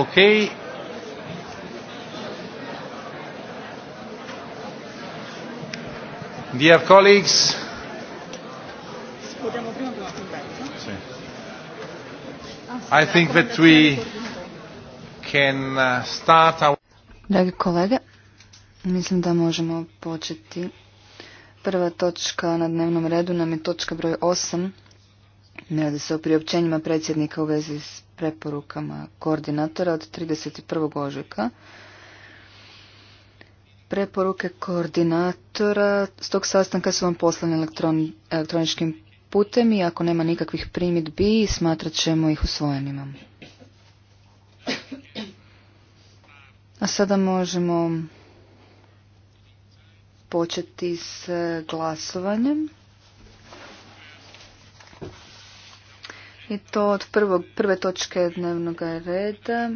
ok. Dear colleagues. I think that we can uh, start our... Dragi kolege, mislim da možemo početi. Prva točka na dnevnom redu nam je točka broj 8. Ne radi se o priopćenjima predsjednika u vezi s preporukama koordinatora od 31. ožujka. Preporuke koordinatora s tog sastanka su vam poslane elektroničkim putem i ako nema nikakvih primjedbi smatrat ćemo ih usvojenima. A sada možemo početi s glasovanjem. I to od prvog, prve točke dnevnog reda.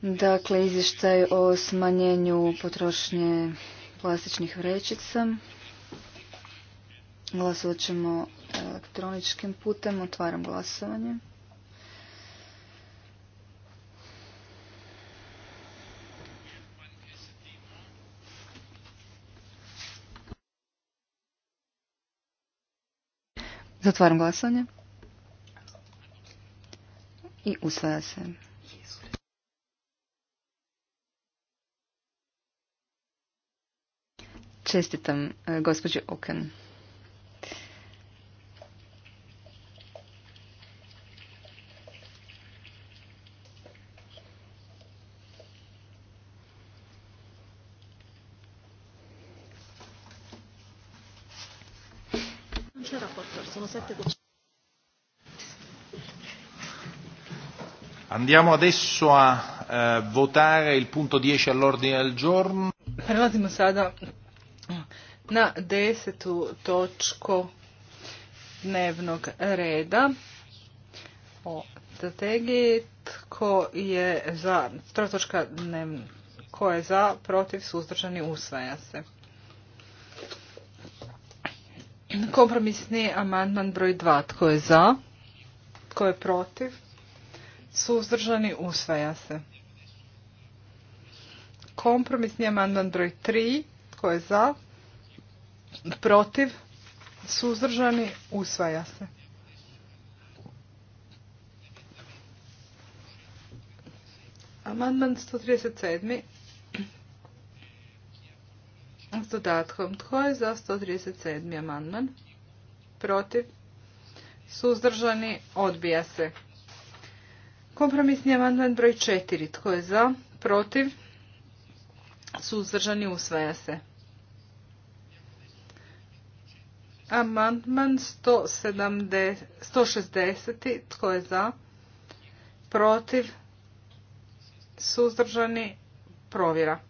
Dakle, izvještaj o smanjenju potrošnje plastičnih vrećica. Glasovat ćemo e, elektroničkim putem. Otvaram glasovanje. Zatvaram glasanje. I usvaja se. Čestitam e, gospođe Oken. Andiamo adesso a eh, votare il punto 10 all'ordine del giorno. Prelazimo sada na desetu točku dnevnog reda o strategiji tko je za, točka tko je za, protiv, suzdržani, usvaja se. Kompromisni amandman broj 2. Tko je za? Tko je protiv? suzdržani, usvaja se. Kompromisni amandman broj 3, tko je za, protiv, suzdržani, usvaja se. Amandman 137. S dodatkom. Tko je za 137. amandman? Protiv? Suzdržani? Odbija se. Kompromisni amandman broj četiri, Tko je za? Protiv? Suzdržani usvaja se. Amandman 160. Tko je za? Protiv? Suzdržani provjera.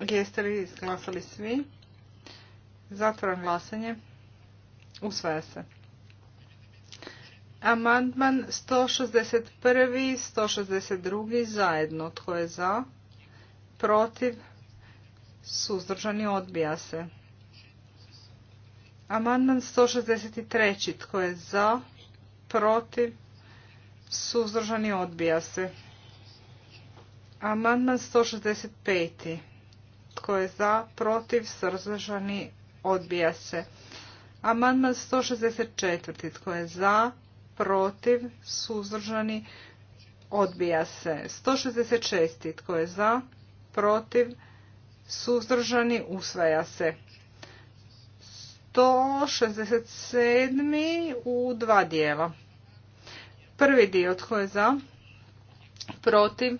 Jeste li izglasali svi? Zatvoram glasanje. Usvaja se. Amandman 161. 162. zajedno. Tko je za? Protiv? Suzdržani odbija se. Amandman 163. Tko je za? Protiv? Suzdržani odbija se. Amandman 165. Tko je za? Protiv? Suzdržani odbija se. Amandman 164. Tko je za? Protiv? Suzdržani? Odbija se. 166. Tko je za? Protiv? Suzdržani? Usvaja se. 167. u dva dijela. Prvi dio tko je za? Protiv?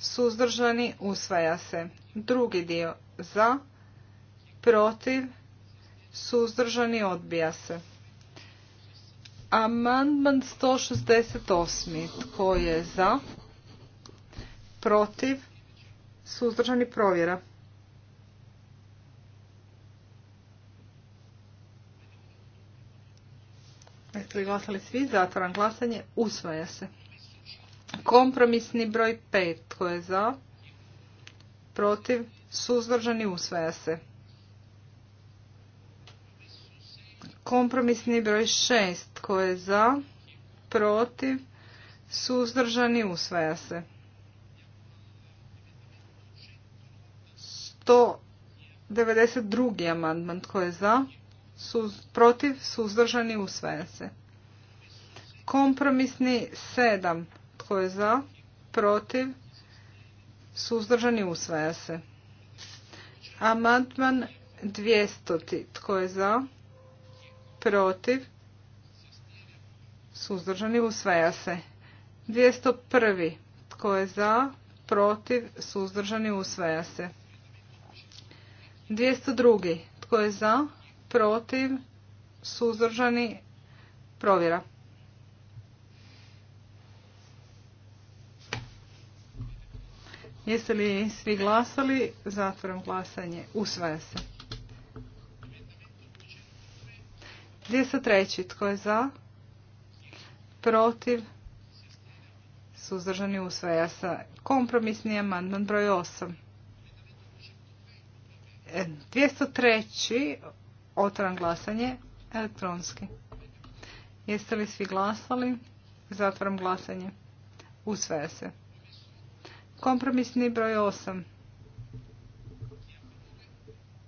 Suzdržani? Usvaja se. Drugi dio za? Protiv? suzdržani, odbija se. Amandman 168. Tko je za? Protiv? Suzdržani provjera. Jeste li glasali svi? Zatvoran glasanje. Usvaja se. Kompromisni broj 5. Tko je za? Protiv? Suzdržani usvaja se. Kompromisni broj 6. Tko je za? Protiv? Suzdržani? Usvaja se. 192. amandman. Tko je za? protiv? Suzdržani? Usvaja se. Kompromisni 7. Tko je za? Protiv? Suzdržani? Usvaja se. Amandman 200. Tko je za? protiv, suzdržani, usvaja se. 201. Tko je za, protiv, suzdržani, usvaja se. 202. Tko je za, protiv, suzdržani, provjera. Jeste li svi glasali? Zatvoram glasanje. Usvaja se. 203. Tko je za? Protiv? Suzdržani usvaja se. Kompromisni amandman broj 8. 203. Otvoram glasanje elektronski. Jeste li svi glasali? Zatvaram glasanje. Usvaja se. Kompromisni broj 8.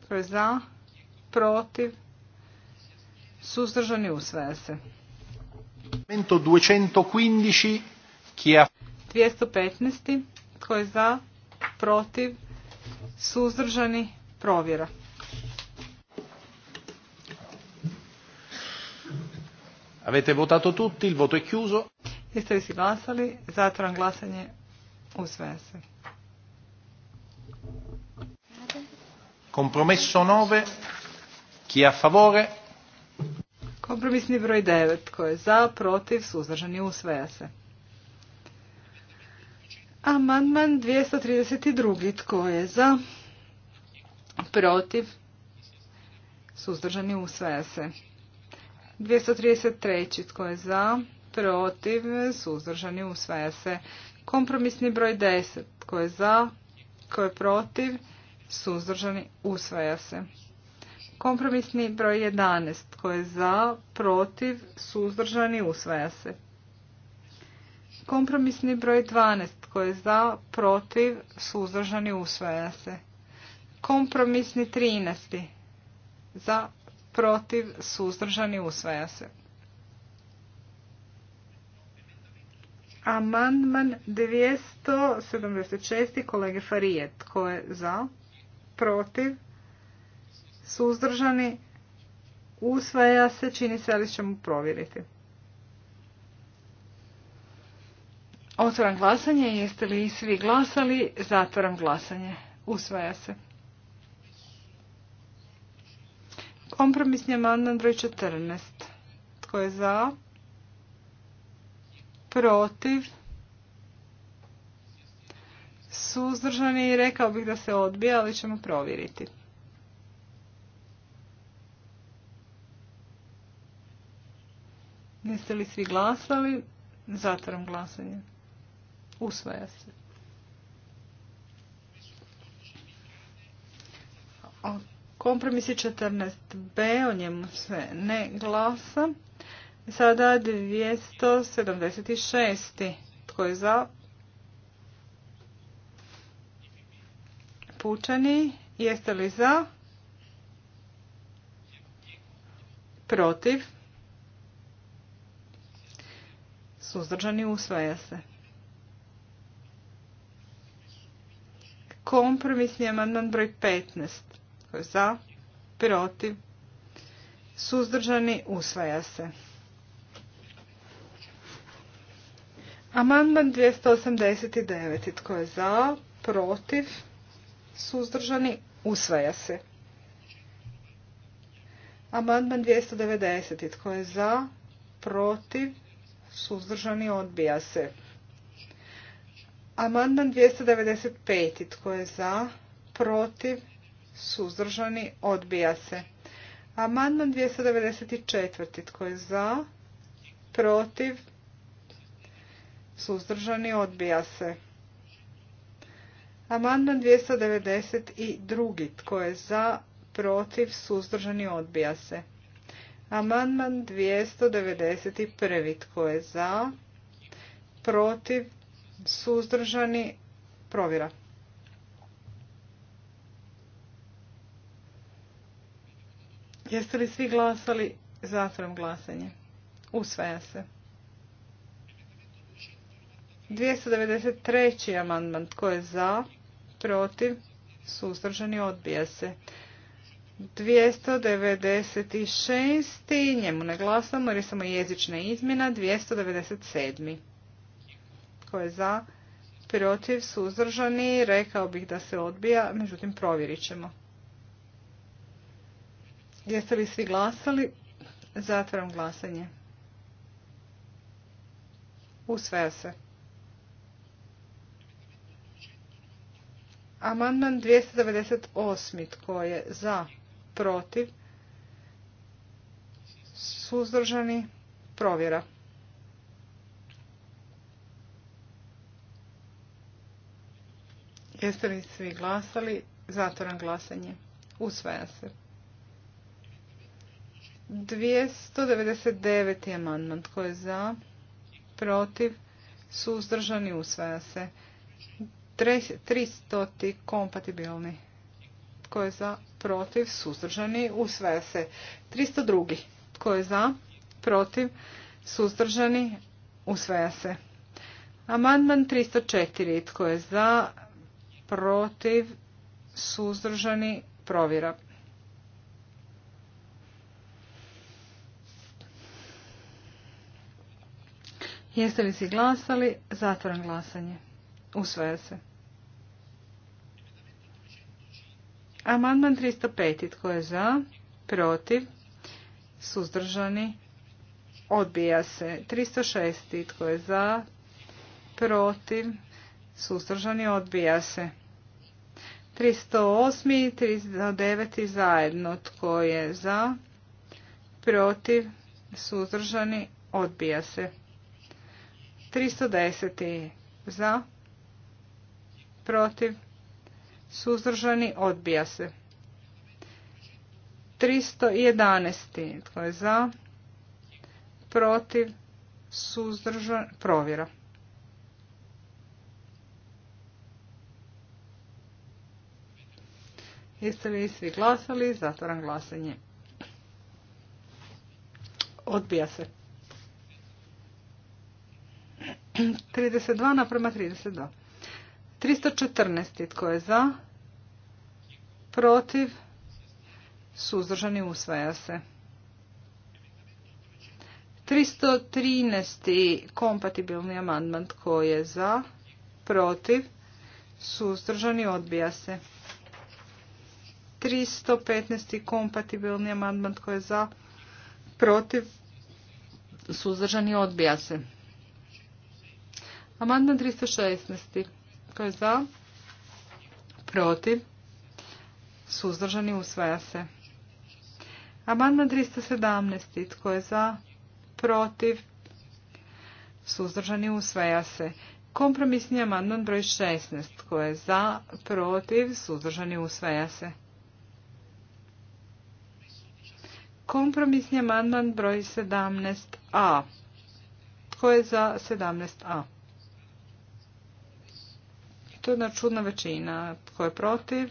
Tko je za? Protiv? Suzdržani usvaja se. 215. Tko je za? Protiv? Suzdržani? Provjera. Avete votato tutti, il voto è chiuso. Jeste li si glasali? Zatvoran glasanje usvaja se. Compromesso 9. Chi è a favore? Kompromisni broj 9. Tko je za, protiv, suzdržani, usvaja se. Amandman 232. Tko je za, protiv, suzdržani, usvaja se. 233. Tko je za, protiv, suzdržani, usvaja se. Kompromisni broj 10. Tko je za, tko je protiv, suzdržani, usvaja se. Kompromisni broj 11. Tko je za, protiv, suzdržani, usvaja se. Kompromisni broj 12. Tko je za, protiv, suzdržani, usvaja se. Kompromisni 13. Za, protiv, suzdržani, usvaja se. Amandman 276. kolege Farije. Tko je za, protiv, suzdržani, usvaja se, čini se, ali ćemo provjeriti. Otvoram glasanje, jeste li svi glasali, zatvoram glasanje, usvaja se. Kompromisni amandman broj 14. Tko je za? Protiv? Suzdržani i rekao bih da se odbija, ali ćemo provjeriti. Jeste li svi glasali? Zatvaram glasanje. Usvaja se. Kompromis je 14b, o njemu se ne glasa. Sada 276. Tko je za? Pučani. Jeste li za? Protiv. Suzdržani usvaja se. Kompromisni amandman broj 15. Tko je za? Protiv? Suzdržani usvaja se. Amandman 289. Tko je za? Protiv? Suzdržani usvaja se. Amandman 290. Tko je za? Protiv? suzdržani, odbija se. Amandman 295. Tko je za? Protiv? Suzdržani? Odbija se. Amandman 294. Tko je za? Protiv? Suzdržani? Odbija se. Amandman 292. Tko je za? Protiv? Suzdržani? Odbija se. Amandman 291. Tko je za? Protiv? Suzdržani? Provjera. Jeste li svi glasali? Zatvoram glasanje. Usvaja se. 293. amandman. Tko je za? Protiv? Suzdržani? Odbija se. 296. Njemu ne glasamo jer je samo jezična izmjena. 297. Ko je za? Protiv suzdržani. Rekao bih da se odbija, međutim provjerit ćemo. Jeste li svi glasali? Zatvaram glasanje. Usvaja se. Amandman 298. Tko je za? protiv, suzdržani, provjera. Jeste li svi glasali? Zatvoran glasanje. Usvaja se. 299. amandman. Tko je za? Protiv? Suzdržani? Usvaja se. 300. kompatibilni. Tko je za? Protiv? Suzdržani? Usvaja se. 302. Tko je za? Protiv? Suzdržani? Usvaja se. Amandman 304. Tko je za? Protiv? Suzdržani? Provjera. Jeste li si glasali? Zatvoram glasanje. Usvaja se. Amandman 305. Tko je za? Protiv? Suzdržani? Odbija se. 306. Tko je za? Protiv? Suzdržani? Odbija se. 308. 309. zajedno. Tko je za? Protiv? Suzdržani? Odbija se. 310. za? Protiv? suzdržani, odbija se. 311. Tko je za? Protiv? Suzdržan? Provjera. Jeste li svi glasali? Zatvaram glasanje. Odbija se. 32 naprema 32. 314. Tko je za? Protiv? Suzdržani usvaja se. 313. kompatibilni amandman. Tko je za? Protiv? Suzdržani odbija se. 315. kompatibilni amandman. Tko je za? Protiv? Suzdržani odbija se. Amandman 316. Tko je za? Protiv? Suzdržani usvaja se. Amandman 317. Tko je za? Protiv? Suzdržani usvaja se. Kompromisni amandman broj 16. Tko je za? Protiv? Suzdržani usvaja se. Kompromisni amandman broj 17a. Tko je za 17a? To je jedna čudna većina. Tko je protiv?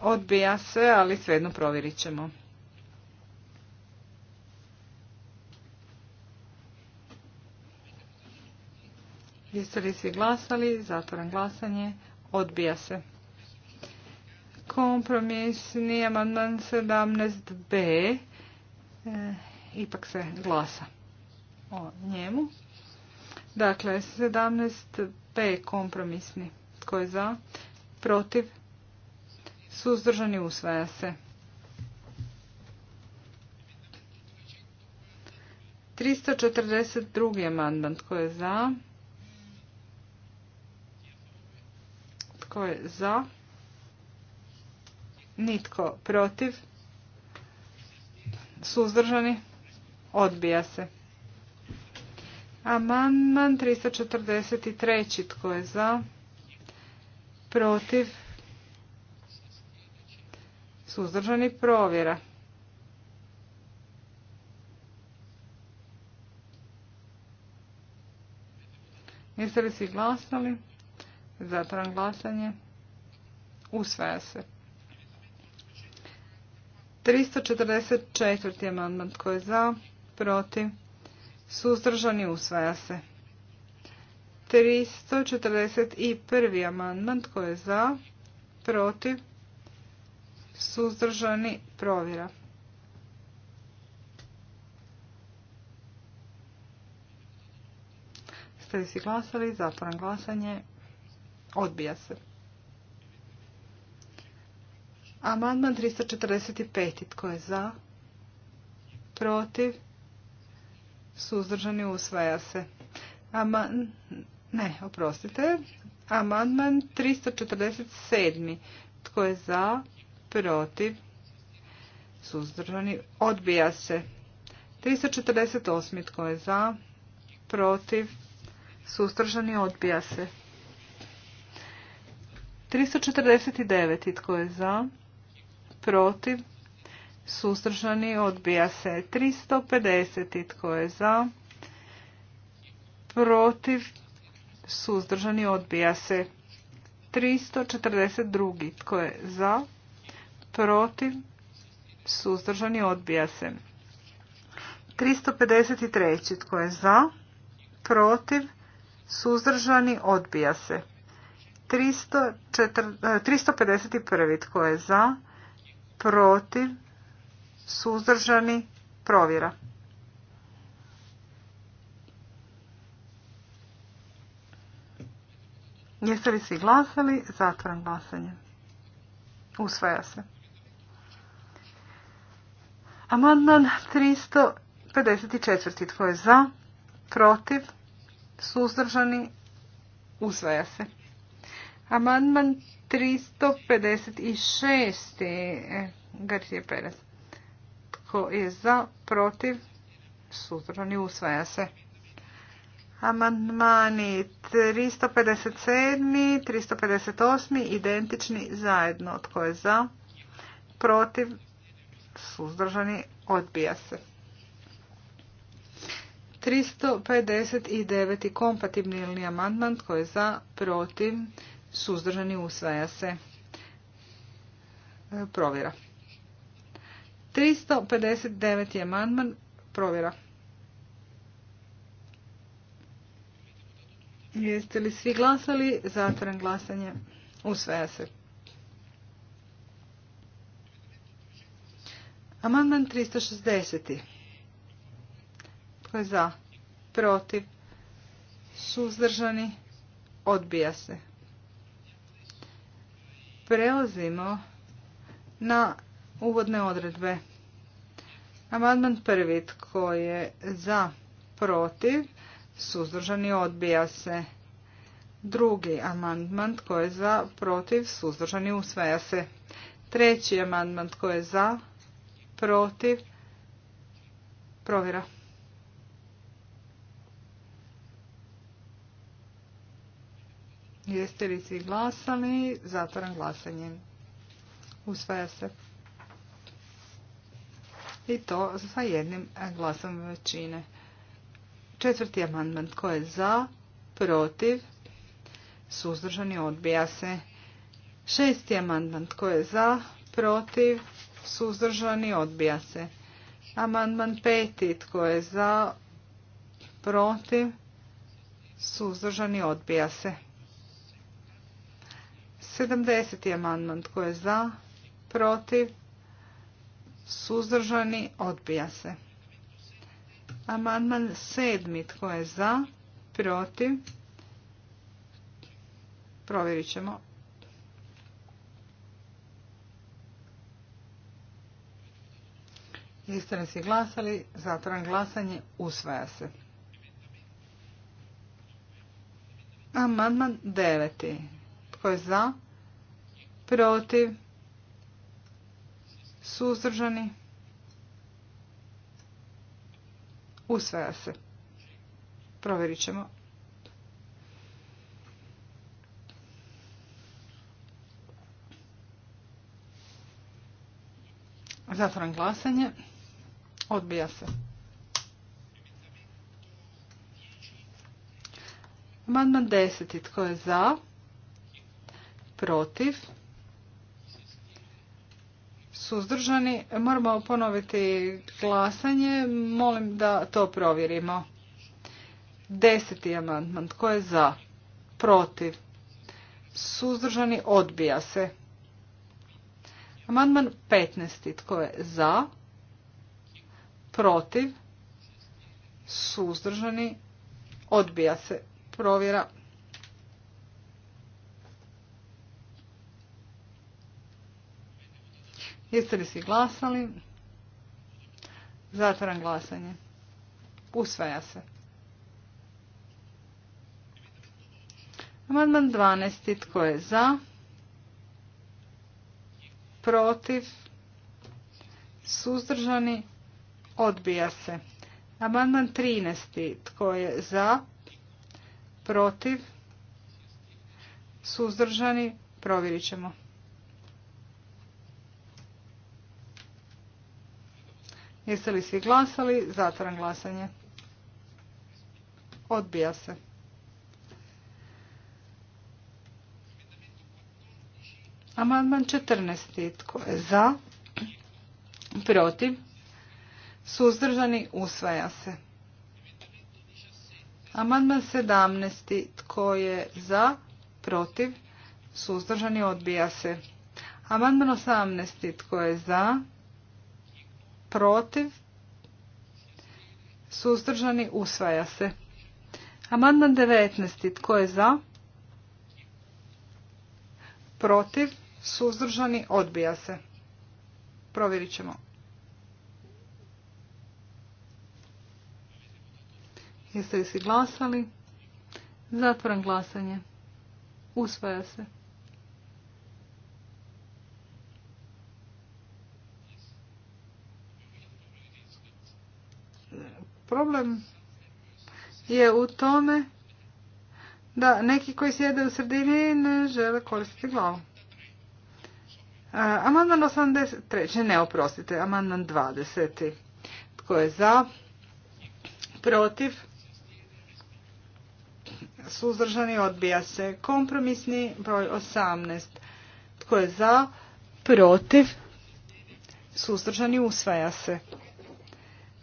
Odbija se, ali svejedno provjerit ćemo. Jeste li svi glasali? Zatvaram glasanje. Odbija se. Kompromisni amandman 17b. E, ipak se glasa o njemu. Dakle, 17 P kompromisni. Tko je za? Protiv? Suzdržani usvaja se. 342. amandman. Tko je za? Tko je za? Nitko protiv? Suzdržani? Odbija se. Amandman 343. Tko je za? Protiv? Suzdržani provjera. Jeste li svi glasnali? Zatvaram glasanje. Usvaja se. 344. amandman tko je za, protiv, suzdržani, usvaja se. 341. amandman, tko je za, protiv, suzdržani, provjera. Ste li si glasali? Zatvoram glasanje. Odbija se. Amandman 345. Tko je za? Protiv? suzdržani usvaja se. Aman, ne, oprostite. Amandman 347. Tko je za, protiv, suzdržani, odbija se. 348. Tko je za, protiv, suzdržani, odbija se. 349. Tko je za, protiv, suzdržani, odbija se 350 tko je za, protiv, suzdržani, odbija se 342 tko je za, protiv, suzdržani, odbija se 353 tko je za, protiv, suzdržani, odbija se 351 tko je za, protiv, suzdržani, provjera. Jeste li svi glasali? Zatvoran glasanje. Usvaja se. Amandman 354. Tko je za? Protiv? Suzdržani? Usvaja se. Amandman 356. Garcije Perez. Tko je za, protiv, suzdržani, usvaja se. Amandmani 357. 358. identični zajedno. Tko je za? Protiv? Suzdržani? Odbija se. 359. kompatibilni amandman. Tko je za? Protiv? Suzdržani? Usvaja se. E, provjera. 359. je amandman provjera. Jeste li svi glasali? Zatvoren glasanje. Usvaja se. Amandman 360. Tko je za? Protiv? Suzdržani? Odbija se. Prelazimo na uvodne odredbe. Amandman prvi tko je za, protiv, suzdržani odbija se. Drugi amandman tko je za, protiv, suzdržani usvaja se. Treći amandman tko je za, protiv, provjera. Jeste li svi glasali? Zatvaram glasanje. Usvaja se i to sa jednim glasom većine. Četvrti amandman tko je za, protiv, suzdržani odbija se. Šesti amandman tko je za, protiv, suzdržani odbija se. Amandman peti tko je za, protiv, suzdržani odbija se. 70. amandman tko je za, protiv, suzdržani, odbija se. Amandman sedmi, tko je za, protiv, provjerit ćemo. Jeste se si glasali? Zatvoran glasanje. Usvaja se. Amandman deveti. Tko je za? Protiv? suzdržani, usvaja se. Provjerit ćemo. Zatvoram glasanje. Odbija se. Amandman 10. Tko je za? Protiv? suzdržani. Moramo ponoviti glasanje. Molim da to provjerimo. Deseti amandman. Tko je za? Protiv. Suzdržani odbija se. Amandman 15. Tko je za? Protiv. Suzdržani odbija se. Provjera Jeste li svi glasali? Zatvaram glasanje. Usvaja se. Amandman 12. Tko je za? Protiv? Suzdržani? Odbija se. Amandman 13. Tko je za? Protiv? Suzdržani? Provjerit ćemo. Jeste li svi glasali? Zatvaram glasanje. Odbija se. Amandman 14. Tko je za? Protiv? Suzdržani? Usvaja se. Amandman 17. Tko je za? Protiv? Suzdržani? Odbija se. Amandman 18. Tko je za? protiv, suzdržani, usvaja se. Amandman 19. Tko je za? Protiv, suzdržani, odbija se. Provjerit ćemo. Jeste li si glasali? Zatvoram glasanje. Usvaja se. Problem je u tome da neki koji sjede u sredini ne žele koristiti glavu. Amandman 83. Ne, oprostite. Amandman 20. Tko je za? Protiv? Suzdržani odbija se. Kompromisni broj 18. Tko je za? Protiv? Suzdržani usvaja se.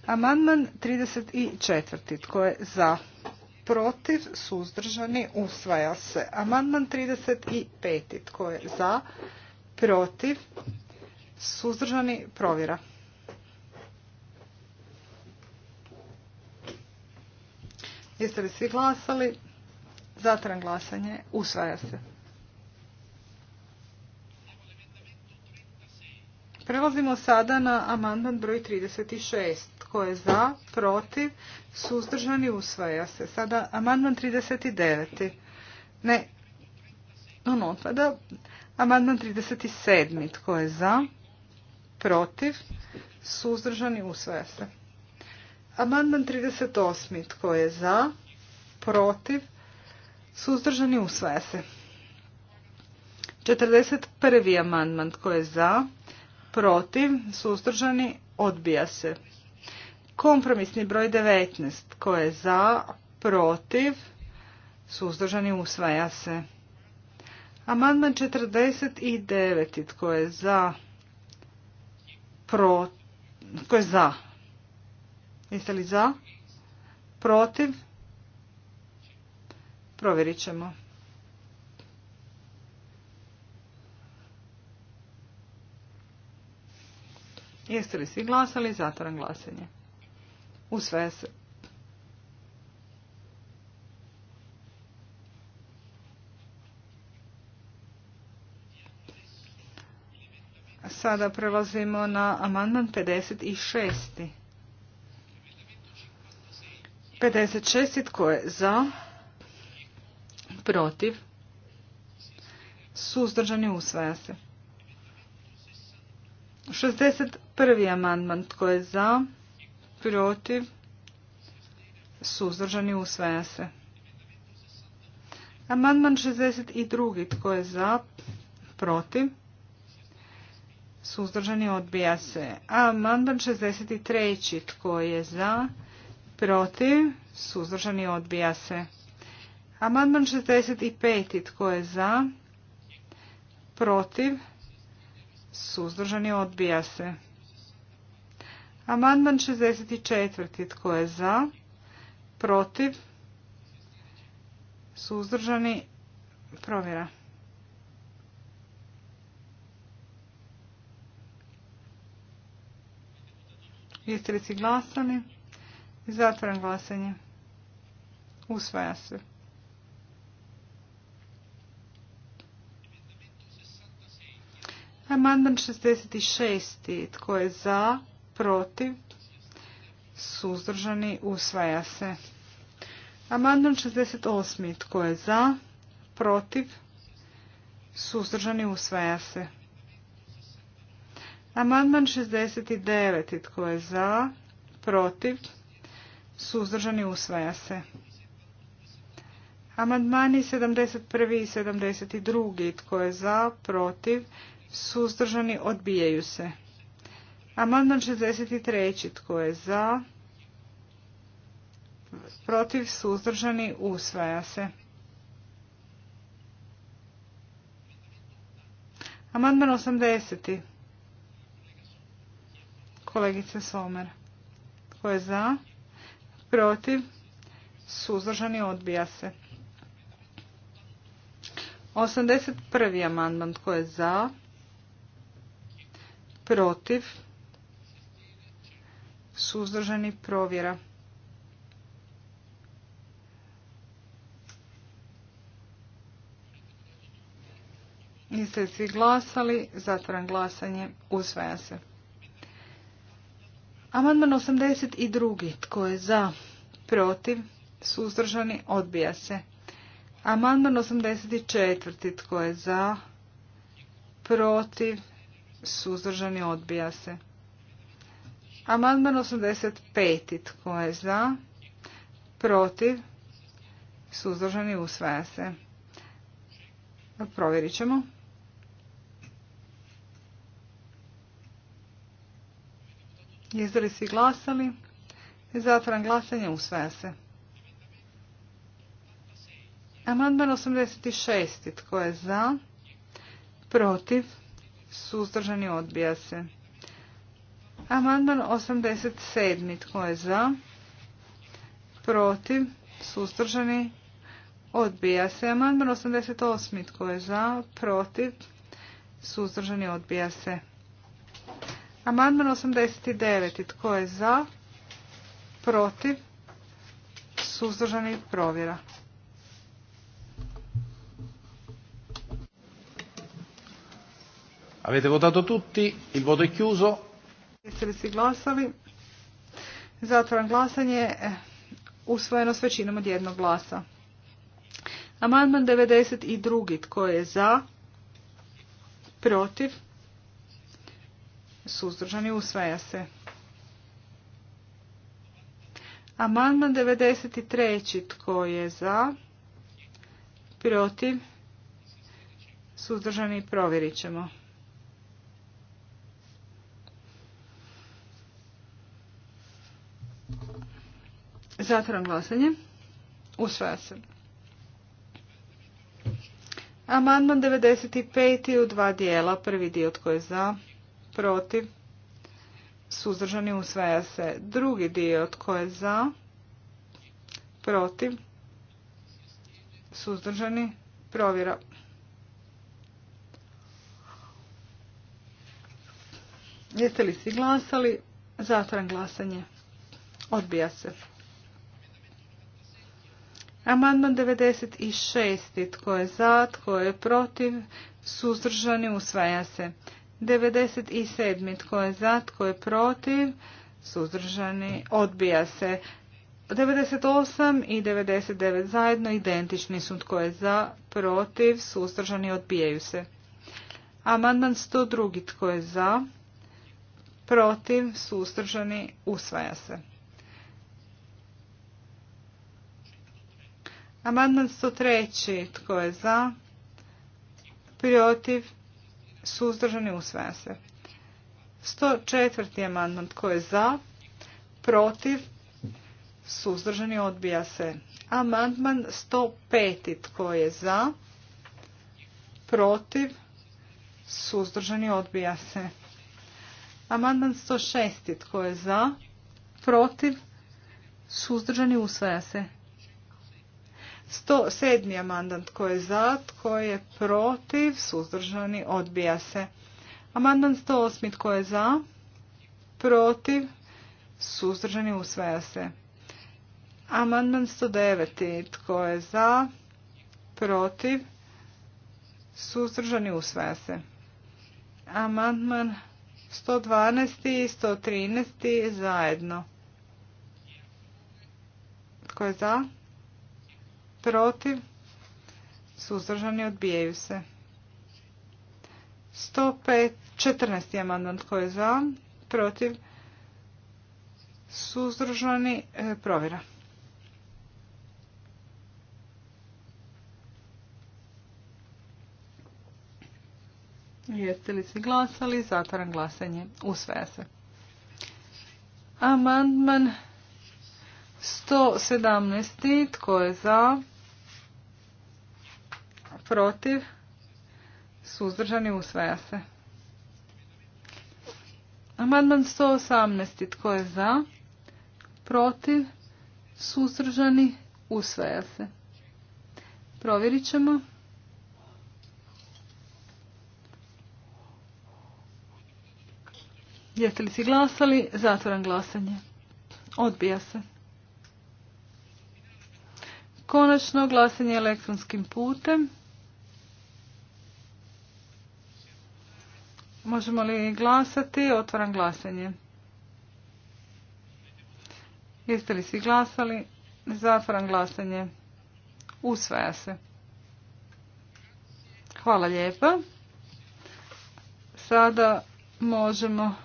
Amandman 34. Tko je za? Protiv? Suzdržani? Usvaja se. Amandman 35. Tko je za? Protiv? Suzdržani? Provjera. Jeste li svi glasali? Zatran glasanje. Usvaja se. Prelazimo sada na amandman broj 36. Tko je za? Protiv? Suzdržani? Usvaja se. Sada amandman 39. Ne. On otpada. Amandman 37. Tko je za? Protiv? Suzdržani? Usvaja se. Amandman 38. Tko je za? Protiv? Suzdržani? Usvaja se. 41. amandman. Tko je za? Protiv? Suzdržani? Odbija se. Kompromisni broj 19. Tko je za, protiv, suzdržani usvaja se. Amandman 49. Tko je za, pro, tko je za? Jeste li za? Protiv? Provjerit ćemo. Jeste li svi glasali? Zatvoram glasanje. Usvaja se. Sada prelazimo na amandman 56. 56. Tko je za? Protiv? Suzdržani usvaja se. 61. amandman. Tko je za? protiv, suzdržani usvaja se. Amandman 62. Tko je za? Protiv. Suzdržani odbija se. Amandman 63. Tko je za? Protiv. Suzdržani odbija se. Amandman 65. Tko je za? Protiv. Suzdržani odbija se. Amandman 64. Tko je za? Protiv? Suzdržani? Provjera. Jeste li si glasani? Zatvoram glasanje. Usvaja se. Amandman 66. Tko je za? protiv, suzdržani, usvaja se. Amandman 68. Tko je za, protiv, suzdržani, usvaja se. Amandman 69. Tko je za, protiv, suzdržani, usvaja se. Amandmani 71. i 72. Tko je za, protiv, suzdržani, odbijaju se. Amandman 63. Tko je za? Protiv suzdržani usvaja se. Amandman 80. Kolegice Somer. Tko je za? Protiv? Suzdržani odbija se. 81. amandman. Tko je za? Protiv? suzdržani provjera. Niste svi glasali, zatvoran glasanje, usvaja se. Amandman 82. Tko je za? Protiv? Suzdržani? Odbija se. Amandman 84. Tko je za? Protiv? Suzdržani? Odbija se. Amandman 85. Tko je za? Protiv? Suzdržani usvaja se. Provjerit ćemo. Jeste li svi glasali? Zatvoran glasanje usvaja se. Amandman 86. Tko je za? Protiv? Suzdržani odbija se. Amandman 87. Tko je za? Protiv? suzdržani, Odbija se. Amandman 88. Tko je za? Protiv? Suzdržani? Odbija se. Amandman 89. Tko je za? Protiv? Suzdržani? Provjera. Avete votato tutti, il voto è chiuso. Jeste li svi glasali? Zatvoran glasanje e, usvojeno s većinom od jednog glasa. Amandman 92. Tko je za? Protiv? Suzdržani usvaja se. Amandman 93. Tko je za? Protiv? Suzdržani provjerit ćemo. Zatvoram glasanje. Usvaja se. Amandman 95. u dva dijela. Prvi dio tko je za, protiv, suzdržani usvaja se. Drugi dio tko je za, protiv, suzdržani provjera. Jeste li svi glasali? Zatran glasanje. Odbija se. Amandman 96. Tko je za, tko je protiv, suzdržani, usvaja se. 97. Tko je za, tko je protiv, suzdržani, odbija se. 98 i 99 zajedno identični su tko je za, protiv, suzdržani, odbijaju se. Amandman 102. Tko je za, protiv, suzdržani, usvaja se. Amandman 103. Tko je za? Protiv? Suzdržani usvaja se. 104. amandman. Tko je za? Protiv? Suzdržani odbija se. Amandman 105. Tko je za? Protiv? Suzdržani odbija se. Amandman 106. Tko je za? Protiv? Suzdržani usvaja se. 107. amandman tko je za, tko je protiv, suzdržani, odbija se. Amandman 108. tko je za, protiv, suzdržani, usvaja se. Amandman 109. tko je za, protiv, suzdržani, usvaja se. Amandman 112. i 113. zajedno. Tko je za? protiv, suzdržani odbijaju se. 105, 14. amandman tko je za, protiv, suzdržani, e, provjera. Jeste li se glasali? Zatvaram glasanje. Usvaja se. Amandman 117. Tko je za? protiv, suzdržani, usvaja se. Amandman 118. Tko je za? Protiv? Suzdržani? Usvaja se. Provjerit ćemo. Jeste li si glasali? Zatvoran glasanje. Odbija se. Konačno glasanje elektronskim putem. Možemo li glasati? Otvaram glasanje. Jeste li svi glasali? Zatvaram glasanje. Usvaja se. Hvala lijepa. Sada možemo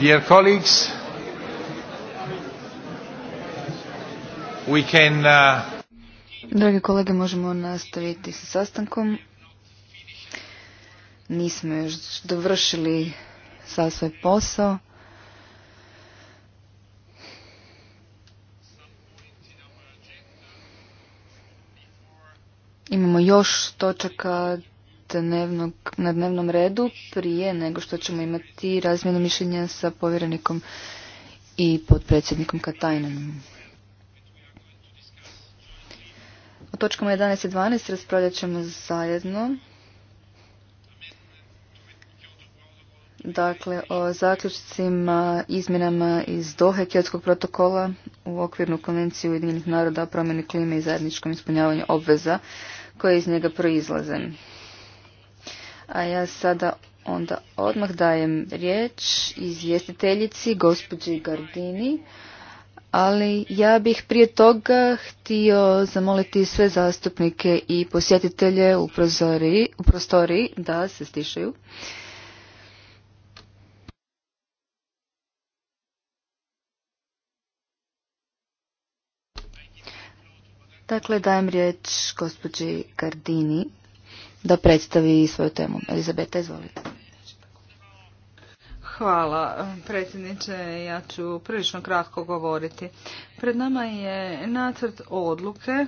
Dear colleagues, we can... Uh, Dragi kolege, možemo nastaviti sa sastankom. Nismo još dovršili sa svoj posao. Imamo još točaka na dnevnom redu prije nego što ćemo imati razmjenu mišljenja sa povjerenikom i podpredsjednikom Katajnom. O točkama 11 i 12 raspravljat ćemo zajedno. Dakle, o zaključcima, izmjenama iz Dohe Kjotskog protokola u okvirnu konvenciju Ujedinjenih naroda o promjeni klime i zajedničkom ispunjavanju obveza koje iz njega proizlaze. A ja sada onda odmah dajem riječ izvjestiteljici gospođi Gardini. Ali ja bih prije toga htio zamoliti sve zastupnike i posjetitelje u, prozori, u prostoriji da se stišaju. Dakle, dajem riječ gospođi Gardini da predstavi svoju temu. Elizabeta, izvolite. Hvala predsjedniče, ja ću prilično kratko govoriti. Pred nama je nacrt odluke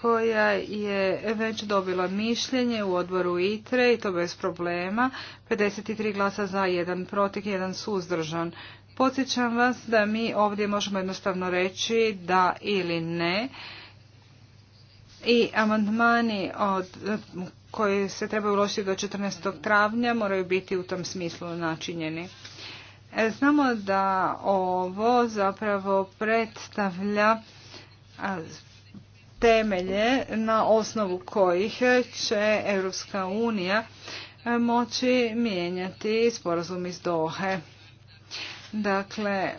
koja je već dobila mišljenje u odboru ITRE i to bez problema. 53 glasa za, jedan protiv, jedan suzdržan. Podsjećam vas da mi ovdje možemo jednostavno reći da ili ne i amandmani koji se trebaju uložiti do 14. travnja moraju biti u tom smislu načinjeni. E, znamo da ovo zapravo predstavlja temelje na osnovu kojih će Europska unija e, moći mijenjati sporazum iz Dohe. Dakle,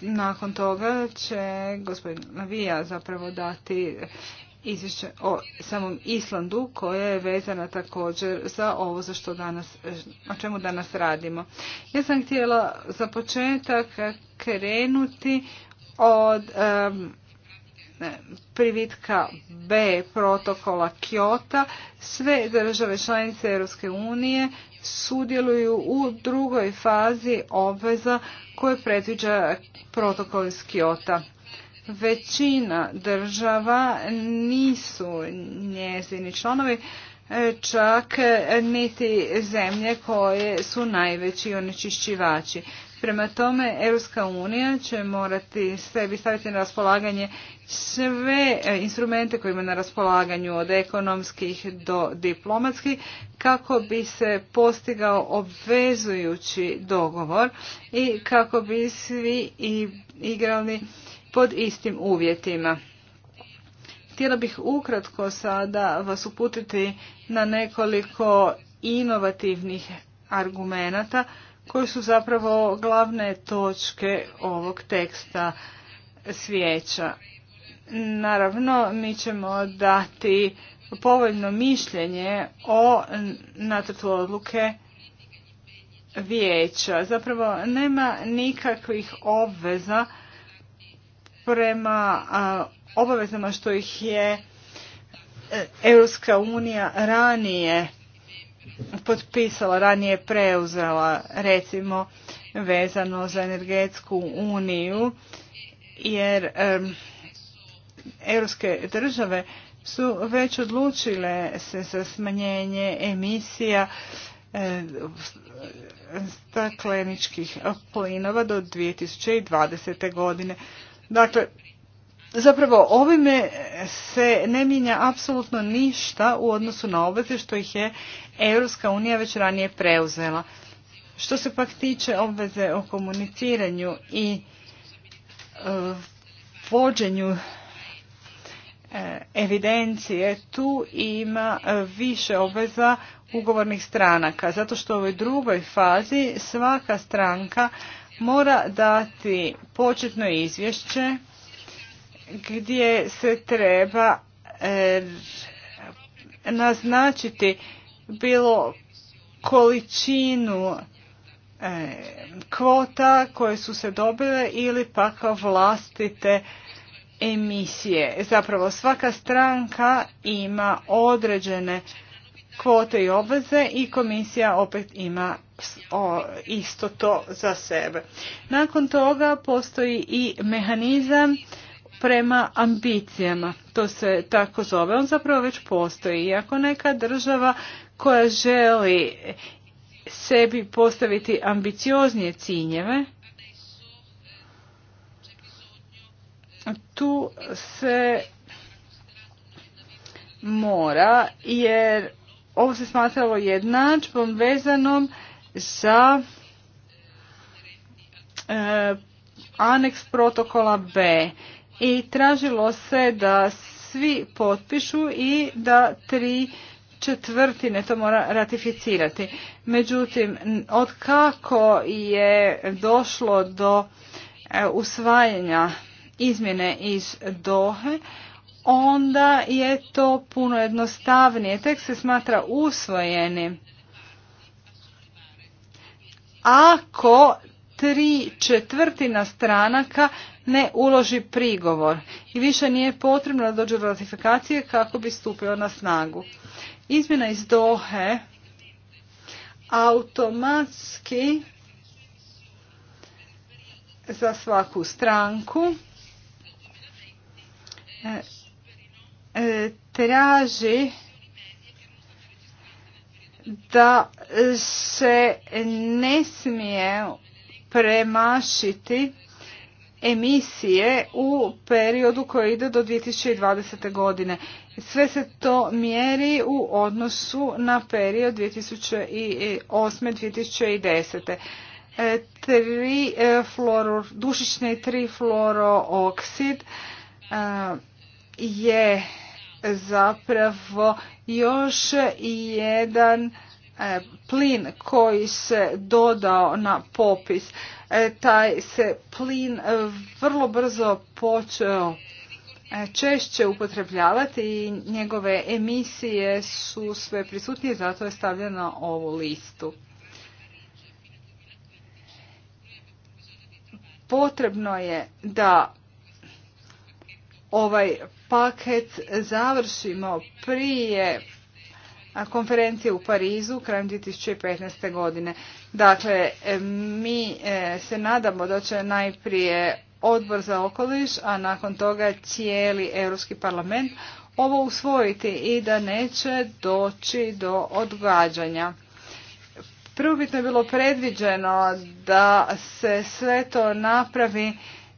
nakon toga će gospodin Navija zapravo dati izvješće o samom Islandu koja je vezana također za ovo za što danas, o čemu danas radimo. Ja sam htjela za početak krenuti od privitka B protokola Kiota. Sve države članice Europske unije sudjeluju u drugoj fazi obveza koje predviđa protokol iz Kiota većina država nisu njezini članovi, e, čak niti zemlje koje su najveći onečišćivači. Prema tome, Europska unija će morati sebi staviti na raspolaganje sve e, instrumente koje ima na raspolaganju od ekonomskih do diplomatskih kako bi se postigao obvezujući dogovor i kako bi svi igrali pod istim uvjetima. Htjela bih ukratko sada vas uputiti na nekoliko inovativnih argumenata koji su zapravo glavne točke ovog teksta svijeća. Naravno, mi ćemo dati povoljno mišljenje o nacrtu odluke vijeća. Zapravo nema nikakvih obveza prema obavezama što ih je e, Europska unija ranije potpisala, ranije preuzela, recimo vezano za energetsku uniju, jer europske države su već odlučile se za smanjenje emisija e, stakleničkih plinova do 2020. godine. Dakle, zapravo ovime se ne mijenja apsolutno ništa u odnosu na obveze što ih je Europska unija već ranije preuzela. Što se pak tiče obveze o komuniciranju i e, vođenju e, evidencije, tu ima više obveza ugovornih stranaka, zato što u ovoj drugoj fazi svaka stranka mora dati početno izvješće gdje se treba e, naznačiti bilo količinu e, kvota koje su se dobile ili pak vlastite emisije. Zapravo svaka stranka ima određene kvote i obveze i komisija opet ima isto to za sebe. Nakon toga postoji i mehanizam prema ambicijama. To se tako zove. On zapravo već postoji. Iako neka država koja želi sebi postaviti ambicioznije ciljeve, tu se mora jer ovo se smatralo jednadžbom vezanom za e, aneks protokola B i tražilo se da svi potpišu i da tri četvrtine to mora ratificirati. Međutim, od kako je došlo do e, usvajanja izmjene iz Dohe, onda je to puno jednostavnije. Tek se smatra usvojenim. Ako tri četvrtina stranaka ne uloži prigovor i više nije potrebno da dođe do ratifikacije kako bi stupio na snagu. Izmjena iz Dohe automatski za svaku stranku E, traži da se ne smije premašiti emisije u periodu koji ide do 2020. godine. Sve se to mjeri u odnosu na period 2008-2010. E, tri e, dušični trifluorooksid je zapravo još jedan e, plin koji se dodao na popis. E, taj se plin vrlo brzo počeo e, češće upotrebljavati i njegove emisije su sve prisutnije, zato je stavljeno na ovu listu. Potrebno je da ovaj paket završimo prije konferencije u Parizu krajem 2015. godine. Dakle, mi e, se nadamo da će najprije odbor za okoliš, a nakon toga cijeli Europski parlament ovo usvojiti i da neće doći do odgađanja. Prvobitno je bilo predviđeno da se sve to napravi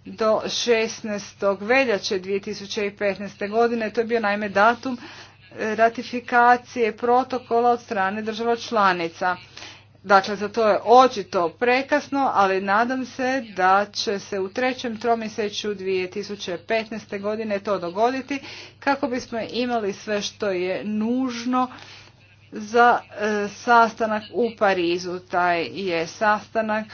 do 16. veljače 2015. godine. To je bio naime datum e, ratifikacije protokola od strane država članica. Dakle, za to je očito prekasno, ali nadam se da će se u trećem tromjeseću 2015. godine to dogoditi kako bismo imali sve što je nužno za e, sastanak u Parizu. Taj je sastanak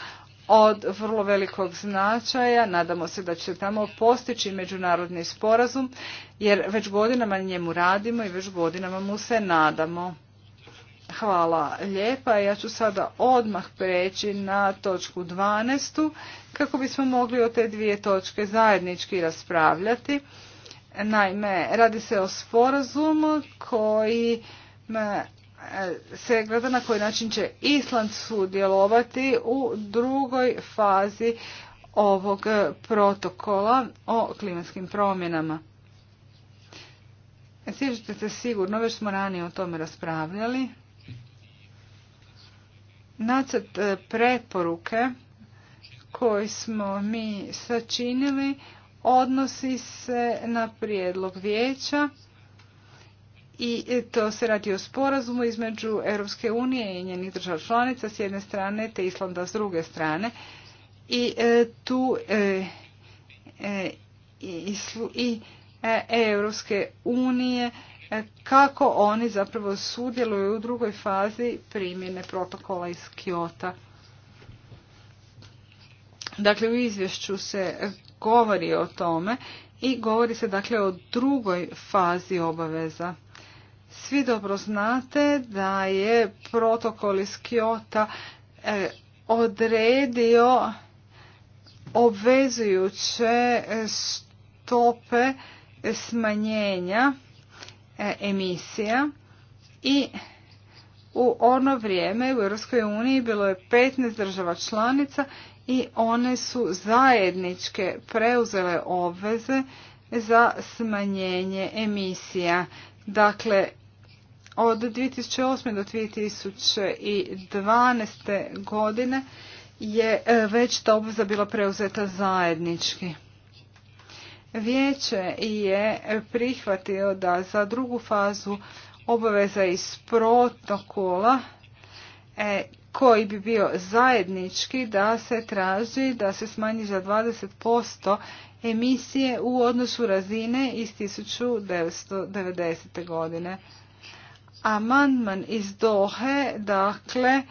od vrlo velikog značaja. Nadamo se da će tamo postići međunarodni sporazum jer već godinama njemu radimo i već godinama mu se nadamo. Hvala lijepa. Ja ću sada odmah preći na točku 12. kako bismo mogli o te dvije točke zajednički raspravljati. Naime, radi se o sporazumu koji se gleda na koji način će Island sudjelovati u drugoj fazi ovog protokola o klimatskim promjenama. E, sjećate se sigurno, već smo ranije o tome raspravljali. Nacrt e, preporuke koji smo mi sačinili odnosi se na prijedlog vijeća i e, to se radi o sporazumu između Europske unije i njenih država članica s jedne strane te Islanda s druge strane i e, tu e, e, i, i Europske unije kako oni zapravo sudjeluju u drugoj fazi primjene protokola iz Kiota. Dakle, u izvješću se govori o tome i govori se dakle o drugoj fazi obaveza. Svi dobro znate da je protokol iz Kiota e, odredio obvezujuće e, stope smanjenja e, emisija i u ono vrijeme u Europskoj uniji bilo je 15 država članica i one su zajedničke preuzele obveze za smanjenje emisija. Dakle, od 2008. do 2012. godine je e, već ta obveza bila preuzeta zajednički. Vijeće je prihvatio da za drugu fazu obaveza iz protokola e, koji bi bio zajednički da se traži da se smanji za 20% emisije u odnosu razine iz 1990. godine. Amandman iz Dohe, dakle,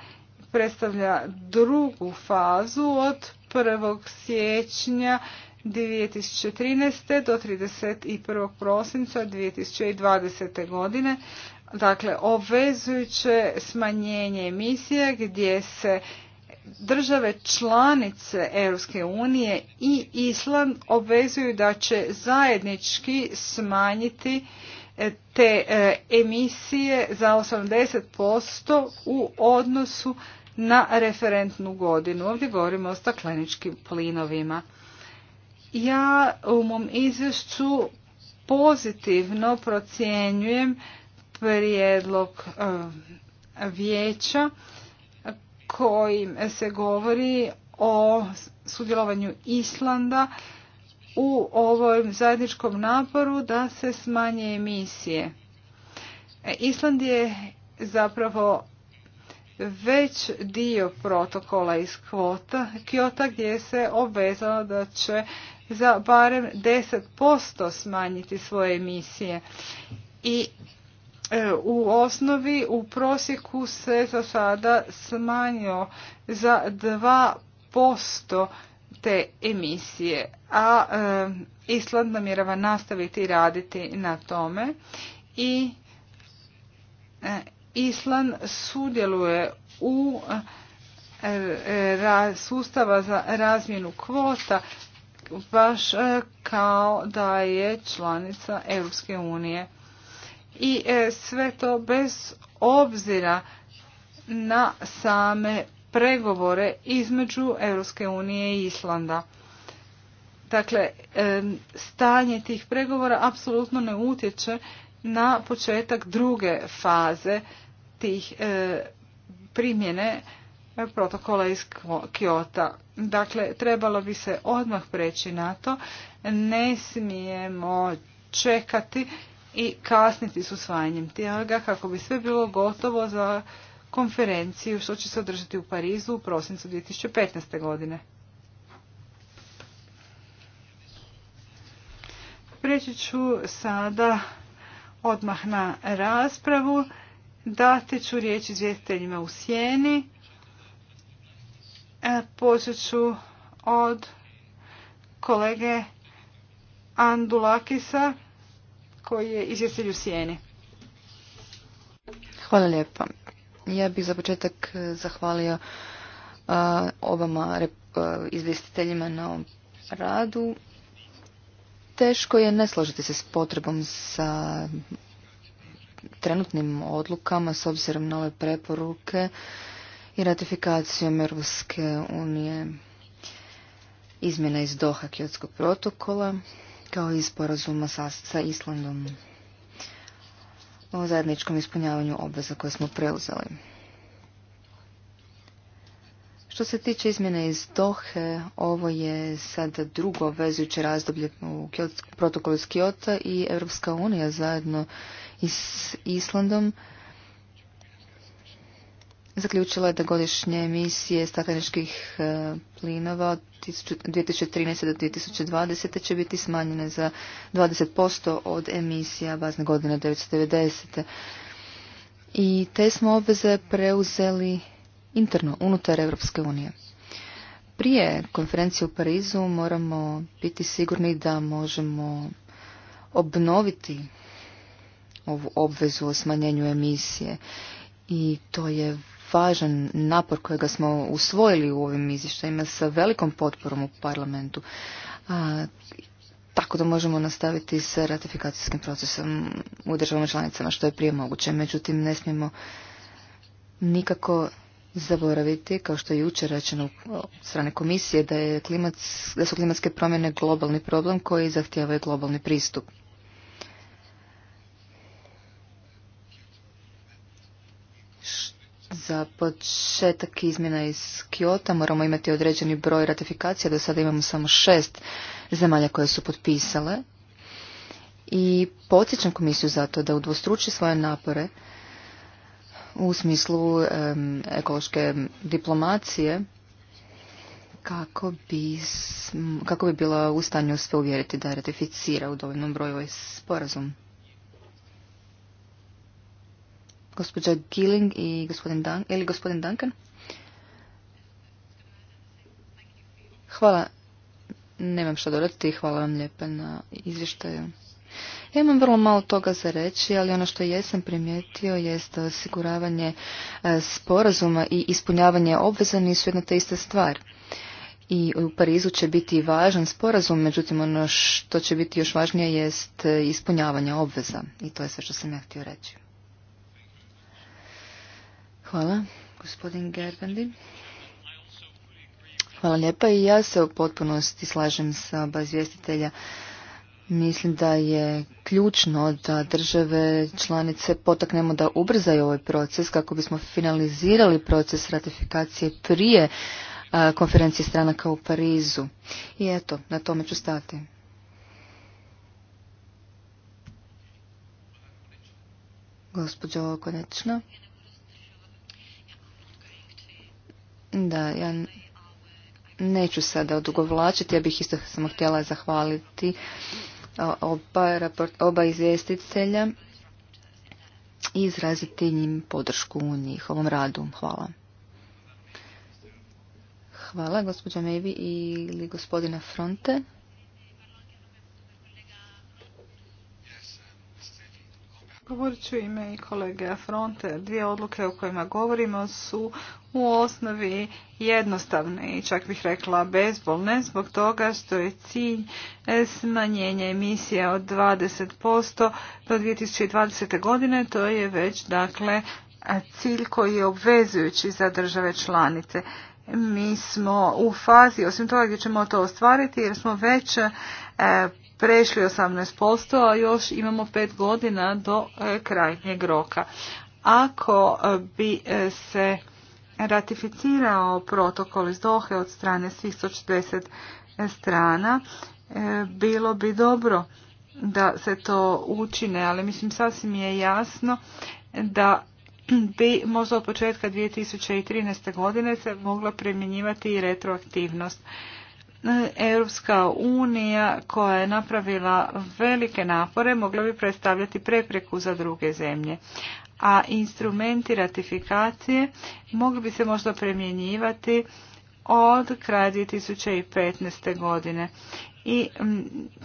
predstavlja drugu fazu od 1. siječnja 2013. do 31. prosinca 2020. godine. Dakle, obvezujuće smanjenje emisije gdje se države članice Europske unije i Island obvezuju da će zajednički smanjiti te e, emisije za 80% u odnosu na referentnu godinu. Ovdje govorimo o stakleničkim plinovima. Ja u mom izvješću pozitivno procjenjujem prijedlog e, vijeća kojim se govori o sudjelovanju Islanda u ovom zajedničkom naporu da se smanje emisije. E, Island je zapravo već dio protokola iz kvota Kiota gdje se obvezao da će za barem 10% smanjiti svoje emisije. I e, u osnovi u prosjeku se za sada smanjio za 2% te emisije. A e, Island namjerava nastaviti raditi na tome i e, Island sudjeluje u e, e, sustava za razmjenu kvota baš kao da je članica Europske unije. I sve to bez obzira na same pregovore između Europske unije i Islanda. Dakle, e, stanje tih pregovora apsolutno ne utječe na početak druge faze tih e, primjene protokola iz Kiota. Dakle, trebalo bi se odmah preći na to. Ne smijemo čekati i kasniti s usvajanjem tijaga kako bi sve bilo gotovo za konferenciju što će se održati u Parizu u prosincu 2015. godine. Preći ću sada odmah na raspravu. Dati ću riječ izvjestiteljima u sjeni. E, počet ću od kolege Andulakisa koji je izvjestitelj u sjeni. Hvala lijepo. Ja bih za početak eh, zahvalio eh, obama eh, izvjestiteljima na ovom radu. Teško je ne složiti se s potrebom sa trenutnim odlukama s obzirom na ove preporuke i ratifikacijom Europske unije izmjena iz Doha Kjotskog protokola kao i sporazuma sa, sa Islandom o zajedničkom ispunjavanju obveza koje smo preuzeli. Što se tiče izmjene iz Dohe, ovo je sada drugo vezujuće razdoblje u protokolu iz Kyoto i Europska unija zajedno i s Islandom zaključila je da godišnje emisije stakleničkih e, plinova od 2013. do 2020. će biti smanjene za 20% od emisija bazne godine 1990. I te smo obveze preuzeli interno, unutar Europske unije. Prije konferencije u Parizu moramo biti sigurni da možemo obnoviti ovu obvezu o smanjenju emisije i to je važan napor kojega smo usvojili u ovim izvještajima sa velikom potporom u parlamentu. tako da možemo nastaviti sa ratifikacijskim procesom u državama članicama što je prije moguće. Međutim, ne smijemo nikako zaboraviti, kao što je jučer rečeno od strane komisije, da, je da su klimatske promjene globalni problem koji zahtijevaju globalni pristup. za početak izmjena iz Kiota moramo imati određeni broj ratifikacija. Do sada imamo samo šest zemalja koje su potpisale. I podsjećam komisiju zato da udvostruči svoje napore u smislu ekološke diplomacije kako bi, kako bi bila u stanju sve uvjeriti da ratificira u dovoljnom broju ovaj sporazum. gospođa Gilling i gospodin Dan, ili gospodin Duncan. Hvala. Nemam što dodati i hvala vam lijepa na izvještaju. Ja imam vrlo malo toga za reći, ali ono što jesam primijetio jest da osiguravanje e, sporazuma i ispunjavanje obveza nisu jedna te ista stvar. I u Parizu će biti važan sporazum, međutim ono što će biti još važnije jest e, ispunjavanje obveza. I to je sve što sam ja htio reći. Hvala, gospodin Gerbendi. Hvala lijepa i ja se u potpunosti slažem sa oba izvjestitelja. Mislim da je ključno da države članice potaknemo da ubrzaju ovaj proces kako bismo finalizirali proces ratifikacije prije konferencije stranaka u Parizu. I eto, na tome ću stati. Gospodin Konečna. Da, ja neću sada odugovlačiti, ja bih isto samo htjela zahvaliti oba, oba izvjestitelja i izraziti njim podršku u njihovom radu. Hvala. Hvala, gospođa Mevi ili gospodina Fronte. Govorit ću ime i kolege Afronte. Dvije odluke o kojima govorimo su u osnovi jednostavne i čak bih rekla bezbolne zbog toga što je cilj smanjenje emisije od 20% do 2020. godine. To je već dakle cilj koji je obvezujući za države članice. Mi smo u fazi, osim toga gdje ćemo to ostvariti jer smo već e, prešli 18%, a još imamo 5 godina do e, krajnjeg roka. Ako e, bi e, se ratificirao protokol iz Dohe od strane svih 140 strana, bilo bi dobro da se to učine, ali mislim sasvim je jasno da bi možda od početka 2013. godine se mogla primjenjivati i retroaktivnost. Europska unija koja je napravila velike napore mogla bi predstavljati prepreku za druge zemlje. A instrumenti ratifikacije mogli bi se možda premjenjivati od kraja 2015. godine. I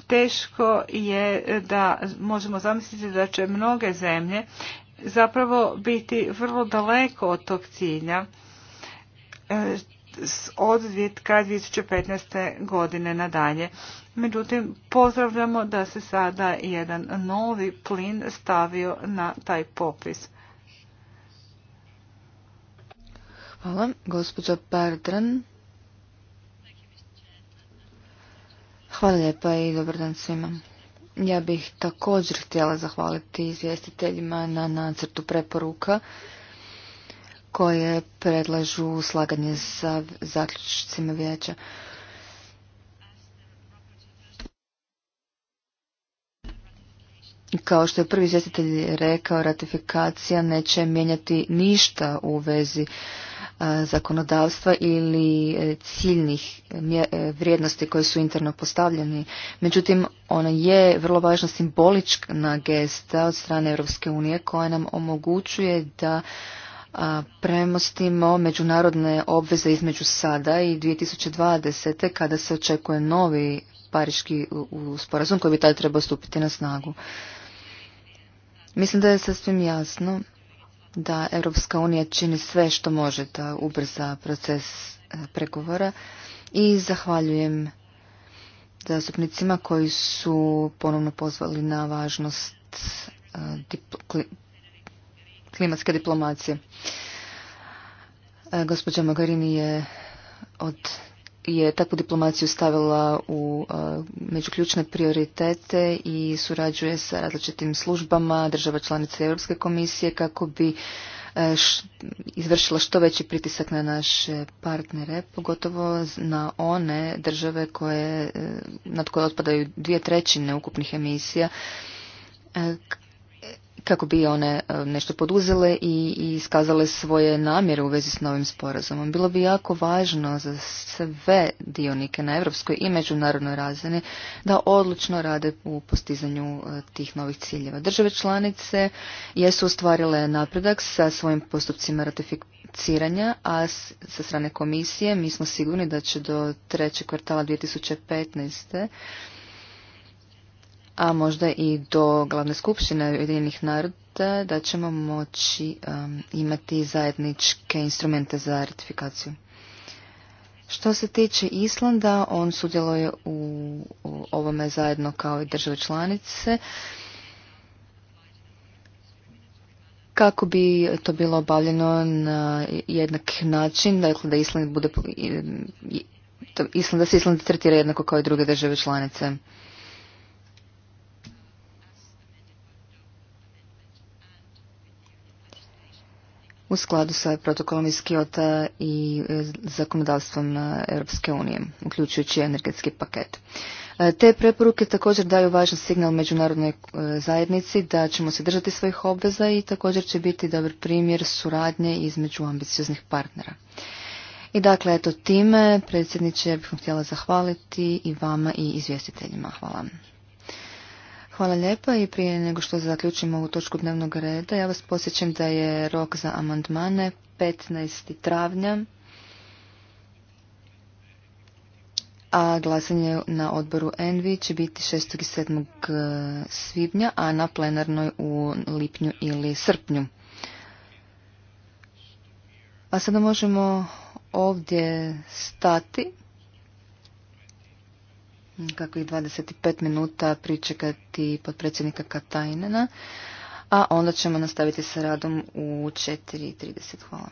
teško je da možemo zamisliti da će mnoge zemlje zapravo biti vrlo daleko od tog cilja. E, od 2015. godine nadalje. Međutim, pozdravljamo da se sada jedan novi plin stavio na taj popis. Hvala, gospođa Pardran. Hvala lijepa i dobar svima. Ja bih također htjela zahvaliti izvjestiteljima na nacrtu preporuka koje predlažu slaganje sa zaključcima vijeća. Kao što je prvi izvjestitelj rekao, ratifikacija neće mijenjati ništa u vezi e, zakonodavstva ili e, ciljnih e, vrijednosti koje su interno postavljeni. Međutim, ona je vrlo važna simbolična gesta od strane Europske unije koja nam omogućuje da premostimo međunarodne obveze između sada i 2020. kada se očekuje novi pariški sporazum koji bi tada trebao stupiti na snagu. Mislim da je sasvim jasno da Europska unija čini sve što može da ubrza proces e, pregovora i zahvaljujem zastupnicima koji su ponovno pozvali na važnost e, klimatske diplomacije. E, gospođa Magarini je od je takvu diplomaciju stavila u e, među ključne prioritete i surađuje sa različitim službama država članica Europske komisije kako bi e, izvršila što veći pritisak na naše partnere, pogotovo na one države koje, nad koje otpadaju dvije trećine ukupnih emisija kako bi one e, nešto poduzele i iskazale svoje namjere u vezi s novim sporazumom. Bilo bi jako važno za sve dionike na europskoj i međunarodnoj razini da odlučno rade u postizanju e, tih novih ciljeva. Države članice jesu ostvarile napredak sa svojim postupcima ratificiranja, a sa strane komisije mi smo sigurni da će do trećeg kvartala 2015 a možda i do glavne skupštine Ujedinjenih naroda da ćemo moći imati zajedničke instrumente za ratifikaciju. Što se tiče Islanda, on sudjeluje u ovome zajedno kao i države članice kako bi to bilo obavljeno na jednak način, dakle da Island bude Island, da se Island tretira jednako kao i druge države članice. skladu sa protokolom iz Kiota i e, zakonodavstvom e, Europske unije, uključujući energetski paket. E, te preporuke također daju važan signal međunarodnoj zajednici da ćemo se držati svojih obveza i također će biti dobar primjer suradnje između ambicioznih partnera. I dakle, eto time, predsjedniče, bih vam htjela zahvaliti i vama i izvjestiteljima. Hvala. Hvala lijepa i prije nego što zaključimo ovu točku dnevnog reda, ja vas posjećam da je rok za amandmane 15. travnja, a glasanje na odboru Envi će biti 6. i 7. E, svibnja, a na plenarnoj u lipnju ili srpnju. A sada možemo ovdje stati kakvih 25 minuta pričekati potpredsjednika Katajnena, a onda ćemo nastaviti sa radom u 4.30. Hvala.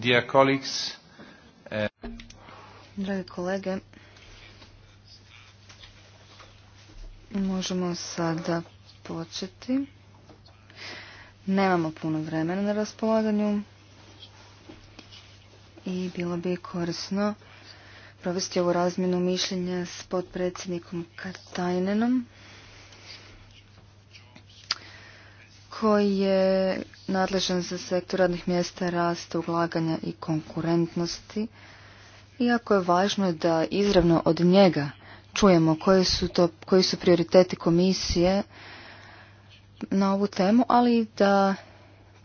Dear eh, Dragi kolege, možemo sada početi. Nemamo puno vremena na raspolaganju i bilo bi korisno provesti ovu razmjenu mišljenja s potpredsjednikom Katajnenom. koji je nadležan za sektor radnih mjesta, rasta, ulaganja i konkurentnosti. Iako je važno da izravno od njega čujemo koji su, to, koji su prioriteti komisije na ovu temu, ali da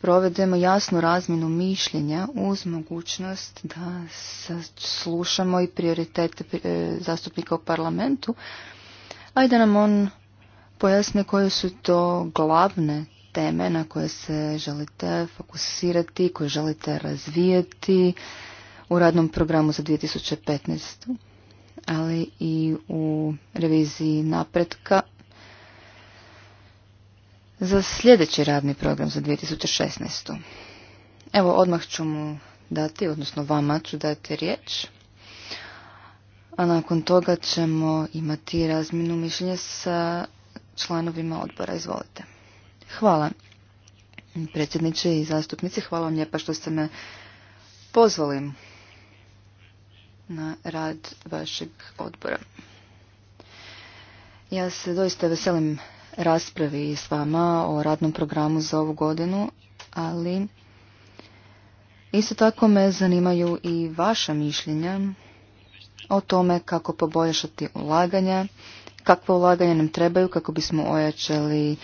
provedemo jasnu razminu mišljenja uz mogućnost da slušamo i prioritete e, zastupnika u parlamentu, a i da nam on pojasne koje su to glavne teme na koje se želite fokusirati, koje želite razvijati u radnom programu za 2015. Ali i u reviziji napretka za sljedeći radni program za 2016. Evo, odmah ću mu dati, odnosno vama ću dati riječ. A nakon toga ćemo imati razminu mišljenja sa članovima odbora. Izvolite. Hvala. Predsjedniče i zastupnici, hvala vam lijepa što ste me pozvali na rad vašeg odbora. Ja se doista veselim raspravi s vama o radnom programu za ovu godinu, ali isto tako me zanimaju i vaša mišljenja o tome kako poboljšati ulaganja, kakva ulaganja nam trebaju kako bismo ojačali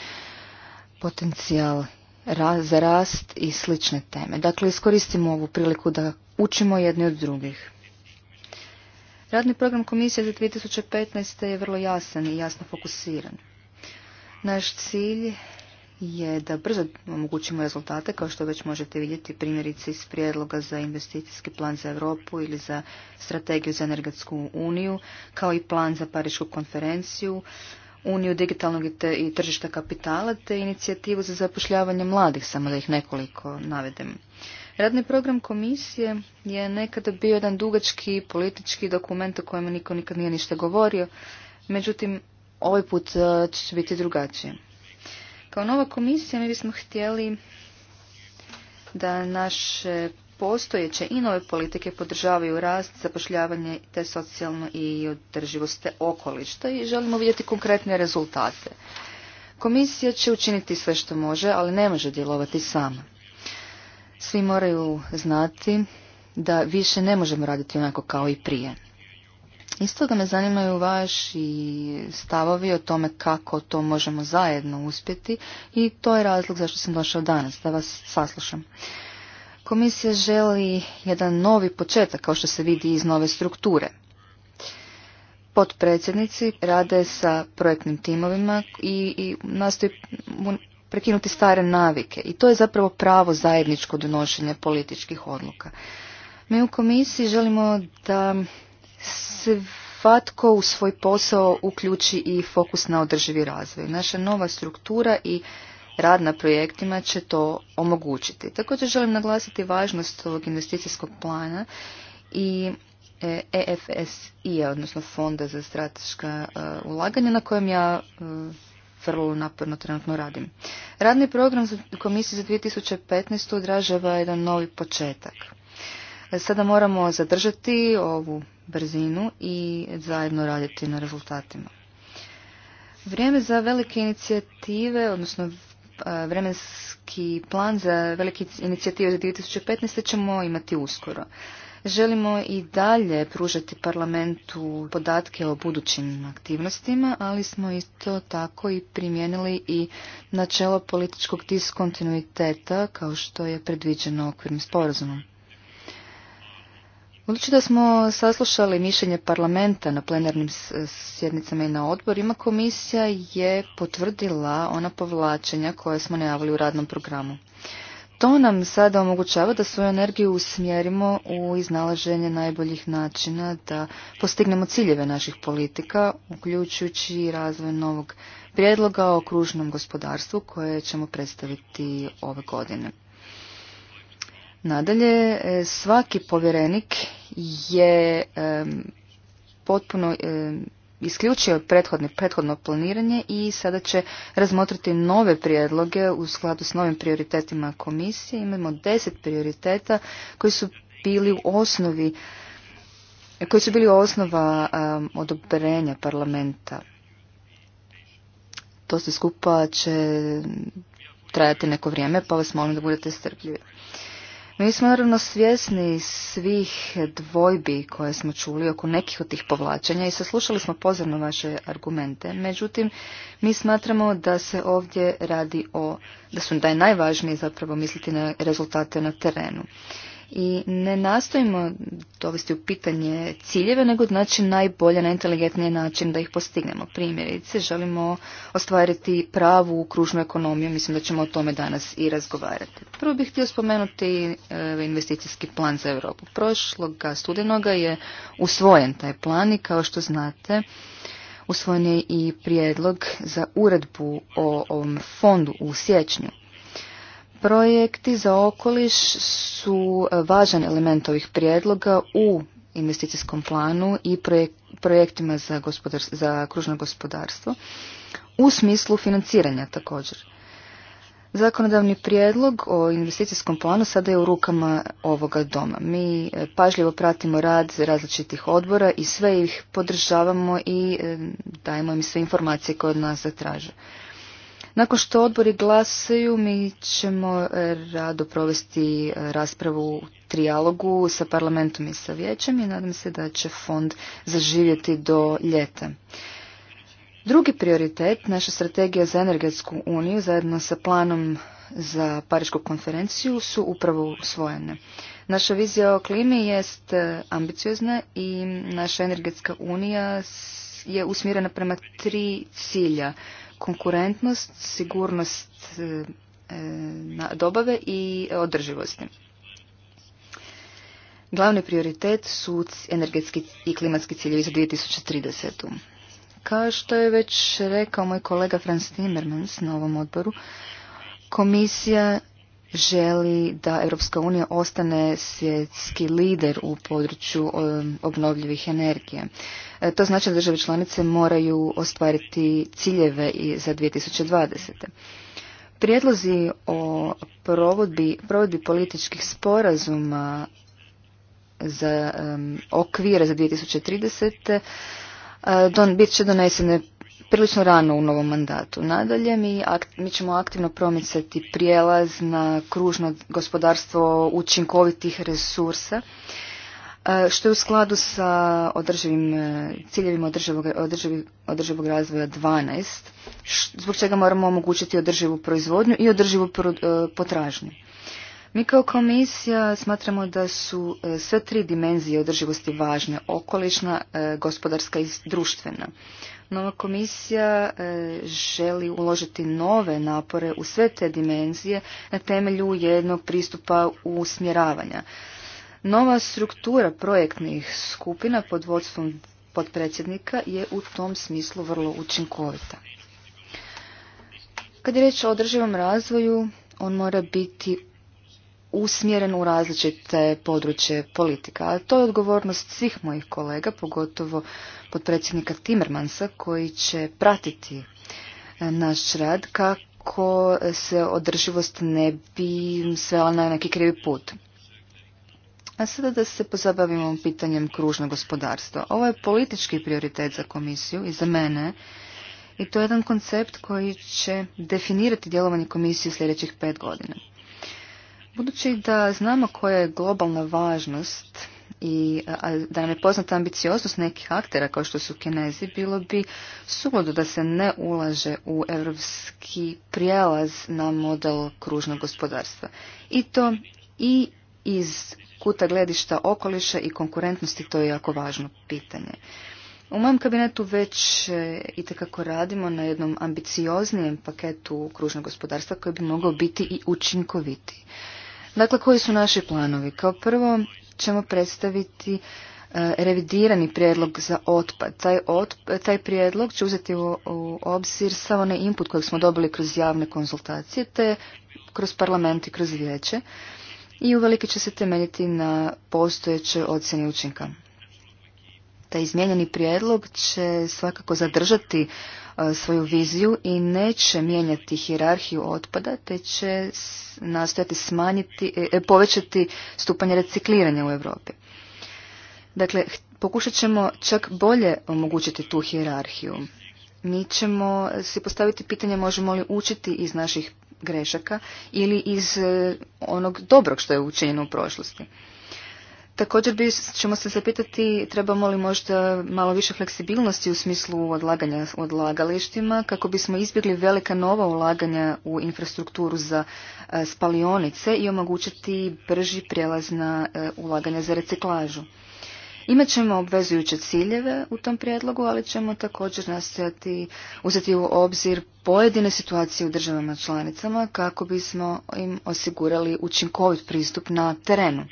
potencijal za rast i slične teme. Dakle, iskoristimo ovu priliku da učimo jedni od drugih. Radni program komisije za 2015. je vrlo jasan i jasno fokusiran. Naš cilj je da brzo omogućimo rezultate, kao što već možete vidjeti primjerice iz prijedloga za investicijski plan za Europu ili za strategiju za energetsku uniju, kao i plan za Parišku konferenciju, uniju digitalnog i tržišta kapitala te inicijativu za zapošljavanje mladih, samo da ih nekoliko navedem. Radni program komisije je nekada bio jedan dugački politički dokument o kojem niko nikad nije ništa govorio, međutim ovaj put e, će biti drugačije. Kao nova komisija mi bismo htjeli da naše postojeće i nove politike podržavaju rast, zapošljavanje te socijalno i održivost okolišta I želimo vidjeti konkretne rezultate. Komisija će učiniti sve što može, ali ne može djelovati sama. Svi moraju znati da više ne možemo raditi onako kao i prije. Iz toga me zanimaju vaši stavovi o tome kako to možemo zajedno uspjeti i to je razlog zašto sam došao danas, da vas saslušam. Komisija želi jedan novi početak, kao što se vidi iz nove strukture. Potpredsjednici rade sa projektnim timovima i, i nastoji prekinuti stare navike i to je zapravo pravo zajedničko donošenje političkih odluka. Mi u komisiji želimo da svatko u svoj posao uključi i fokus na održivi razvoj. Naša nova struktura i rad na projektima će to omogućiti. Također želim naglasiti važnost ovog investicijskog plana i efsi e odnosno Fonda za strateška e, ulaganja na kojem ja e, vrlo naporno trenutno radim. Radni program za za 2015. odražava jedan novi početak. Sada moramo zadržati ovu brzinu i zajedno raditi na rezultatima. Vrijeme za velike inicijative, odnosno E, vremenski plan za velike inicijative za 2015. ćemo imati uskoro. Želimo i dalje pružati parlamentu podatke o budućim aktivnostima, ali smo isto tako i primijenili i načelo političkog diskontinuiteta kao što je predviđeno okvirnim sporazumom. Budući da smo saslušali mišljenje parlamenta na plenarnim sjednicama i na odborima, komisija je potvrdila ona povlačenja koje smo najavili u radnom programu. To nam sada omogućava da svoju energiju usmjerimo u iznalaženje najboljih načina da postignemo ciljeve naših politika, uključujući razvoj novog prijedloga o kružnom gospodarstvu koje ćemo predstaviti ove godine. Nadalje, e, svaki povjerenik je e, potpuno e, isključio prethodne, prethodno planiranje i sada će razmotriti nove prijedloge u skladu s novim prioritetima komisije. Imamo deset prioriteta koji su bili u osnovi koji su bili osnova odobrenja parlamenta. To se skupa će trajati neko vrijeme, pa vas molim da budete strpljivi. Mi smo naravno svjesni svih dvojbi koje smo čuli oko nekih od tih povlačenja i saslušali smo pozorno vaše argumente. Međutim, mi smatramo da se ovdje radi o, da, su, da je najvažnije zapravo misliti na rezultate na terenu i ne nastojimo dovesti u pitanje ciljeve, nego znači najbolje, najinteligentniji način da ih postignemo. Primjerice, želimo ostvariti pravu kružnu ekonomiju, mislim da ćemo o tome danas i razgovarati. Prvo bih htio spomenuti e, investicijski plan za Europu. Prošloga studenoga je usvojen taj plan i kao što znate, usvojen je i prijedlog za uredbu o ovom fondu u siječnju. Projekti za okoliš su e, važan element ovih prijedloga u investicijskom planu i projektima za, za kružno gospodarstvo u smislu financiranja također. Zakonodavni prijedlog o investicijskom planu sada je u rukama ovoga doma. Mi e, pažljivo pratimo rad različitih odbora i sve ih podržavamo i e, dajemo im sve informacije koje od nas zatraže. Nakon što odbori glasaju, mi ćemo e, rado provesti e, raspravu u trijalogu sa parlamentom i sa vijećem i nadam se da će fond zaživjeti do ljeta. Drugi prioritet, naša strategija za energetsku uniju zajedno sa planom za Parišku konferenciju su upravo usvojene. Naša vizija o klimi jest e, ambiciozna i naša energetska unija je usmjerena prema tri cilja – konkurentnost, sigurnost e, e, dobave i održivosti. Glavni prioritet su energetski i klimatski ciljevi za 2030. Kao što je već rekao moj kolega Franz Timmermans na ovom odboru, komisija želi da Europska unija ostane svjetski lider u području obnovljivih energije. To znači da države članice moraju ostvariti ciljeve i za 2020. Prijedlozi o provodbi, provodbi političkih sporazuma za um, okvire za 2030. E, don, bit će donesene prilično rano u novom mandatu. Nadalje, mi, mi ćemo aktivno promicati prijelaz na kružno gospodarstvo učinkovitih resursa, e, što je u skladu sa održivim e, ciljevima održivog, razvoja 12, zbog čega moramo omogućiti održivu proizvodnju i održivu e, potražnju. Mi kao komisija smatramo da su sve tri dimenzije održivosti važne, okolišna, gospodarska i društvena. Nova komisija e, želi uložiti nove napore u sve te dimenzije na temelju jednog pristupa usmjeravanja. Nova struktura projektnih skupina pod vodstvom potpredsjednika je u tom smislu vrlo učinkovita. Kad je riječ o održivom razvoju, on mora biti usmjeren u različite područje politika. A to je odgovornost svih mojih kolega, pogotovo podpredsjednika Timmermansa koji će pratiti e, naš rad kako se održivost ne bi svela na neki krivi put. A sada da se pozabavimo pitanjem kružnog gospodarstva. Ovo je politički prioritet za komisiju i za mene i to je jedan koncept koji će definirati djelovanje komisije u sljedećih pet godina. Budući da znamo koja je globalna važnost i da nam je poznata ambicioznost nekih aktera kao što su Kinezi, bilo bi suludo da se ne ulaže u europski prijelaz na model kružnog gospodarstva. I to i iz kuta gledišta okoliša i konkurentnosti to je jako važno pitanje. U mojem kabinetu već e, itekako radimo na jednom ambicioznijem paketu kružnog gospodarstva koji bi mogao biti i učinkovitiji. Dakle, koji su naši planovi? Kao prvo ćemo predstaviti e, revidirani prijedlog za otpad. Taj, prijedlog će uzeti u, obzir sa onaj input kojeg smo dobili kroz javne konzultacije, te kroz parlament i kroz vijeće i uvelike će se temeljiti na postojeće ocjene učinka. Taj izmijenjeni prijedlog će svakako zadržati e, svoju viziju i neće mijenjati hijerarhiju otpada, te će nastojati smanjiti, e, e, povećati stupanje recikliranja u Europi. Dakle, pokušat ćemo čak bolje omogućiti tu hijerarhiju Mi ćemo si postaviti pitanje možemo li učiti iz naših grešaka ili iz onog dobrog što je učinjeno u prošlosti. Također ćemo se zapitati trebamo li možda malo više fleksibilnosti u smislu odlaganja odlagalištima kako bismo izbjegli velika nova ulaganja u infrastrukturu za e, spalionice i omogućiti brži prijelaz na e, ulaganja za reciklažu. Imaćemo obvezujuće ciljeve u tom prijedlogu, ali ćemo također nastojati uzeti u obzir pojedine situacije u državama članicama kako bismo im osigurali učinkovit pristup na terenu.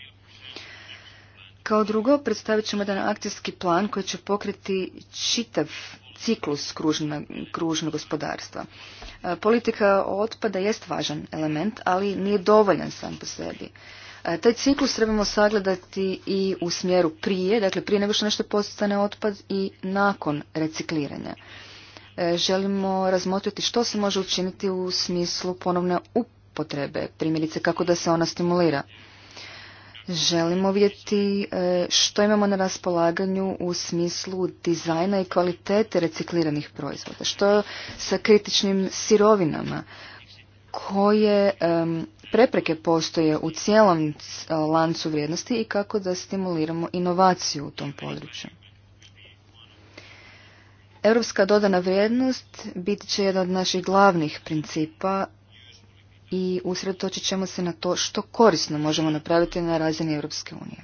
Kao drugo, predstavit ćemo jedan akcijski plan koji će pokriti čitav ciklus kružnog gospodarstva. E, politika otpada jest važan element, ali nije dovoljan sam po sebi. E, taj ciklus trebamo sagledati i u smjeru prije, dakle prije nego što nešto postane otpad i nakon recikliranja. E, želimo razmotriti što se može učiniti u smislu ponovne upotrebe, primjerice kako da se ona stimulira. Želimo vidjeti e, što imamo na raspolaganju u smislu dizajna i kvalitete recikliranih proizvoda. Što sa kritičnim sirovinama? Koje prepreke postoje u cijelom lancu vrijednosti i kako da stimuliramo inovaciju u tom području? Europska dodana vrijednost biti će jedan od naših glavnih principa i usredotočit ćemo se na to što korisno možemo napraviti na razini Europske unije.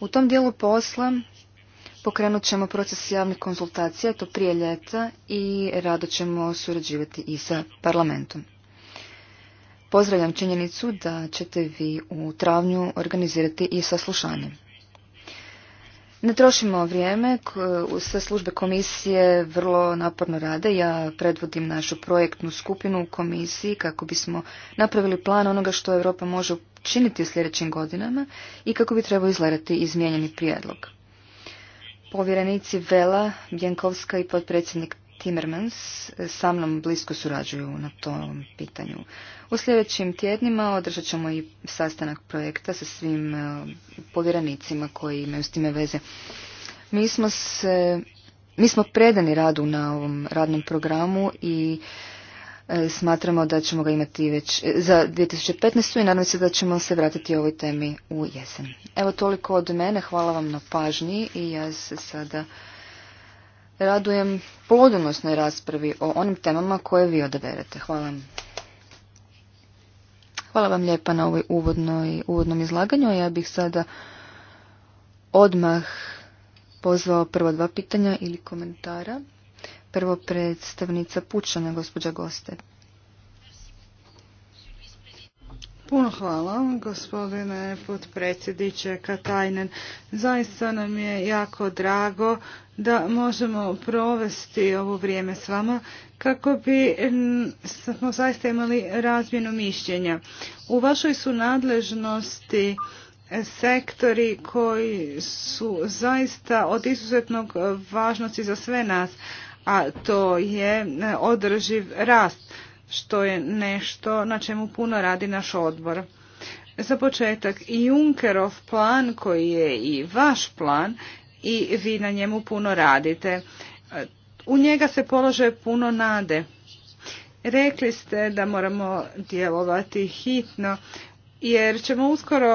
U tom dijelu posla pokrenut ćemo proces javnih konzultacija, to prije ljeta i rado ćemo surađivati i sa parlamentom. Pozdravljam činjenicu da ćete vi u travnju organizirati i saslušanje. Ne trošimo vrijeme, sve službe komisije vrlo naporno rade. Ja predvodim našu projektnu skupinu u komisiji kako bismo napravili plan onoga što Europa može učiniti u sljedećim godinama i kako bi trebao izgledati izmijenjeni prijedlog. Povjerenici Vela, Bjenkovska i potpredsjednik Timmermans sa mnom blisko surađuju na tom pitanju. U sljedećim tjednima održat ćemo i sastanak projekta sa svim e, povjerenicima koji imaju s time veze. Mi smo, se, mi smo predani radu na ovom radnom programu i e, smatramo da ćemo ga imati već e, za 2015. i nadam se da ćemo se vratiti ovoj temi u jesen. Evo toliko od mene, hvala vam na pažnji i ja se sada radujem plodonosnoj raspravi o onim temama koje vi odaberete. Hvala vam. Hvala vam lijepa na ovoj uvodnoj, uvodnom izlaganju. Ja bih sada odmah pozvao prvo dva pitanja ili komentara. Prvo predstavnica Pučana, gospođa Goste. Puno hvala, gospodine potpredsjedniče Katajnen. Zaista nam je jako drago da možemo provesti ovo vrijeme s vama kako bi smo zaista imali razmjenu mišljenja. U vašoj su nadležnosti e, sektori koji su zaista od izuzetnog važnosti za sve nas, a to je e, održiv rast što je nešto na čemu puno radi naš odbor. Za početak, Junkerov plan koji je i vaš plan i vi na njemu puno radite. U njega se polože puno nade. Rekli ste da moramo djelovati hitno jer ćemo uskoro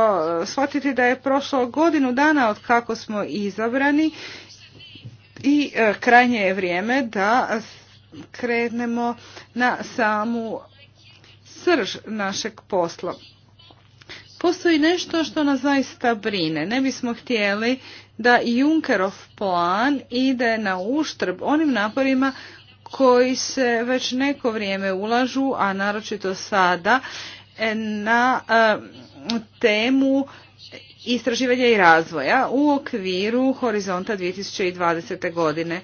shvatiti da je prošlo godinu dana od kako smo izabrani i e, krajnje je vrijeme da krenemo na samu srž našeg posla. Postoji nešto što nas zaista brine. Ne bismo htjeli da Junkerov plan ide na uštrb onim naporima koji se već neko vrijeme ulažu, a naročito sada, na e, temu istraživanja i razvoja u okviru Horizonta 2020. godine.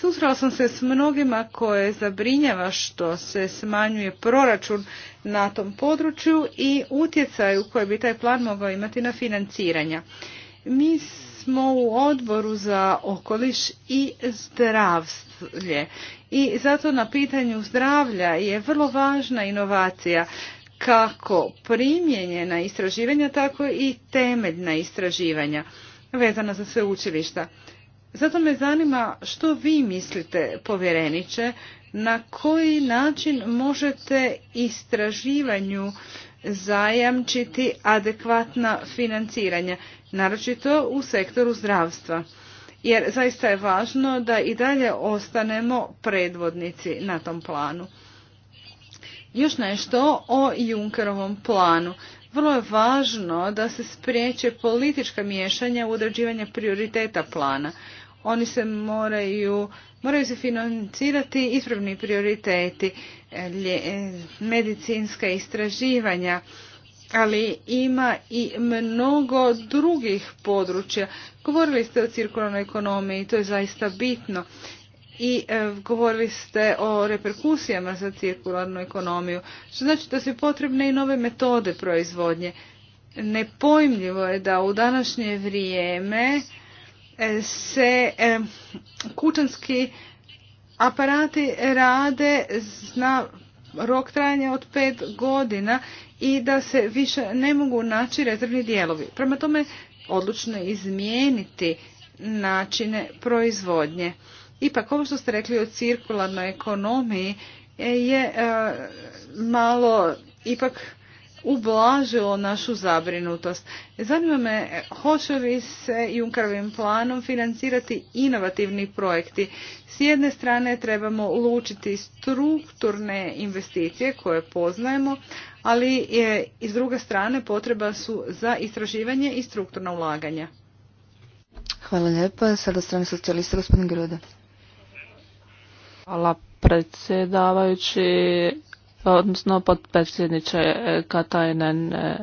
Susrela sam se s mnogima koje zabrinjava što se smanjuje proračun na tom području i utjecaju koje bi taj plan mogao imati na financiranja. Mi smo u odboru za okoliš i zdravlje i zato na pitanju zdravlja je vrlo važna inovacija kako primjenjena istraživanja, tako i temeljna istraživanja vezana za sveučilišta. učilišta. Zato me zanima što vi mislite, povjereniče, na koji način možete istraživanju zajamčiti adekvatna financiranja, naročito u sektoru zdravstva. Jer zaista je važno da i dalje ostanemo predvodnici na tom planu. Još nešto o Junkerovom planu. Vrlo je važno da se spriječe politička miješanja u određivanje prioriteta plana oni se moraju, moraju se financirati ispravni prioriteti, e, e, medicinska istraživanja, ali ima i mnogo drugih područja. Govorili ste o cirkularnoj ekonomiji, to je zaista bitno. I e, govorili ste o reperkusijama za cirkularnu ekonomiju, što znači da su potrebne i nove metode proizvodnje. Nepojmljivo je da u današnje vrijeme E, se e, kućanski aparati rade na rok trajanja od pet godina i da se više ne mogu naći rezervni dijelovi. Prema tome, odlučno izmijeniti načine proizvodnje. Ipak, ovo što ste rekli o cirkularnoj ekonomiji e, je malo ipak ublažilo našu zabrinutost. Zanima me, hoće li se Junkarovim planom financirati inovativni projekti? S jedne strane trebamo lučiti strukturne investicije koje poznajemo, ali je, s druge strane potreba su za istraživanje i strukturna ulaganja. Hvala lijepa. Sada strane socijalista, gospodin Hvala predsjedavajući odnosno potpredsjedniče e, Katajnen, e,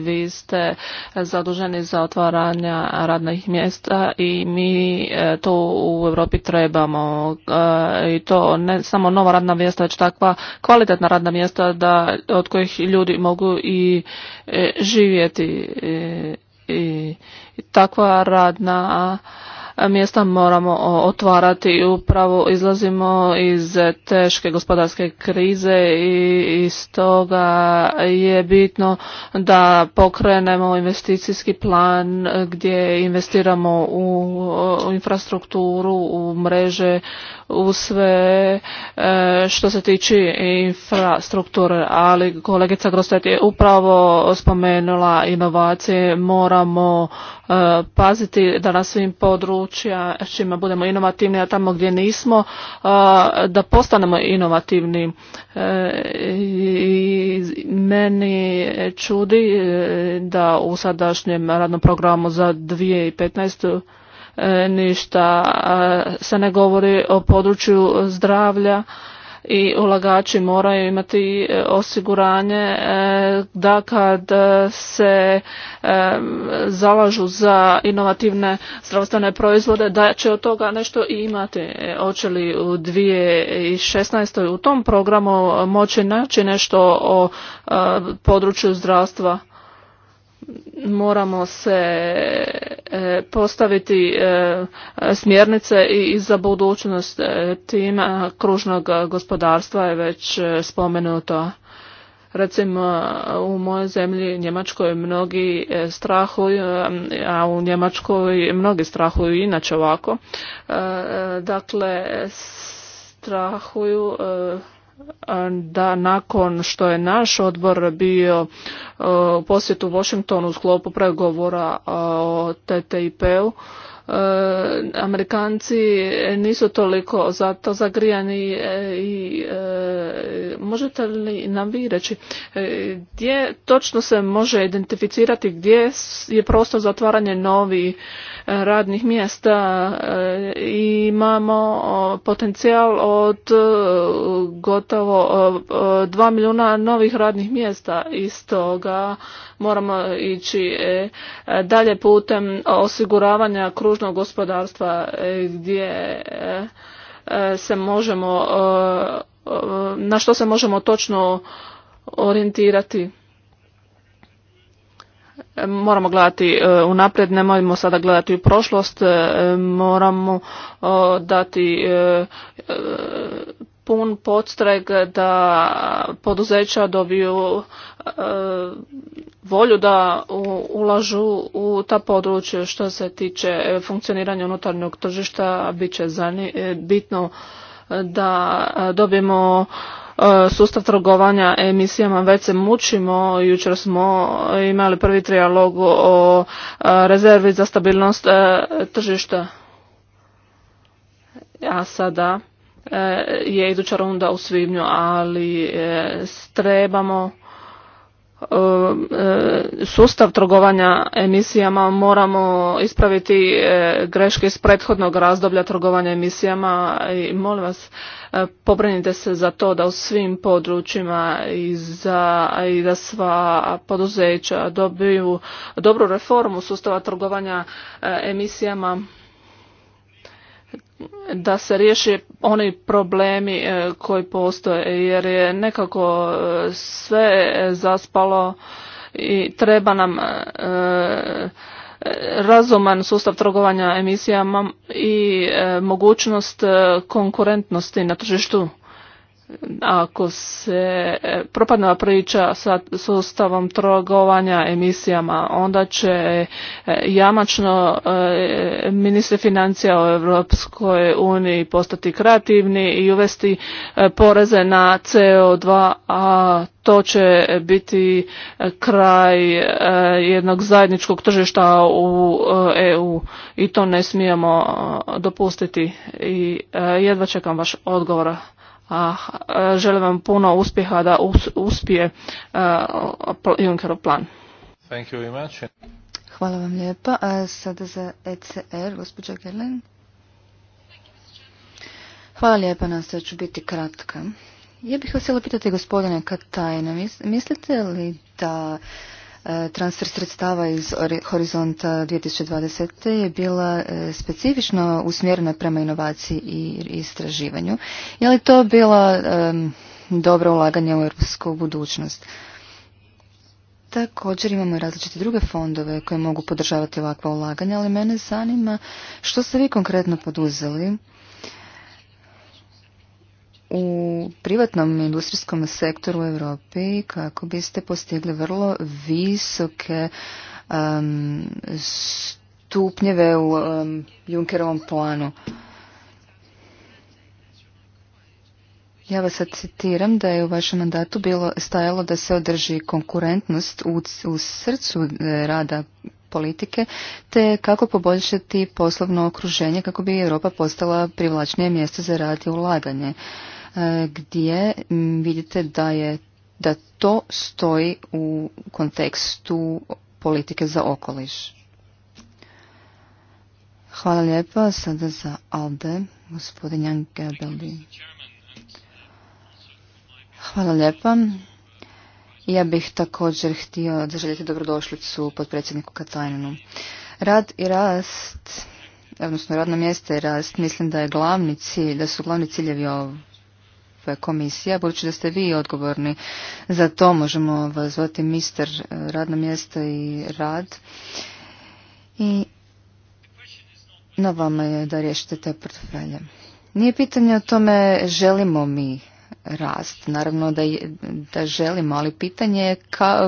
vi ste zaduženi za otvaranja radnih mjesta i mi e, to u Europi trebamo i to ne samo nova radna mjesta, već takva kvalitetna radna mjesta da od kojih ljudi mogu i živjeti i takva radna E, mjesta moramo otvarati. Upravo izlazimo iz teške gospodarske krize i iz toga je bitno da pokrenemo investicijski plan e, gdje investiramo u infrastrukturu, u mreže, u sve e, što se tiče infrastrukture, ali kolegica Grostet je upravo spomenula inovacije. Moramo e, paziti da na svim područja čima budemo inovativni, a tamo gdje nismo, e, da postanemo inovativni. I meni čudi da u sadašnjem radnom programu za 2015 E, ništa se ne govori o području zdravlja i ulagači moraju imati e, osiguranje e, da kad se zalažu za inovativne zdravstvene proizvode da će od toga nešto i imati. Oće li u 2016. u tom programu moći naći nešto o području zdravstva? moramo se e, postaviti e, smjernice i za budućnost e, tima kružnog gospodarstva je već spomenuto. Recimo u mojoj zemlji Njemačkoj mnogi strahuju, a u Njemačkoj mnogi strahuju inače ovako. Dakle, strahuju da nakon što je naš odbor bio e, u posjetu Washingtonu u sklopu pregovora e, o TTIP-u E, Amerikanci nisu toliko za to zagrijani e, i e, možete li nam vi reći gdje točno se može identificirati gdje je prostor za otvaranje novih radnih mjesta i imamo potencijal od gotovo 2 milijuna novih radnih mjesta i toga moramo ići dalje putem osiguravanja kružnog gospodarstva e, gdje e, e, se možemo na što se možemo točno orijentirati moramo gledati unaprijed možemo sada gledati u prošlost moramo dati pun podstreg da poduzeća dobiju e, volju da ulažu u ta područja što se tiče e, funkcioniranja unutarnjeg tržišta bit će e, bitno da dobijemo sustav trgovanja emisijama već se mučimo jučer smo imali prvi trijalog o rezervi za stabilnost tržišta a sada E, je iduća runda u svibnju, ali e, trebamo e, sustav trgovanja emisijama moramo ispraviti greške iz prethodnog razdoblja trgovanja emisijama i molim vas pobrinite se za to da u svim područjima i, za, i da sva poduzeća dobiju dobru reformu sustava trgovanja emisijama da se riješe oni problemi e, koji postoje jer je nekako e, sve zaspalo i treba nam e, razuman sustav trgovanja emisijama i mogućnost konkurentnosti na tržištu ako se e, propadne priča sa sustavom trogovanja emisijama, onda će e, jamačno e, ministri financija u Europskoj uniji postati kreativni i uvesti poreze na CO2, a to će biti kraj jednog zajedničkog tržišta u EU i to ne smijemo dopustiti i jedva čekam vaš odgovor a eh, želim vam puno uspjeha da uspije eh, Junckerov plan. Thank you very much. Hvala vam lijepa. A sada za ECR, gospođa Gerlen. Hvala lijepa, nastavit ću biti kratka. Ja bih vas htjela pitati gospodine Katajna, mislite li da E, transfer sredstava iz Horizonta 2020. je bila e, specifično usmjerena prema inovaciji i istraživanju. Je li to bila dobro ulaganje u europsku budućnost? Također imamo i različite druge fondove koje mogu podržavati ovakva ulaganja, ali mene zanima što ste vi konkretno poduzeli u privatnom industrijskom sektoru u Europi kako biste postigli vrlo visoke um, stupnjeve u um, Junckerovom planu. Ja vas sad citiram da je u vašem mandatu bilo stajalo da se održi konkurentnost u, srcu e, rada politike, te kako poboljšati poslovno okruženje kako bi Europa postala privlačnije mjesto za rad i ulaganje. E, gdje vidite da je da to stoji u kontekstu politike za okoliš. Hvala lijepa. Sada za Alde, gospodin Jan Gebeldi. Hvala lijepa. Ja bih također htio želite dobrodošlicu potpredsjedniku Katajninu. Rad i rast, odnosno radno mjesta i rast, mislim da je glavni cilj, da su glavni ciljevi ovog komisija, budući da ste vi odgovorni za to, možemo vas zvati mister eh, radno mjesto i rad. I na vama je da riješite te portfelje. Nije pitanje o tome želimo mi rast. Naravno da, da želimo, ali pitanje je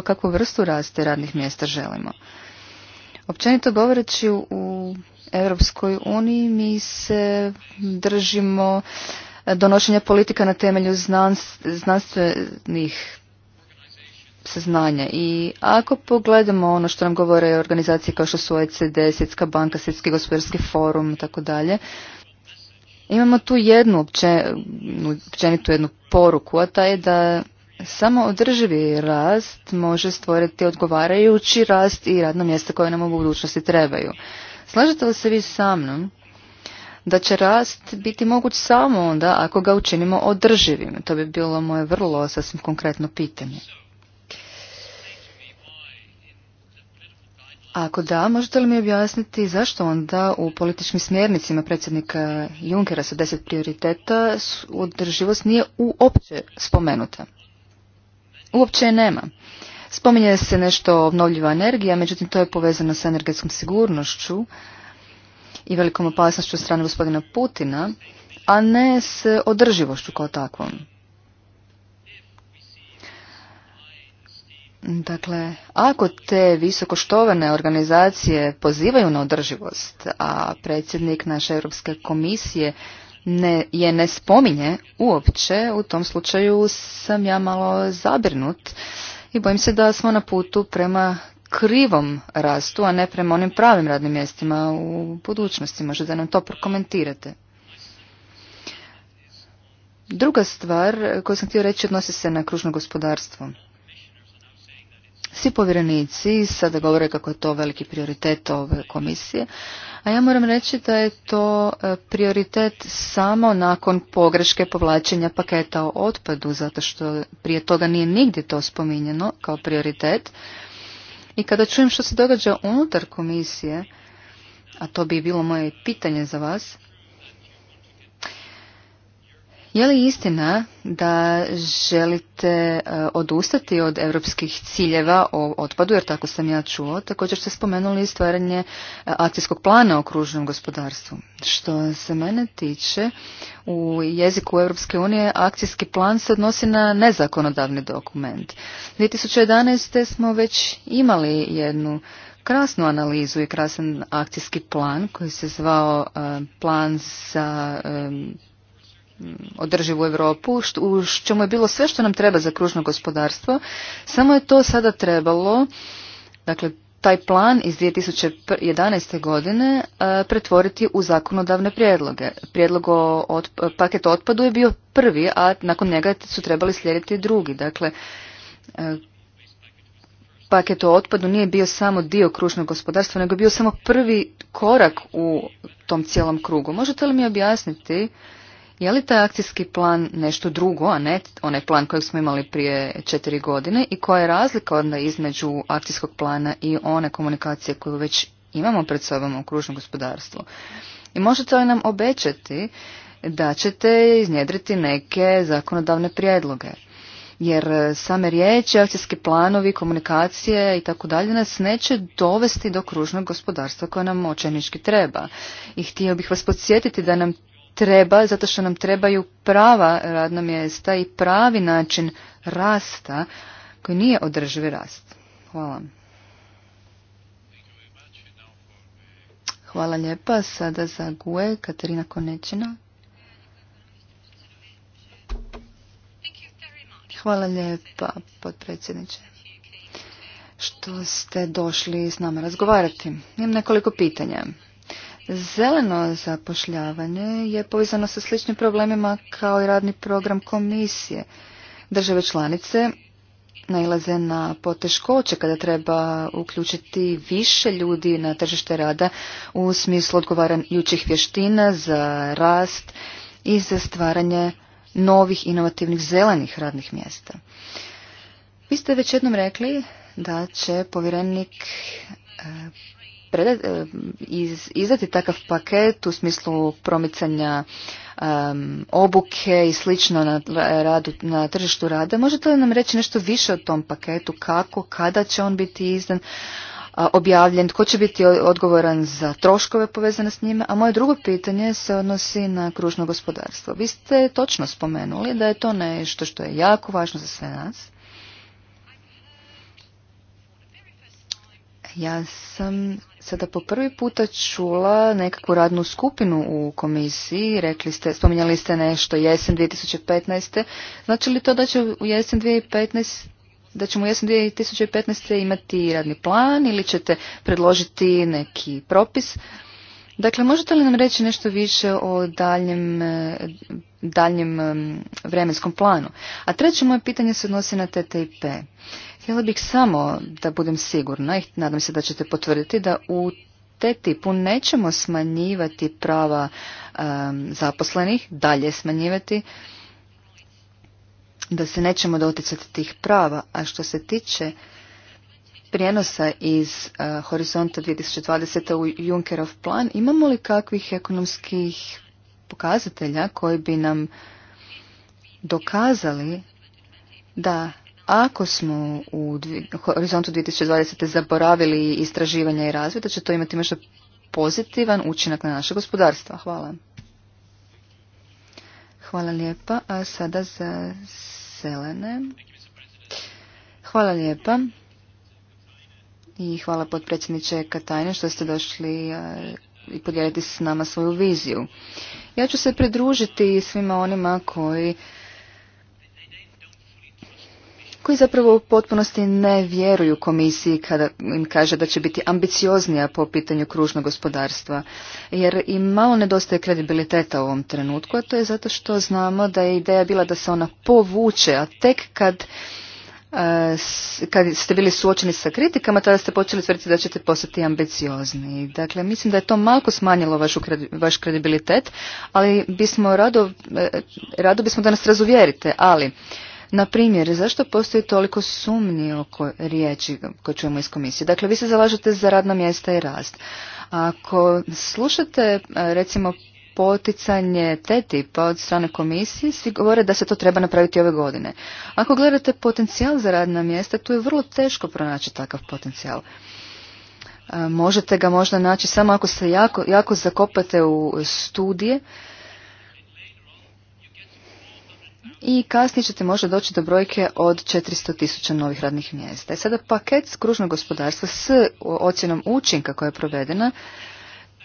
kakvu vrstu raste radnih mjesta želimo. Općenito govoreći u Europskoj uniji mi se držimo donošenja politika na temelju znanstvenih saznanja. I ako pogledamo ono što nam govore organizacije kao što su OECD, Svjetska banka, Svjetski gospodarski forum i tako dalje, imamo tu jednu općenitu jednu poruku, a ta je da samo održivi rast može stvoriti odgovarajući rast i radna mjesta koje nam u budućnosti trebaju. Slažete li se vi sa mnom da će rast biti moguć samo onda ako ga učinimo održivim. To bi bilo moje vrlo sasvim konkretno pitanje. Ako da, možete li mi objasniti zašto onda u političkim smjernicima predsjednika Junkera sa deset prioriteta održivost nije uopće spomenuta? Uopće je nema. Spominje se nešto obnovljiva energija, međutim to je povezano sa energetskom sigurnošću i velikom opasnošću strane gospodina Putina, a ne s održivošću kao takvom. Dakle, ako te visokoštovane organizacije pozivaju na održivost, a predsjednik naše Europske komisije ne, je ne spominje uopće, u tom slučaju sam ja malo zabrinut i bojim se da smo na putu prema krivom rastu, a ne prema onim pravim radnim mjestima u budućnosti. Možda da nam to prokomentirate. Druga stvar koju sam htio reći odnosi se na kružno gospodarstvo. Svi povjerenici sada govore kako je to veliki prioritet ove komisije, a ja moram reći da je to e, prioritet samo nakon pogreške povlačenja paketa o otpadu, zato što prije toga nije nigdje to spominjeno kao prioritet. I kada čujem što se događa unutar komisije, a to bi bilo moje pitanje za vas, je li istina da želite e, odustati od europskih ciljeva o otpadu, jer tako sam ja čuo, također ste spomenuli stvaranje e, akcijskog plana o kružnom gospodarstvu. Što se mene tiče, u jeziku Europske unije akcijski plan se odnosi na nezakonodavni dokument. 2011. smo već imali jednu krasnu analizu i krasan akcijski plan koji se zvao e, plan za Mm, održivu Europu, u čemu je bilo sve što nam treba za kružno gospodarstvo, samo je to sada trebalo, dakle taj plan iz 2011. godine e, pretvoriti u zakonodavne prijedloge. Prijedlog o paketu paket otpadu je bio prvi, a nakon njega su trebali slijediti drugi. Dakle, e, paket o otpadu nije bio samo dio kružnog gospodarstva, nego je bio samo prvi korak u tom cijelom krugu. Možete li mi objasniti je li taj akcijski plan nešto drugo, a ne onaj plan kojeg smo imali prije četiri godine i koja je razlika onda između akcijskog plana i one komunikacije koju već imamo pred sobom u kružnom gospodarstvu? I možete li nam obećati da ćete iznjedriti neke zakonodavne prijedloge? Jer e, same riječi, akcijski planovi, komunikacije i tako dalje nas neće dovesti do kružnog gospodarstva koje nam očajnički treba. I htio bih vas podsjetiti da nam treba zato što nam trebaju prava radna mjesta i pravi način rasta koji nije održivi rast. Hvala. Hvala lijepa. Sada za GUE Katarina Konečina. Hvala lijepa, potpredsjedniče, što ste došli s nama razgovarati. Imam nekoliko pitanja. Zeleno zapošljavanje je povezano sa sličnim problemima kao i radni program komisije. Države članice nailaze na poteškoće kada treba uključiti više ljudi na tržište rada u smislu odgovarajućih vještina za rast i za stvaranje novih inovativnih zelenih radnih mjesta. Vi ste već jednom rekli da će povjerenik E, izdati takav paket u smislu promicanja obuke i slično na, radu, na tržištu rada. Možete li nam reći nešto više o tom paketu? Kako, kada će on biti izdan? objavljen, tko će biti odgovoran za troškove povezane s njime, a moje drugo pitanje se odnosi na kružno gospodarstvo. Vi ste točno spomenuli da je to nešto što je jako važno za sve nas. Ja sam sada po prvi puta čula nekakvu radnu skupinu u komisiji, rekli ste, spominjali ste nešto jesen 2015. Znači li to da će u jesen 2015 da ćemo u jesen 2015. imati radni plan ili ćete predložiti neki propis? Dakle, možete li nam reći nešto više o daljem, daljem vremenskom planu? A treće moje pitanje se odnosi na TTIP. Htjela bih samo da budem sigurna i nadam se da ćete potvrditi da u te tipu nećemo smanjivati prava zaposlenih, dalje smanjivati, da se nećemo doticati tih prava. A što se tiče prijenosa iz uh, Horizonta 2020. u Junckerov plan, imamo li kakvih ekonomskih pokazatelja koji bi nam dokazali da ako smo u horizontu 2020. zaboravili istraživanja i razvoj, da će to imati možda pozitivan učinak na naše gospodarstva. Hvala. Hvala lijepa. A sada za selene. Hvala lijepa. I hvala potpredsjedniče Katajne što ste došli i podijeliti s nama svoju viziju. Ja ću se pridružiti svima onima koji koji zapravo u potpunosti ne vjeruju komisiji kada im kaže da će biti ambicioznija po pitanju kružnog gospodarstva. Jer im malo nedostaje kredibiliteta u ovom trenutku, a to je zato što znamo da je ideja bila da se ona povuče, a tek kad e, kad ste bili suočeni sa kritikama, tada ste počeli tvrditi da ćete postati ambiciozni. Dakle, mislim da je to malko smanjilo vašu, vaš kredibilitet, ali bismo rado, e, rado bismo da nas razuvjerite, ali na primjer, zašto postoji toliko sumnji oko riječi koje čujemo iz komisije? Dakle, vi se zalažete za radna mjesta i rast. Ako slušate, e, recimo, poticanje te tipa od strane komisije, svi govore da se to treba napraviti ove godine. Ako gledate potencijal za radna mjesta, tu je vrlo teško pronaći takav potencijal. E, možete ga možda naći samo ako se jako, jako zakopate u studije, i kasnije ćete možda doći do brojke od 400 tisuća novih radnih mjesta. E sada paket kružnog gospodarstva s ocjenom učinka koja je provedena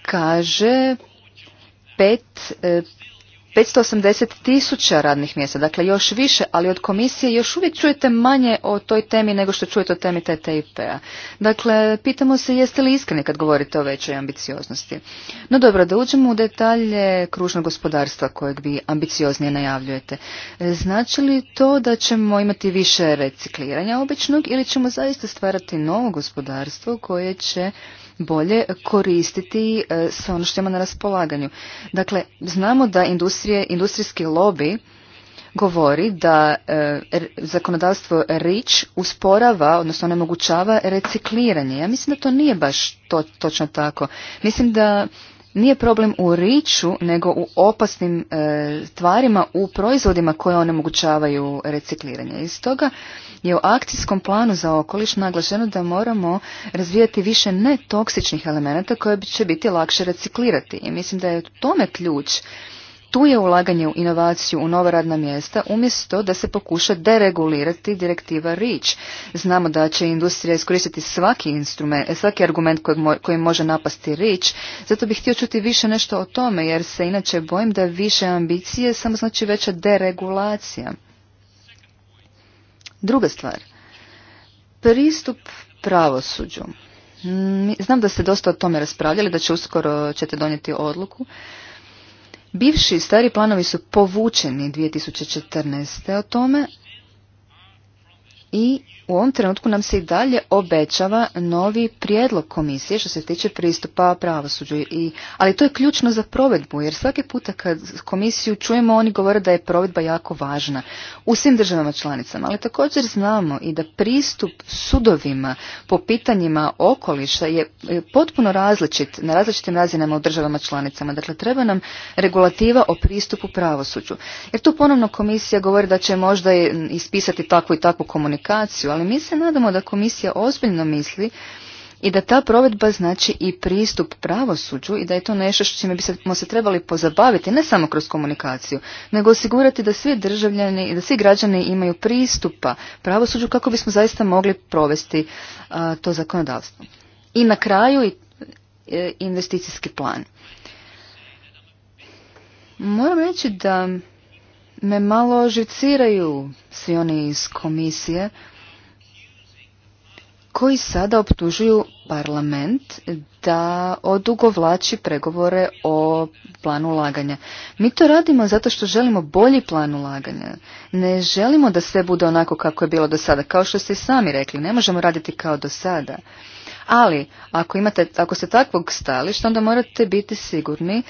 kaže pet e, 580 tisuća radnih mjesta, dakle još više, ali od komisije još uvijek čujete manje o toj temi nego što čujete o temi TTIP-a. Dakle, pitamo se jeste li iskreni kad govorite o većoj ambicioznosti. No dobro, da uđemo u detalje kružnog gospodarstva kojeg vi ambicioznije najavljujete. Znači li to da ćemo imati više recikliranja običnog ili ćemo zaista stvarati novo gospodarstvo koje će bolje koristiti e, s ono što ima na raspolaganju. Dakle, znamo da industrije, industrijski lobby govori da e, zakonodavstvo REACH usporava, odnosno onemogućava recikliranje. Ja mislim da to nije baš to, točno tako. Mislim da nije problem u riču, nego u opasnim e, tvarima u proizvodima koje onemogućavaju recikliranje. I toga je u akcijskom planu za okoliš naglašeno da moramo razvijati više netoksičnih elemenata koje će biti lakše reciklirati. I mislim da je u tome ključ tu je ulaganje u inovaciju, u nova radna mjesta, umjesto da se pokuša deregulirati direktiva REACH. Znamo da će industrija iskoristiti svaki instrument, svaki argument koji može napasti REACH, zato bih htio čuti više nešto o tome, jer se inače bojim da više ambicije samo znači veća deregulacija. Druga stvar, pristup pravosuđu. Mm, znam da ste dosta o tome raspravljali, da će uskoro ćete donijeti odluku. Bivši stari planovi su povučeni 2014. o tome i u ovom trenutku nam se i dalje obećava novi prijedlog komisije što se tiče pristupa pravosuđu. I, ali to je ključno za provedbu, jer svaki puta kad komisiju čujemo, oni govore da je provedba jako važna u svim državama članicama. Ali također znamo i da pristup sudovima po pitanjima okoliša je potpuno različit na različitim razinama u državama članicama. Dakle, treba nam regulativa o pristupu pravosuđu. Jer tu ponovno komisija govori da će možda ispisati takvu i takvu komunikaciju, ali ali mi se nadamo da komisija ozbiljno misli i da ta provedba znači i pristup pravosuđu i da je to nešto što čime bismo se trebali pozabaviti, ne samo kroz komunikaciju, nego osigurati da svi državljani i da svi građani imaju pristupa pravosuđu kako bismo zaista mogli provesti to zakonodavstvo. I na kraju i, e, investicijski plan. Moram reći da me malo žiciraju svi oni iz komisije, koji sada optužuju parlament da odugovlači pregovore o planu ulaganja. Mi to radimo zato što želimo bolji plan ulaganja. Ne želimo da sve bude onako kako je bilo do sada. Kao što ste i sami rekli, ne možemo raditi kao do sada. Ali, ako, imate, ako ste takvog stališta, onda morate biti sigurni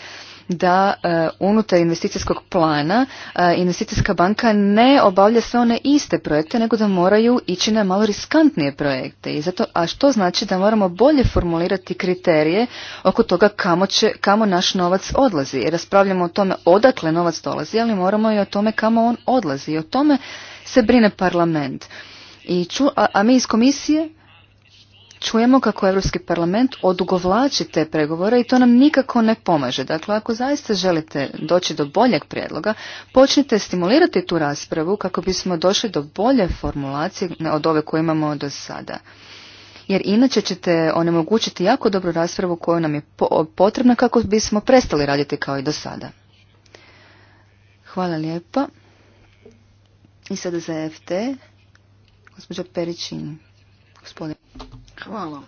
da e, unutar investicijskog plana e, investicijska banka ne obavlja sve one iste projekte, nego da moraju ići na malo riskantnije projekte. I zato, a što znači da moramo bolje formulirati kriterije oko toga kamo, će, kamo naš novac odlazi. Raspravljamo o tome odakle novac dolazi, ali moramo i o tome kamo on odlazi. I o tome se brine parlament. a mi iz komisije čujemo kako Europski parlament odugovlači te pregovore i to nam nikako ne pomaže. Dakle, ako zaista želite doći do boljeg prijedloga, počnite stimulirati tu raspravu kako bismo došli do bolje formulacije od ove koje imamo do sada. Jer inače ćete onemogućiti jako dobru raspravu koju nam je potrebna kako bismo prestali raditi kao i do sada. Hvala lijepa. I sada za e FT, gospođa Perićin. Gospodin. Hvala.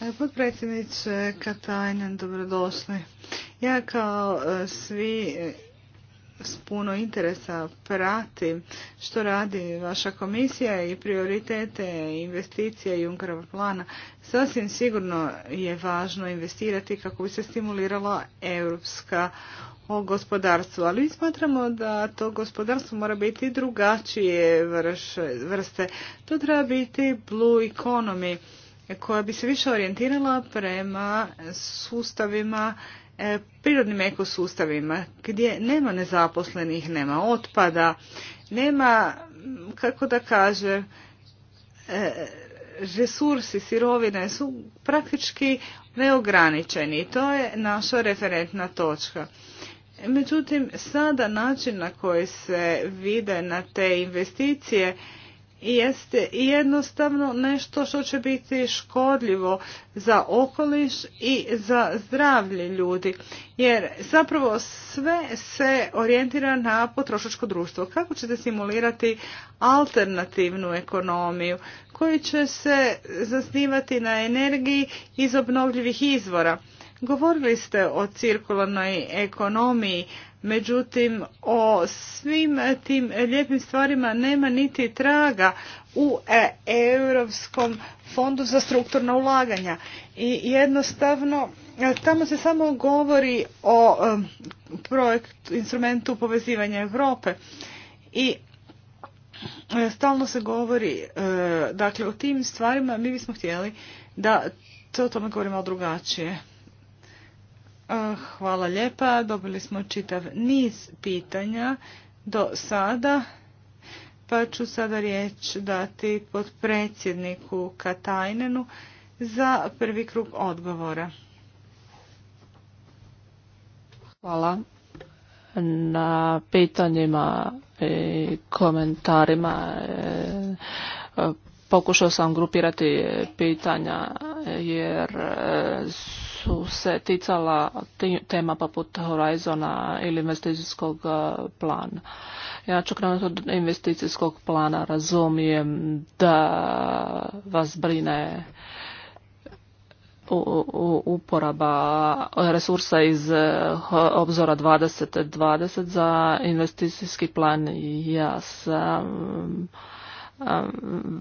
E, potpredsjedniče Katajnen, dobrodošli. Ja kao e, svi e, s puno interesa pratim što radi vaša komisija i prioritete investicije i plana. Sasvim sigurno je važno investirati kako bi se stimulirala europska o gospodarstvu, ali smatramo da to gospodarstvo mora biti drugačije vrste. To treba biti blue economy koja bi se više orijentirala prema sustavima, e, prirodnim ekosustavima gdje nema nezaposlenih, nema otpada, nema, kako da kažem, e, resursi, sirovine su praktički neograničeni. To je naša referentna točka. Međutim, sada način na koji se vide na te investicije jeste jednostavno nešto što će biti škodljivo za okoliš i za zdravlje ljudi. Jer zapravo sve se orijentira na potrošačko društvo. Kako ćete simulirati alternativnu ekonomiju koji će se zasnivati na energiji iz obnovljivih izvora? Govorili ste o cirkularnoj ekonomiji, međutim o svim tim lijepim stvarima nema niti traga u e, Europskom fondu za strukturna ulaganja. I jednostavno e, tamo se samo govori o e, projekt, instrumentu povezivanja Europe i stalno se govori dakle o tim stvarima mi bismo htjeli da to o tome govorimo drugačije. Hvala lijepa. Dobili smo čitav niz pitanja do sada, pa ću sada riječ dati predsjedniku Katajnenu za prvi krug odgovora. Hvala na pitanjima i komentarima. E, pokušao sam grupirati pitanja jer e, su se ticala tema poput Horizona ili investicijskog e, plana. Ja ću krenuti od investicijskog plana. Razumijem da vas brine uporaba resursa iz e, obzora 2020 za investicijski plan. Ja sam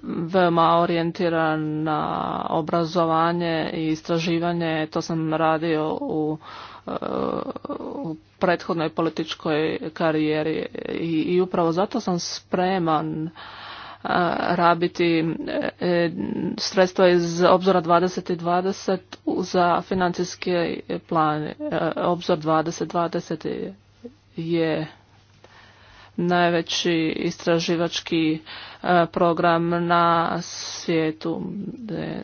veoma orijentiran na obrazovanje i istraživanje. To sam radio u, e, prethodnoj političkoj karijeri i, upravo zato sam spreman e, rabiti e, sredstva iz obzora 2020 za financijski plan. Obzor 2020 je najveći istraživački e, program na svijetu e,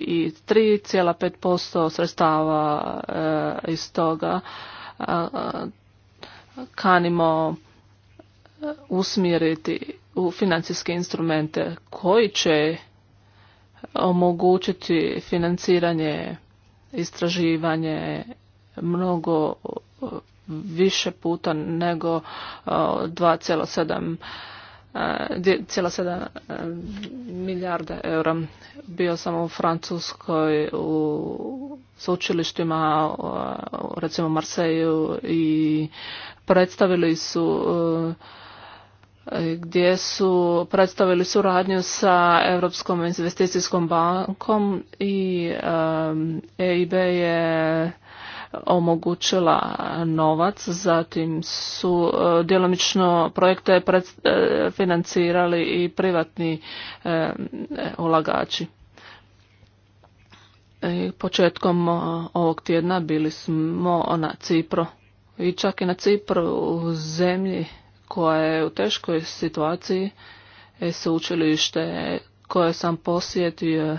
i 3,5% sredstava e, iz toga kanimo usmjeriti u financijske instrumente koji će omogućiti financiranje, istraživanje mnogo više puta nego 2,7 uh, uh, uh, milijarde eura. Bio sam u Francuskoj u sveučilištima, recimo Marseju i predstavili su gdje su predstavili suradnju sa Europskom investicijskom bankom i um, EIB je omogućila novac, zatim su e, djelomično projekte e, financirali i privatni e, ulagači. Početkom ovog tjedna bili smo na Cipru i čak i na Cipru u zemlji koja je u teškoj situaciji sveučilište koje sam posjetio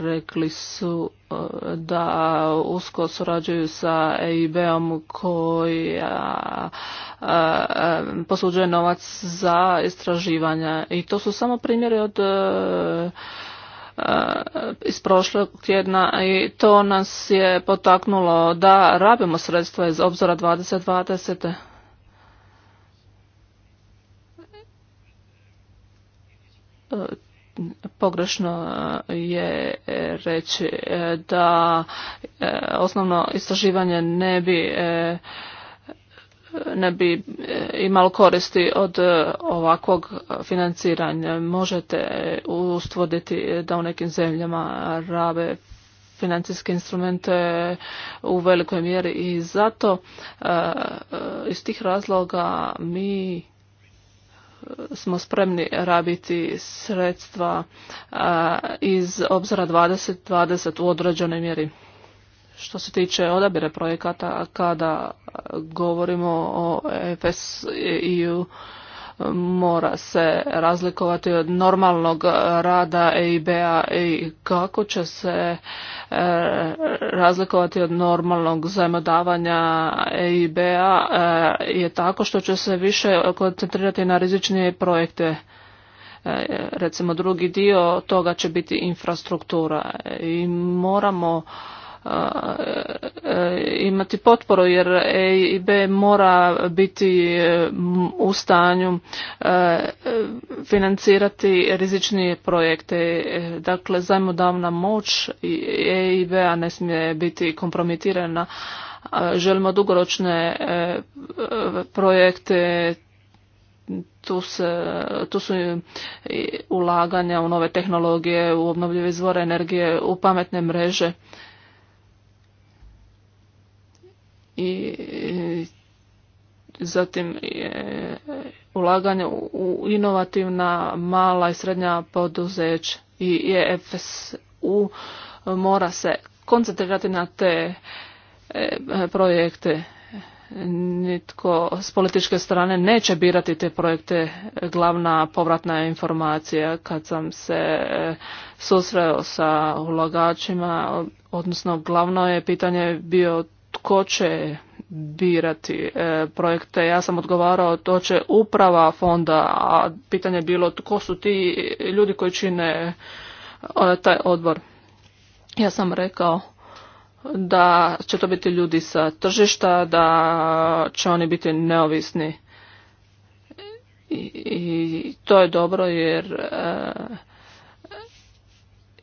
rekli su e, da usko surađuju sa EIB-om koji posuđuje novac za istraživanja. I to su samo primjeri od e, e, iz prošlog tjedna i to nas je potaknulo da rabimo sredstva iz obzora 2020 pogrešno e, je e, reći e, da osnovno istraživanje ne bi ne bi imalo koristi od ovakvog financiranja. Možete ustvoditi da u nekim zemljama rabe financijske instrumente u velikoj mjeri i zato iz tih razloga mi smo spremni rabiti sredstva iz obzora 2020 u određenoj mjeri. Što se tiče odabire projekata, kada govorimo o FSI-u, e mora se razlikovati od normalnog rada EIB-a i kako će se e, razlikovati od normalnog zajmodavanja EIB-a e, je tako što će se više koncentrirati na rizičnije projekte e, recimo drugi dio toga će biti infrastruktura i moramo E, imati potporu jer EIB mora biti e, u stanju e, financirati rizičnije projekte. Dakle, zajmodavna moć EIB-a ne smije biti kompromitirana. Želimo dugoročne projekte, tu, se, tu su ulaganja u nove tehnologije, u obnovljive izvore energije, u pametne mreže i zatim e, ulaganje u inovativna mala i srednja poduzeća i EFSU mora se koncentrirati na te e, projekte. Nitko s političke strane neće birati te projekte. Glavna povratna informacija kad sam se e, susreo sa ulagačima, odnosno glavno je pitanje bio tko će birati e, projekte. Ja sam odgovarao to će uprava fonda, a pitanje je bilo tko su ti ljudi koji čine e, taj odbor. Ja sam rekao da će to biti ljudi sa tržišta, da će oni biti neovisni. I, to je dobro jer e,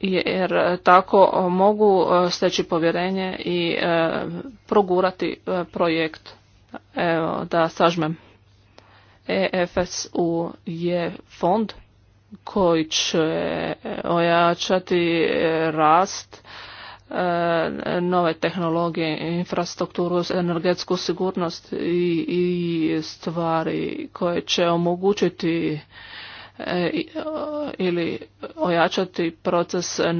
jer e, tako e, mogu e, steći povjerenje i progurati projekt. Evo, da sažmem. EFSU je fond koji će ojačati rast nove tehnologije, infrastrukturu, energetsku sigurnost i, i stvari koje će omogućiti E, e, ili ojačati proces e,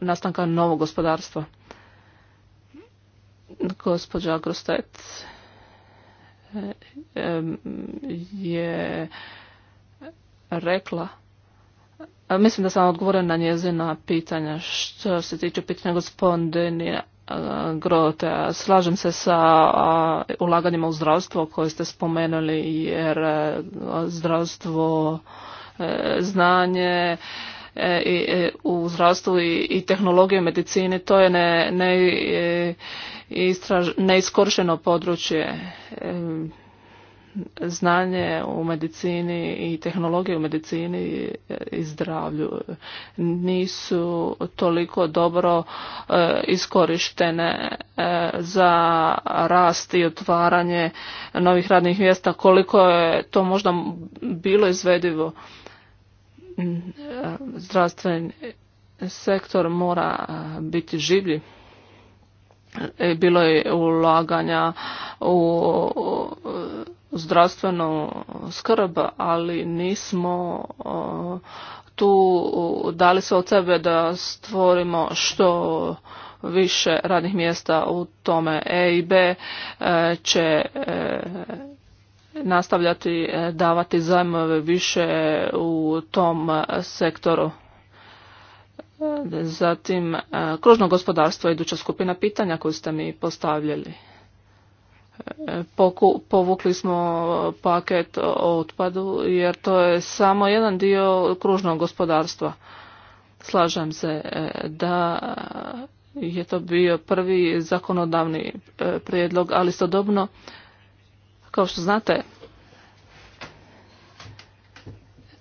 nastanka novog gospodarstva. Gospođa Grostet je rekla Mislim da sam odgovoren na njezina pitanja što se tiče pitanja gospodina E, grote. Slažem se sa ulaganjima u zdravstvo koje ste spomenuli jer e, zdravstvo, e, znanje i u zdravstvu i tehnologiji medicini to je ne, područje znanje u medicini i tehnologije u medicini i zdravlju nisu toliko dobro e, iskorištene e, za rast i otvaranje novih radnih mjesta koliko je to možda bilo izvedivo zdravstveni sektor mora e, biti življi bilo je ulaganja u zdravstvenu skrb, ali nismo tu dali se od sebe da stvorimo što više radnih mjesta u tome. E i B e, će e, nastavljati e, davati zajmove više u tom sektoru. Zatim, kružno gospodarstvo je iduća skupina pitanja koju ste mi postavljali povukli smo paket o otpadu jer to je samo jedan dio kružnog gospodarstva. Slažem se e, da je to bio prvi zakonodavni e, prijedlog, ali istodobno, kao što znate,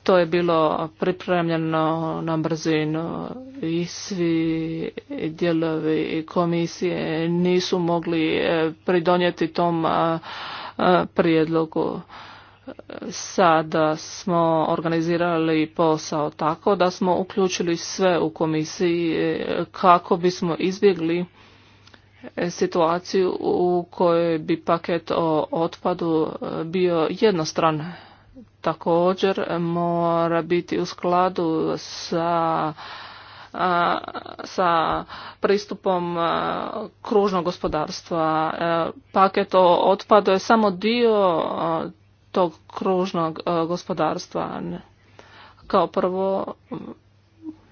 To je bilo pripremljeno na brzinu i svi dijelovi komisije nisu mogli e, pridonijeti tom prijedlogu. Sada smo organizirali posao tako da smo uključili sve u komisiji e, kako bismo izbjegli e, situaciju u kojoj bi paket o otpadu bio jednostran također mora biti u skladu sa sa pristupom kružnog gospodarstva. Paket o otpadu je samo dio tog kružnog gospodarstva. Kao prvo,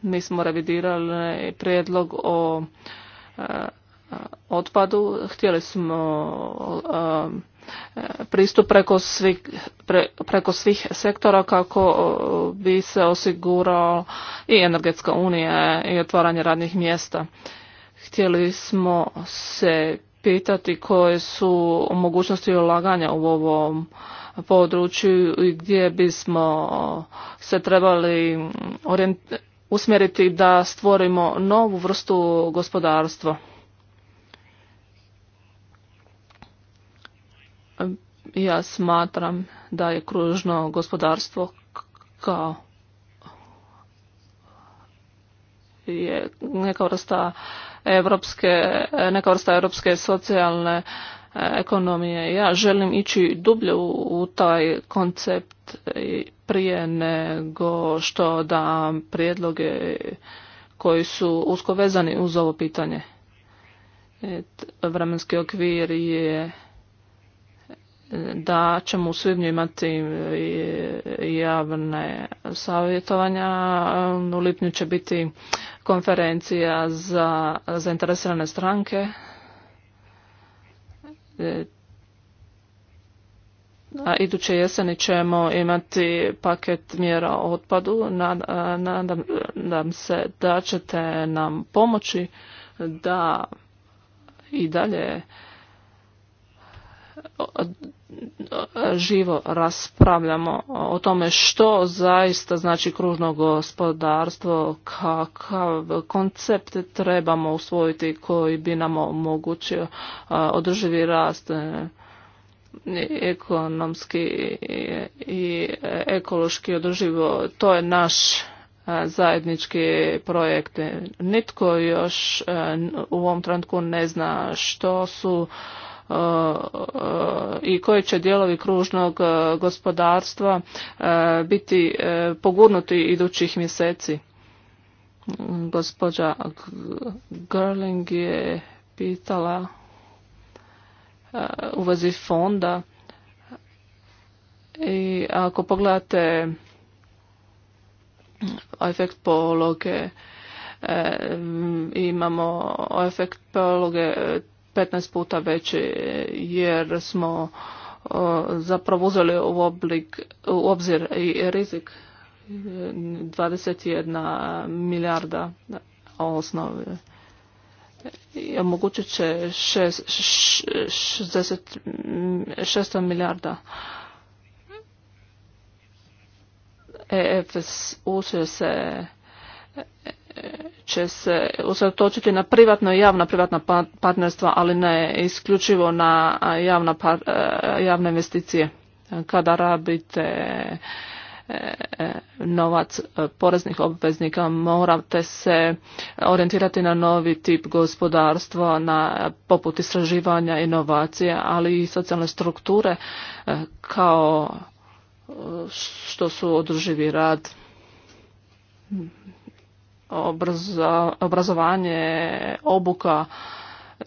mi smo revidirali prijedlog o otpadu. Htjeli smo pristup preko svih, preko svih sektora kako bi se osigurao i energetska unija i otvaranje radnih mjesta. Htjeli smo se pitati koje su mogućnosti ulaganja u ovom području i gdje bismo se trebali usmjeriti da stvorimo novu vrstu gospodarstva. ja smatram da je kružno gospodarstvo kao je neka vrsta evropske, neka vrsta europske socijalne e, ekonomije. Ja želim ići dublje u taj koncept prije nego što dam prijedloge koji su usko vezani uz ovo pitanje. vremenski okvir je da ćemo u svibnju imati e, javne savjetovanja. U lipnju će biti konferencija za zainteresirane stranke. E, a iduće jeseni ćemo imati paket mjera o otpadu. E, nadam se da ćete nam pomoći da i dalje živo raspravljamo o tome što zaista znači kružno gospodarstvo, kakav koncept trebamo usvojiti koji bi nam omogućio održivi rast e, ekonomski i ekološki održivo. To je naš e, zajednički projekt. Nitko još e, u ovom trenutku ne zna što su E, e, i koji će dijelovi kružnog e, gospodarstva biti pogurnuti idućih mjeseci. Gospođa Gerling je pitala u vezi fonda i ako pogledate efekt pologe imamo efekt pologe 15 puta veći jer smo e, zapravo uzeli u, oblik, u obzir i rizik 21 milijarda osnove i omogućit će 600 milijarda EFS će se će se usredotočiti na privatno i javna privatna pa-, partnerstva, ali ne isključivo na javna e, javne investicije. Kada rabite e, e, novac poreznih obveznika morate se orijentirati na novi tip gospodarstva, na poput istraživanja, inovacije, ali i socijalne strukture kao što su održivi rad, obraz, obrazovanje, obuka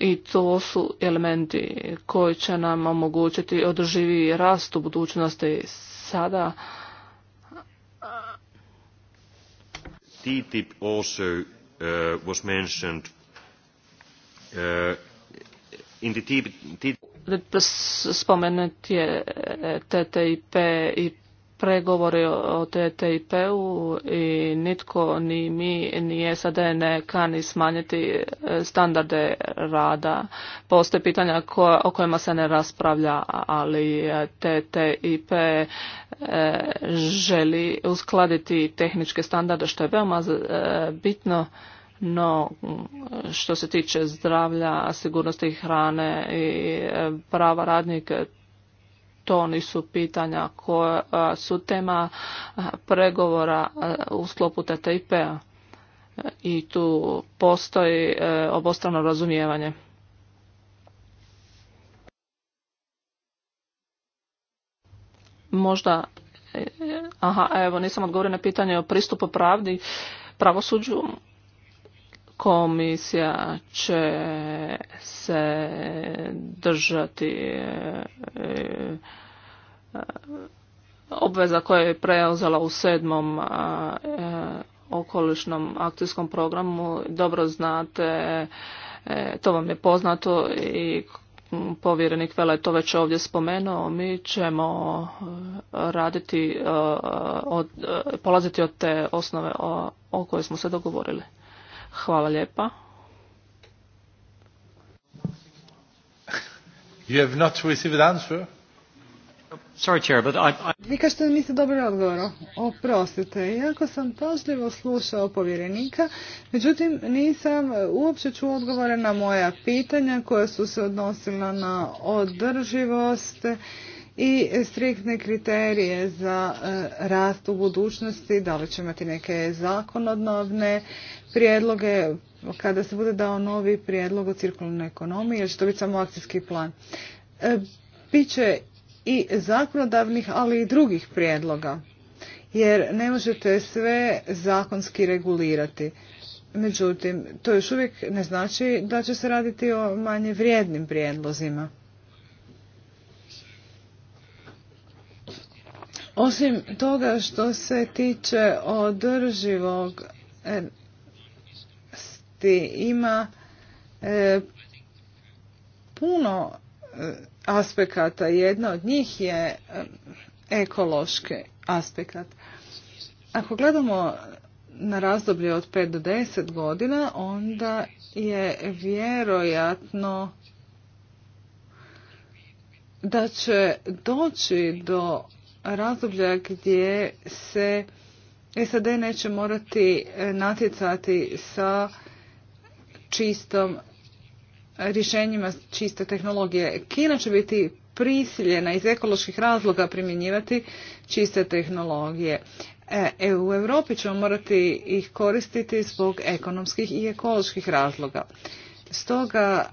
i to su elementi koji će nam omogućiti održivi rast u budućnosti sada. TTIP also uh, was mentioned uh, in the TTIP spomenut je TTIP i pregovori o TTIP-u i nitko ni mi ni SAD ne kani smanjiti e, standarde rada. Postoje pitanja o kojima se ne raspravlja, ali e, TTIP e, želi uskladiti tehničke standarde što je veoma bitno no što se tiče zdravlja, sigurnosti hrane i prava radnika, to nisu pitanja koja su tema pregovora u sklopu TTIP-a i tu postoji e, obostrano razumijevanje. Možda, e, aha, evo nisam odgovorila na pitanje o pristupu pravdi, pravosuđu komisija će se držati e, e, obveza koja je preuzela u sedmom e, okolišnom akcijskom programu. Dobro znate, to vam je poznato i povjerenik Vela je to već ovdje spomenuo, mi ćemo raditi, polaziti od te osnove o kojoj smo se dogovorili. Hvala lijepa. You have not received answer? Sorry, chair, but I, Vi kažete da niste dobro odgovor. Oprostite, iako sam pažljivo slušao povjerenika, međutim nisam uopće čuo odgovore na moja pitanja koja su se odnosila na održivost, i striktne kriterije za e, rast u budućnosti, da li će imati neke zakonodavne prijedloge kada se bude dao novi prijedlog o cirkularnoj ekonomiji jer će to biti samo akcijski plan. E, Biće i zakonodavnih, ali i drugih prijedloga jer ne možete sve zakonski regulirati. Međutim, to još uvijek ne znači da će se raditi o manje vrijednim prijedlozima. Osim toga što se tiče održivog e, ima e, puno e, aspekata. Jedna od njih je ekološki aspekat. Ako gledamo na razdoblje od 5 do 10 godina, onda je vjerojatno da će doći do razdoblja gdje se SAD neće morati e, natjecati sa čistom rješenjima čiste tehnologije. Kina će biti prisiljena iz ekoloških razloga primjenjivati čiste tehnologije. E, e, u Europi ćemo morati ih koristiti zbog ekonomskih i ekoloških razloga. Stoga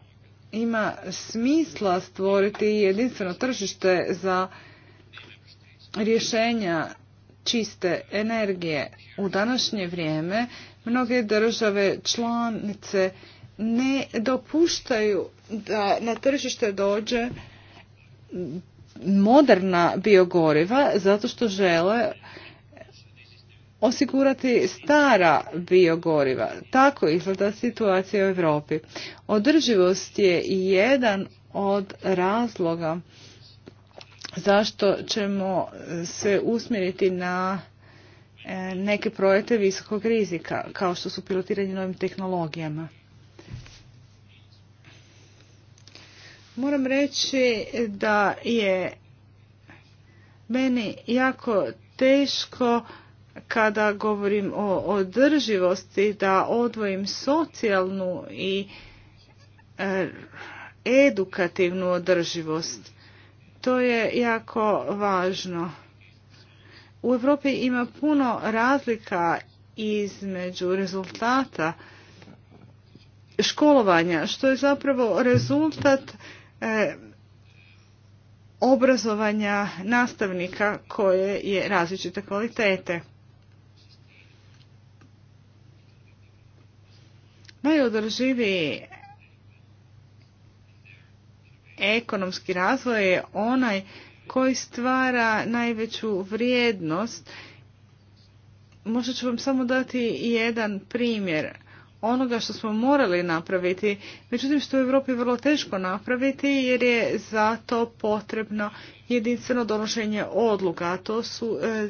ima smisla stvoriti jedinstveno tržište za rješenja čiste energije u današnje vrijeme mnoge države članice ne dopuštaju da na tržište dođe moderna biogoriva zato što žele osigurati stara biogoriva. Tako izgleda situacija u Europi. Održivost je jedan od razloga zašto ćemo e, se usmjeriti na e, neke projekte visokog rizika, kao što su pilotiranje novim tehnologijama. Moram reći da je meni jako teško kada govorim o održivosti da odvojim socijalnu i e, edukativnu održivost to je jako važno. U Europi ima puno razlika između rezultata školovanja, što je zapravo rezultat e, obrazovanja nastavnika koje je različite kvalitete. Najodrživiji ekonomski razvoj je onaj koji stvara najveću vrijednost. Možda ću vam samo dati jedan primjer onoga što smo morali napraviti, međutim što je u Europi vrlo teško napraviti jer je za to potrebno jedinstveno donošenje odluka, a to su e,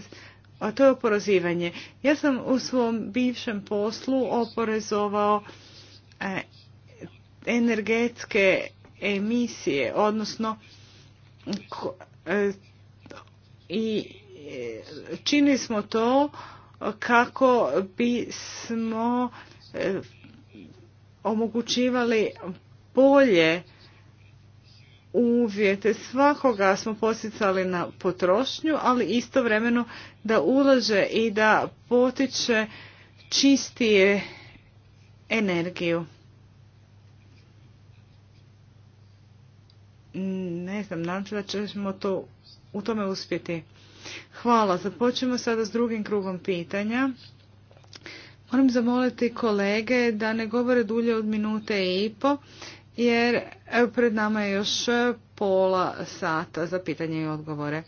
a to je oporezivanje. Ja sam u svom bivšem poslu oporezovao e, energetske emisije, odnosno e, i e, činili smo to kako bismo e, omogućivali bolje uvjete svakoga smo posjecali na potrošnju, ali istovremeno da ulaže i da potiče čistije energiju. ne znam, nadam se da ćemo to u tome uspjeti. Hvala. Započnemo sada s drugim krugom pitanja. Moram zamoliti kolege da ne govore dulje od minute i po, jer pred nama je još pola sata za pitanje i odgovore.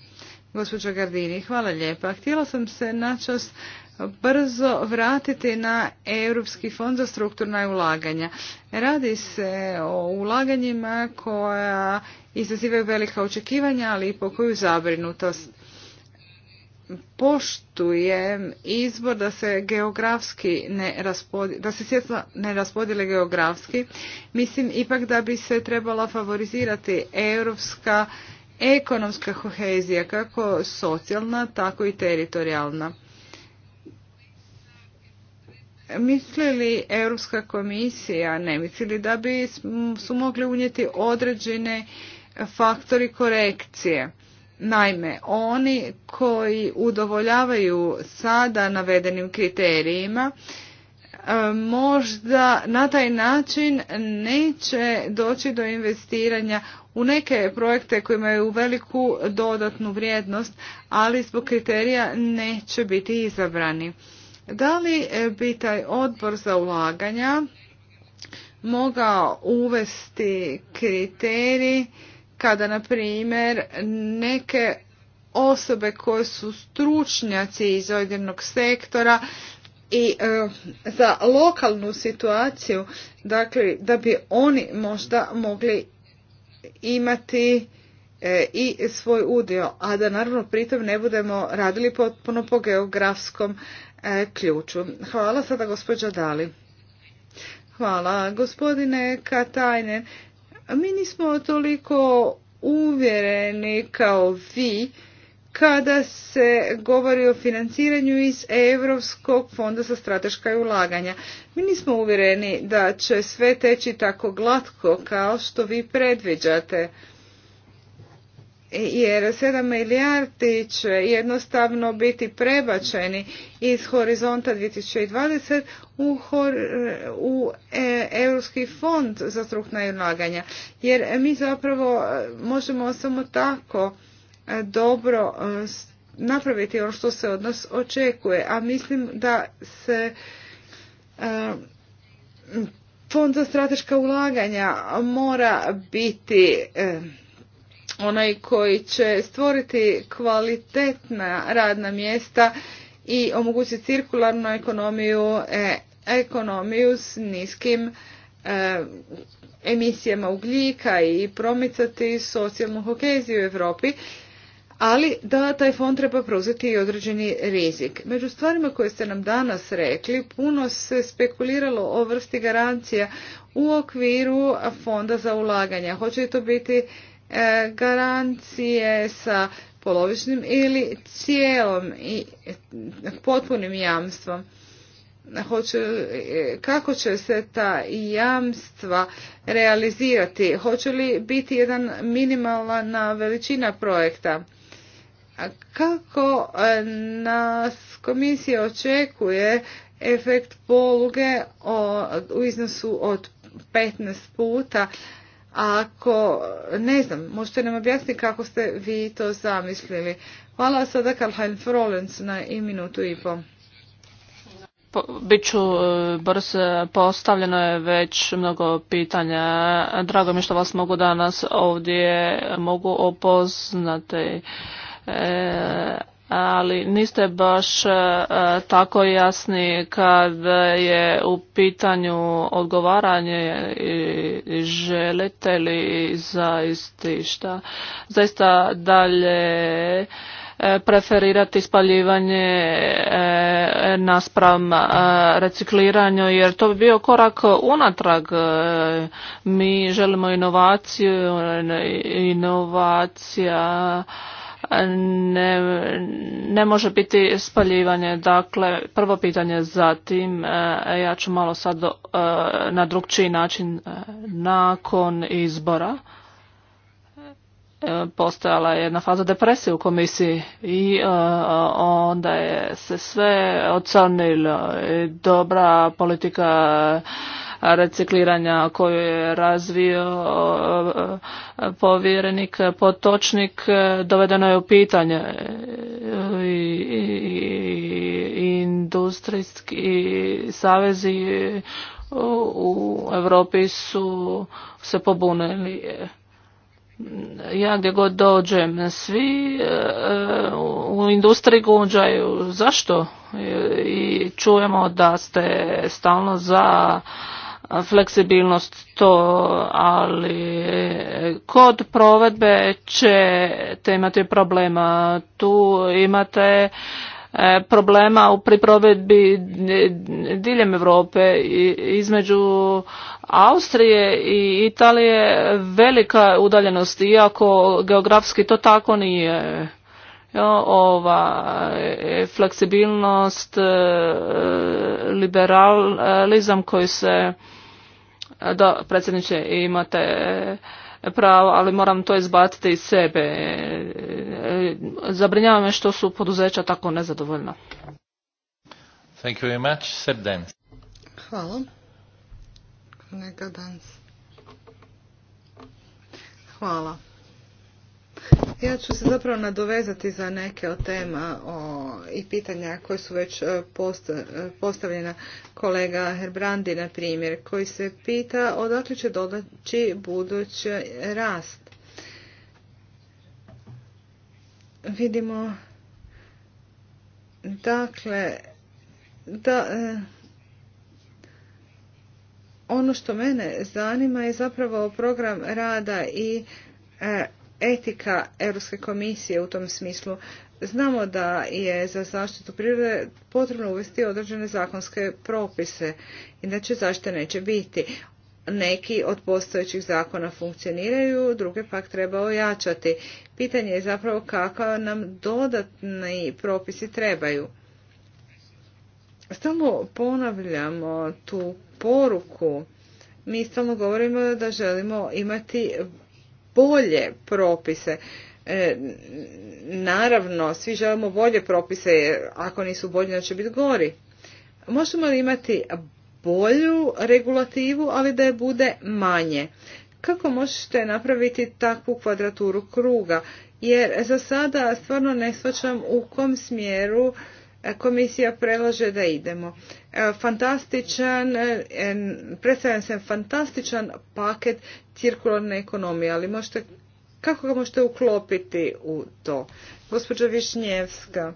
Gospođo Gardini, hvala lijepa. Htjela sam se načas brzo vratiti na Europski fond za strukturna ulaganja. Radi se o ulaganjima koja izazivaju velika očekivanja, ali i po koju zabrinutost. Poštujem izbor da se geografski ne raspodi, da se sjetla ne raspodile geografski. Mislim ipak da bi se trebala favorizirati europska ekonomska kohezija, kako socijalna, tako i teritorijalna. Misli li Europska komisija, ne misli da bi su mogli unijeti određene faktori korekcije? Naime, oni koji udovoljavaju sada navedenim kriterijima, e, možda na taj način neće doći do investiranja u neke projekte koji imaju veliku dodatnu vrijednost, ali zbog kriterija neće biti izabrani. Da li e, bi taj odbor za ulaganja mogao uvesti kriterij kada, na primjer, neke osobe koje su stručnjaci iz odjednog sektora i e, za lokalnu situaciju, dakle, da bi oni možda mogli imati e, i svoj udio, a da naravno pritom ne budemo radili potpuno po geografskom E, ključu. Hvala sada gospođa Dali. Hvala gospodine Katajnen. Mi nismo toliko uvjereni kao vi kada se govori o financiranju iz Europskog fonda za strateška ulaganja. Mi nismo uvjereni da će sve teći tako glatko kao što vi predviđate jer 7 milijardi će jednostavno biti prebačeni iz horizonta 2020 u, hor, u e, Europski fond za strukturna ulaganja. Jer mi zapravo e, možemo samo tako e, dobro napraviti ono što se od nas očekuje. A mislim da se fond za strateška ulaganja mora biti onaj koji će stvoriti kvalitetna radna mjesta i omogućiti cirkularnu ekonomiju, e, ekonomiju s niskim e, emisijama ugljika i promicati socijalnu hokeziju u Europi, ali da taj fond treba preuzeti i određeni rizik. Među stvarima koje ste nam danas rekli, puno se spekuliralo o vrsti garancija u okviru fonda za ulaganja. Hoće li to biti E, garancije sa polovičnim ili cijelom i potpunim jamstvom. E, kako će se ta jamstva realizirati? Hoće li biti jedan minimalna veličina projekta? Kako e, nas komisija očekuje efekt poluge u iznosu od 15 puta ako, ne znam, možete nam objasniti kako ste vi to zamislili. Hvala sada Karl-Heinz Frolens na i minutu i po. Biću e, brz, postavljeno je već mnogo pitanja. Drago mi što vas mogu danas ovdje mogu opoznati. E, ali niste baš e, tako jasni kad je u pitanju odgovaranje i želite li zaisti šta zaista dalje e, preferirati spaljivanje e, naspram recikliranju jer to bi bio korak unatrag. Mi želimo inovaciju, inovacija ne, ne može biti spaljivanje. Dakle, prvo pitanje zatim, e, ja ću malo sad e, na drugčiji način e, nakon izbora postojala je jedna faza depresije u komisiji i onda je se sve ocrnilo dobra politika recikliranja koju je razvio povjerenik potočnik dovedeno je u pitanje i industrijski savezi u Europi su se pobunili ja gdje god dođem, svi e, u industriji gunđaju. Zašto? I čujemo da ste stalno za fleksibilnost to, ali e, kod provedbe ćete imati problema. Tu imate e, problema pri provedbi diljem Europe između Austrije i Italije velika udaljenost iako geografski to tako nije ova e, fleksibilnost liberalizam koji se da, predsjedniče, imate e, pravo, ali moram to izbaciti iz sebe. E, e, zabrinjava me što su poduzeća tako nezadovoljna. Thank you very much. Hvala. Neka Hvala. Ja ću se zapravo nadovezati za neke od tema i pitanja koje su već e, e, postavljena kolega Herbrandi, na primjer, koji se pita odakle će dodaći budući rast. Vidimo, dakle, da... E, ono što mene zanima je zapravo program rada i etika Europske komisije u tom smislu. Znamo da je za zaštitu prirode potrebno uvesti određene zakonske propise, inače zaštite neće biti. Neki od postojećih zakona funkcioniraju, druge pak treba ojačati. Pitanje je zapravo kako nam dodatni propisi trebaju. Stalno ponavljamo tu poruku. Mi stalno govorimo da želimo imati bolje propise. E, naravno, svi želimo bolje propise, jer ako nisu bolje, da će biti gori. Možemo li imati bolju regulativu, ali da je bude manje? Kako možete napraviti takvu kvadraturu kruga? Jer za sada stvarno ne shvaćam u kom smjeru E, komisija predlaže da idemo. E, fantastičan, e, predstavljam se fantastičan paket cirkularne ekonomije, ali možete, kako ga možete uklopiti u to? Gospođo Višnjevska.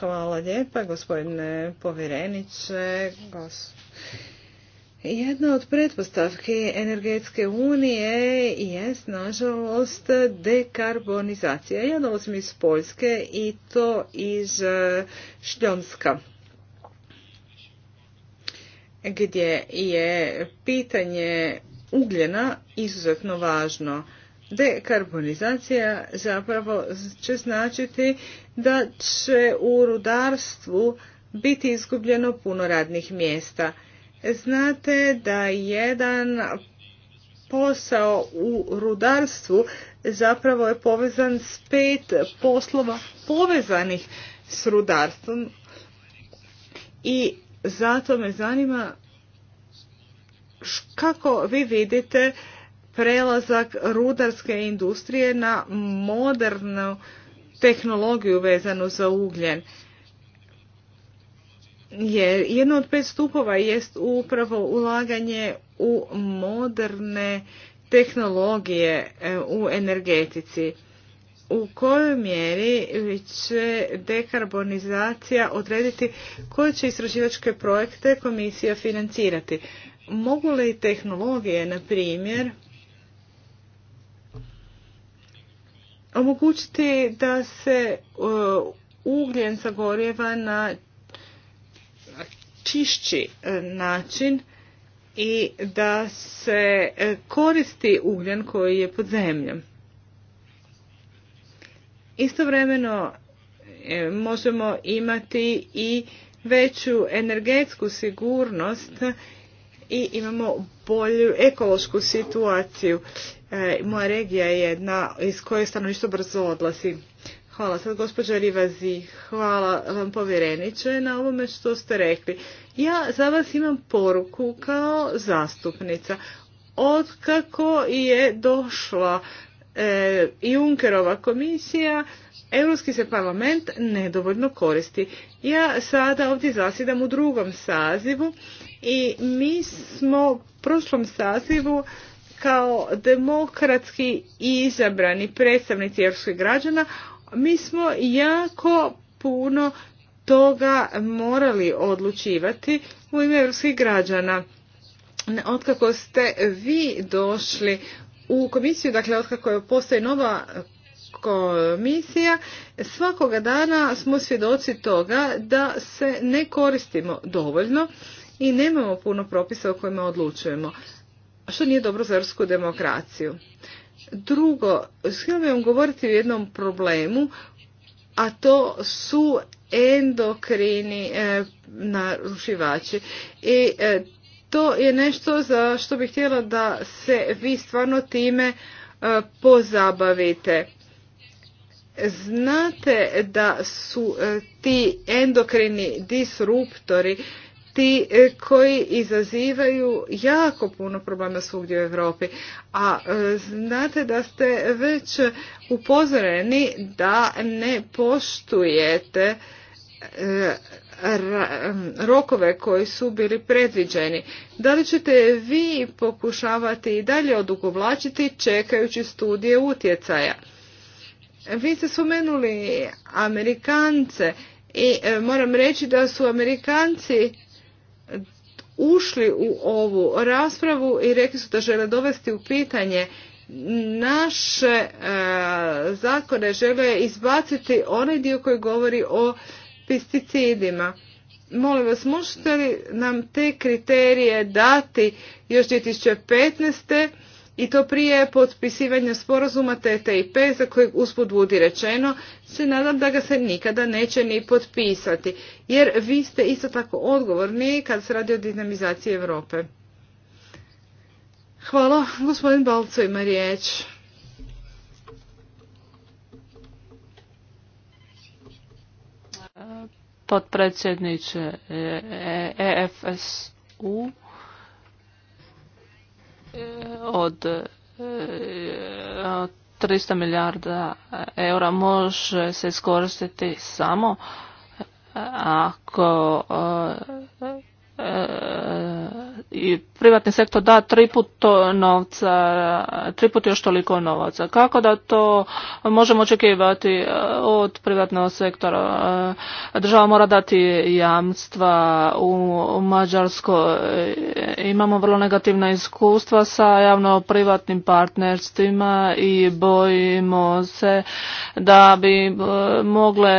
Hvala lijepa, gospodine povjereniče, gospodine jedna od pretpostavki energetske unije je, nažalost, dekarbonizacija. Ja dolazim iz Poljske i to iz e, Šljonska, gdje je pitanje ugljena izuzetno važno. Dekarbonizacija zapravo će značiti da će u rudarstvu biti izgubljeno puno radnih mjesta – Znate da jedan posao u rudarstvu zapravo je povezan s pet poslova povezanih s rudarstvom i zato me zanima kako vi vidite prelazak rudarske industrije na modernu tehnologiju vezanu za ugljen jer jedno od pet stupova jest upravo ulaganje u moderne tehnologije e, u energetici. U kojoj mjeri će dekarbonizacija odrediti koje će istraživačke projekte komisija financirati? Mogu li tehnologije, na primjer, omogućiti da se e, ugljen zagorjeva na čišći e, način i da se e, koristi ugljen koji je pod zemljom. Istovremeno e, možemo imati i veću energetsku sigurnost i imamo bolju ekološku situaciju. Moja regija je jedna iz koje stanovništvo brzo odlasi. Hvala sad, gospođa Rivazi. Hvala vam povjereniče na ovome što ste rekli. Ja za vas imam poruku kao zastupnica. kako je došla e, Junkerova komisija, Europski se parlament nedovoljno koristi. Ja sada ovdje zasjedam u drugom sazivu i mi smo u prošlom sazivu kao demokratski izabrani predstavnici europskih građana mi smo jako puno toga morali odlučivati u ime europskih građana. Otkako ste vi došli u komisiju, dakle otkako postoji nova komisija, svakoga dana smo svjedoci toga da se ne koristimo dovoljno i nemamo puno propisa o kojima odlučujemo, što nije dobro za evropsku demokraciju. Drugo, htjela bih vam govoriti o jednom problemu, a to su endokrini e, narušivači. I e, to je nešto za što bih htjela da se vi stvarno time e, pozabavite. Znate da su e, ti endokrini disruptori E, koji izazivaju jako puno problema svugdje u Europi. A e, znate da ste već upozoreni da ne poštujete e, rokove koji su bili predviđeni. Da li ćete vi pokušavati i dalje odugovlačiti čekajući studije utjecaja? Vi ste spomenuli Amerikance i moram reći da su Amerikanci ušli u ovu raspravu i rekli su da žele dovesti u pitanje naše e, zakone, žele izbaciti onaj dio koji govori o pesticidima. Molim vas, možete li nam te kriterije dati još 2015 i to prije potpisivanja sporazuma TTIP za kojeg usput budi rečeno se nadam da ga se nikada neće ni potpisati jer vi ste isto tako odgovorni kad se radi o dinamizaciji Europe. Hvala, gospodin Balco ima riječ. Potpredsjedniče EFSU, e e od 300 e, milijarda eura može se iskoristiti samo ako e, e, i privatni sektor da tri put novca, tri put još toliko novaca. Kako da to možemo očekivati e, od privatnog sektora? E, država mora dati jamstva u Mađarskoj. E, imamo vrlo negativna iskustva sa javno-privatnim partnerstvima i bojimo se da bi mogle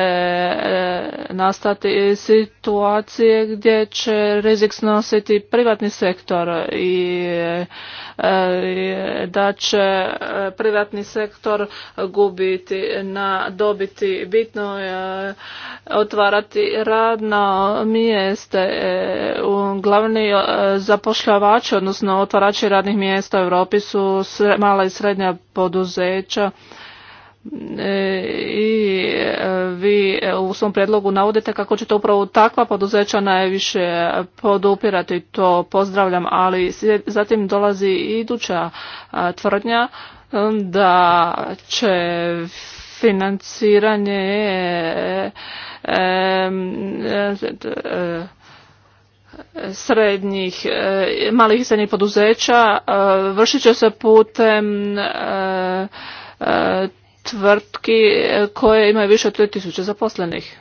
nastati situacije gdje će rizik snositi privatni sektor e, i da će e, privatni sektor gubiti na dobiti bitno e, otvarati radna mjesta glavni zapošljavači odnosno otvarači radnih mjesta u Europi su mala i srednja poduzeća E, i e, vi e, u svom predlogu navodite kako ćete upravo takva poduzeća najviše podupirati, to pozdravljam, ali zatim dolazi iduća tvrdnja da će financiranje srednjih, malih i srednjih poduzeća vršit će se putem tvrtki e, koje imaju više od 3000 zaposlenih.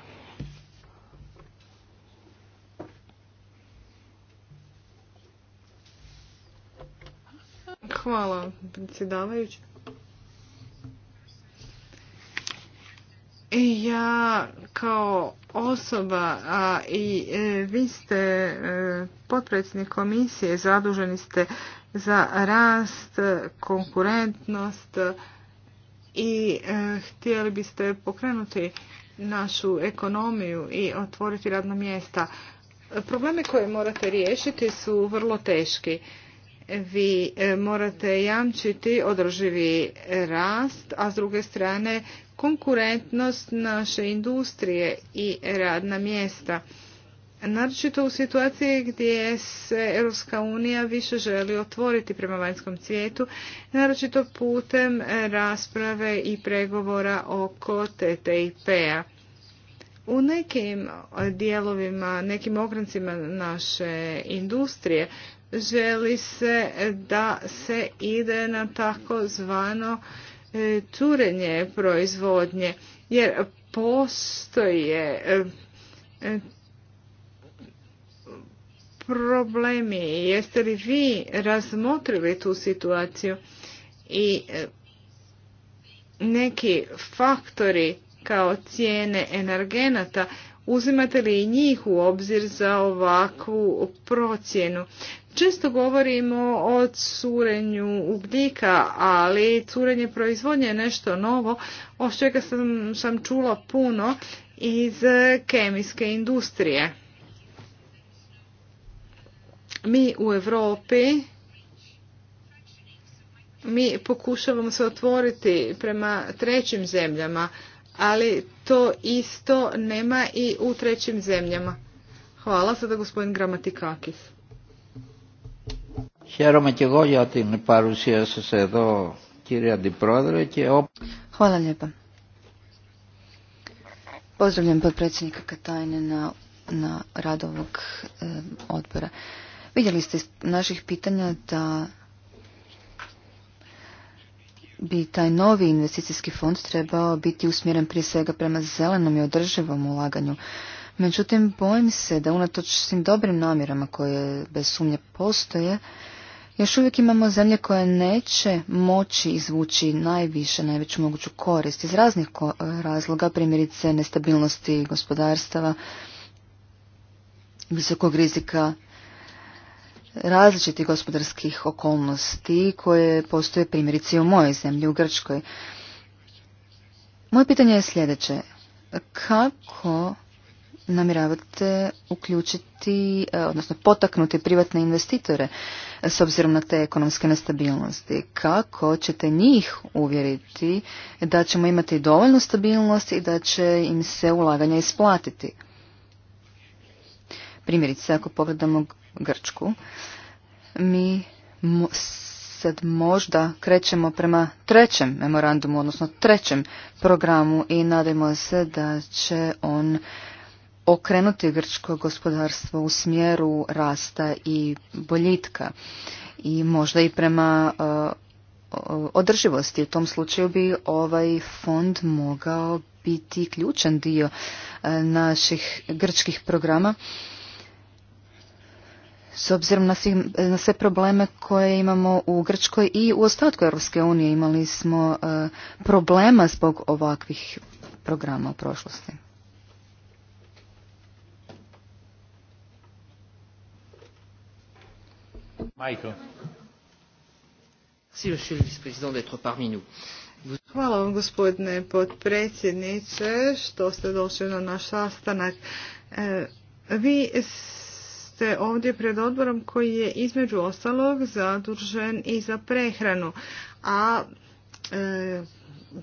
Hvala, predsjedavajući. Ja kao osoba, a i e, vi ste e, potpredsjednik komisije, zaduženi ste za rast, konkurentnost, i e, htjeli biste pokrenuti našu ekonomiju i otvoriti radna mjesta. Probleme koje morate riješiti su vrlo teški. Vi e, morate jamčiti održivi rast, a s druge strane konkurentnost naše industrije i radna mjesta. Naročito u situaciji gdje se Europska unija više želi otvoriti prema vanjskom svijetu, naročito putem rasprave i pregovora oko TTIP-a. U nekim dijelovima, nekim ograncima naše industrije želi se da se ide na zvano e, curenje proizvodnje, jer postoje e, problemi? Jeste li vi razmotrili tu situaciju i e, neki faktori kao cijene energenata, uzimate li i njih u obzir za ovakvu procjenu? Često govorimo o curenju ugljika, ali curenje proizvodnje je nešto novo, o čega sam, sam čula puno iz kemijske industrije mi u Europi mi pokušavamo se otvoriti prema trećim zemljama, ali to isto nema i u trećim zemljama. Hvala sada gospodin Gramatikakis. Hvala lijepa. Pozdravljam podpredsjednika Katajne na, na rad odbora. Vidjeli ste iz naših pitanja da bi taj novi investicijski fond trebao biti usmjeren prije svega prema zelenom i održivom ulaganju. Međutim, bojim se da unatoč svim dobrim namjerama koje bez sumnje postoje, još uvijek imamo zemlje koje neće moći izvući najviše, najveću moguću korist iz raznih razloga, primjerice nestabilnosti gospodarstava, visokog rizika različitih gospodarskih okolnosti koje postoje primjerice u mojoj zemlji, u Grčkoj. Moje pitanje je sljedeće. Kako namjeravate uključiti, e, odnosno potaknuti privatne investitore s obzirom na te ekonomske nestabilnosti? Kako ćete njih uvjeriti da ćemo imati dovoljnu stabilnost i da će im se ulaganja isplatiti? Primjerice, ako pogledamo Grčku. Mi sad možda krećemo prema trećem memorandumu, odnosno trećem programu i nadajmo se da će on okrenuti grčko gospodarstvo u smjeru rasta i boljitka i možda i prema uh, održivosti. U tom slučaju bi ovaj fond mogao biti ključan dio uh, naših grčkih programa s obzirom na, svih, na sve probleme koje imamo u Grčkoj i u ostatku Europske unije imali smo e, problema zbog ovakvih programa u prošlosti. Michael. Hvala vam gospodine potpredsjedniče što ste došli na naš sastanak. E, vi ovdje pred odborom koji je između ostalog zadužen i za prehranu, a e,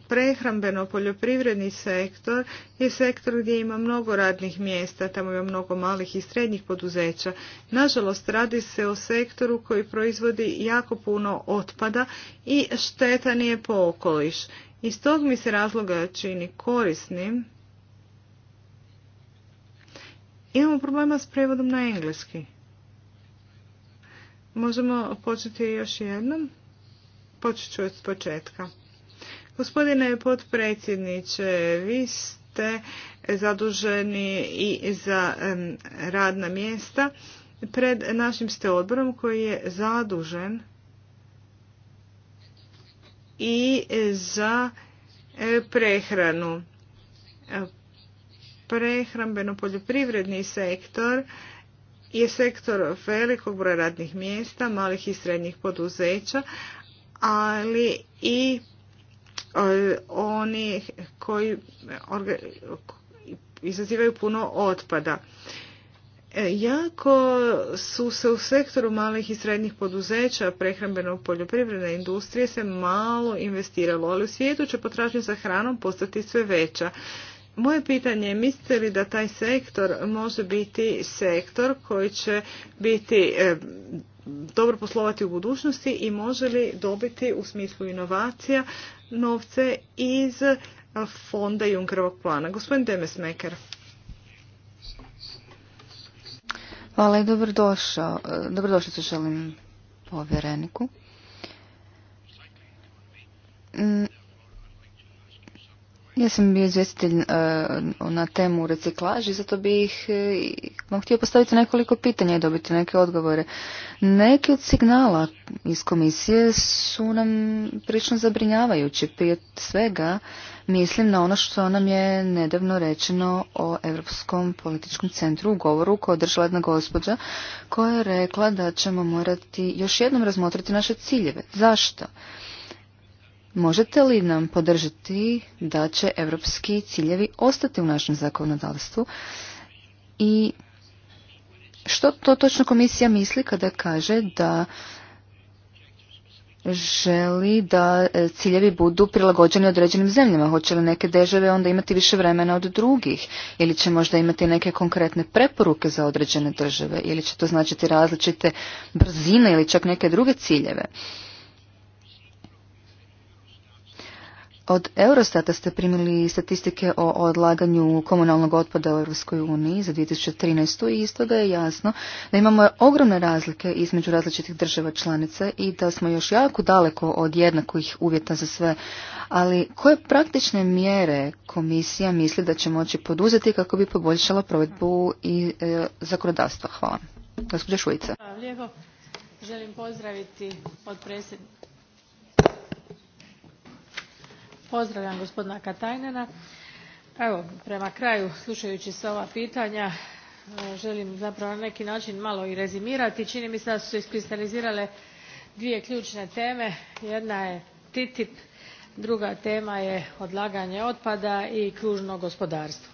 prehrambeno poljoprivredni sektor je sektor gdje ima mnogo radnih mjesta, tamo ima mnogo malih i srednjih poduzeća. Nažalost, radi se o sektoru koji proizvodi jako puno otpada i štetan je po okoliš. Iz tog mi se razloga čini korisnim Imamo problema s prevodom na engleski. Možemo početi još jednom. Počet ću od početka. Gospodine potpredsjedniče, vi ste zaduženi i za radna mjesta. Pred našim ste odborom koji je zadužen i za e, prehranu prehrambeno-poljoprivredni sektor je sektor velikog broja radnih mjesta, malih i srednjih poduzeća, ali i e, oni koji izazivaju puno otpada. E, jako su se u sektoru malih i srednjih poduzeća prehrambenog poljoprivredne industrije se malo investiralo, ali u svijetu će potražnja za hranom postati sve veća. Moje pitanje je, mislite li da taj sektor može biti sektor koji će biti e, dobro poslovati u budućnosti i može li dobiti u smislu inovacija novce iz fonda Junkerovog plana? Gospodin Demesmeker. Hvala i dobrodošao. Dobrodošao se želim povjereniku. Ja sam bio izvjestitelj e, na temu reciklaži, zato bih e, vam htio postaviti nekoliko pitanja i dobiti neke odgovore. Neki od signala iz komisije su nam prilično zabrinjavajući. Prije svega mislim na ono što nam je nedavno rečeno o Europskom političkom centru u govoru koja je održala jedna gospođa koja je rekla da ćemo morati još jednom razmotriti naše ciljeve. Zašto? Možete li nam podržati da će evropski ciljevi ostati u našem zakonodavstvu i što to točno komisija misli kada kaže da želi da e, ciljevi budu prilagođeni određenim zemljama. Hoće li neke države onda imati više vremena od drugih? Ili će možda imati neke konkretne preporuke za određene države? Ili će to značiti različite brzine ili čak neke druge ciljeve? Od Eurostata ste primili statistike o odlaganju komunalnog otpada u Europskoj uniji za 2013. i isto toga je jasno da imamo ogromne razlike između različitih država članica i da smo još jako daleko od jednakih uvjeta za sve. Ali koje praktične mjere komisija misli da će moći poduzeti kako bi poboljšala provedbu i e, zakonodavstva? Hvala. Gospodin Šujica. lijepo. Želim pozdraviti pozdravljam gospodina katainena. evo prema kraju slušajući sva ova pitanja e, želim zapravo na neki način malo i rezimirati. čini mi se da su se iskristalizirale dvije ključne teme jedna je ttip druga tema je odlaganje otpada i kružno gospodarstvo.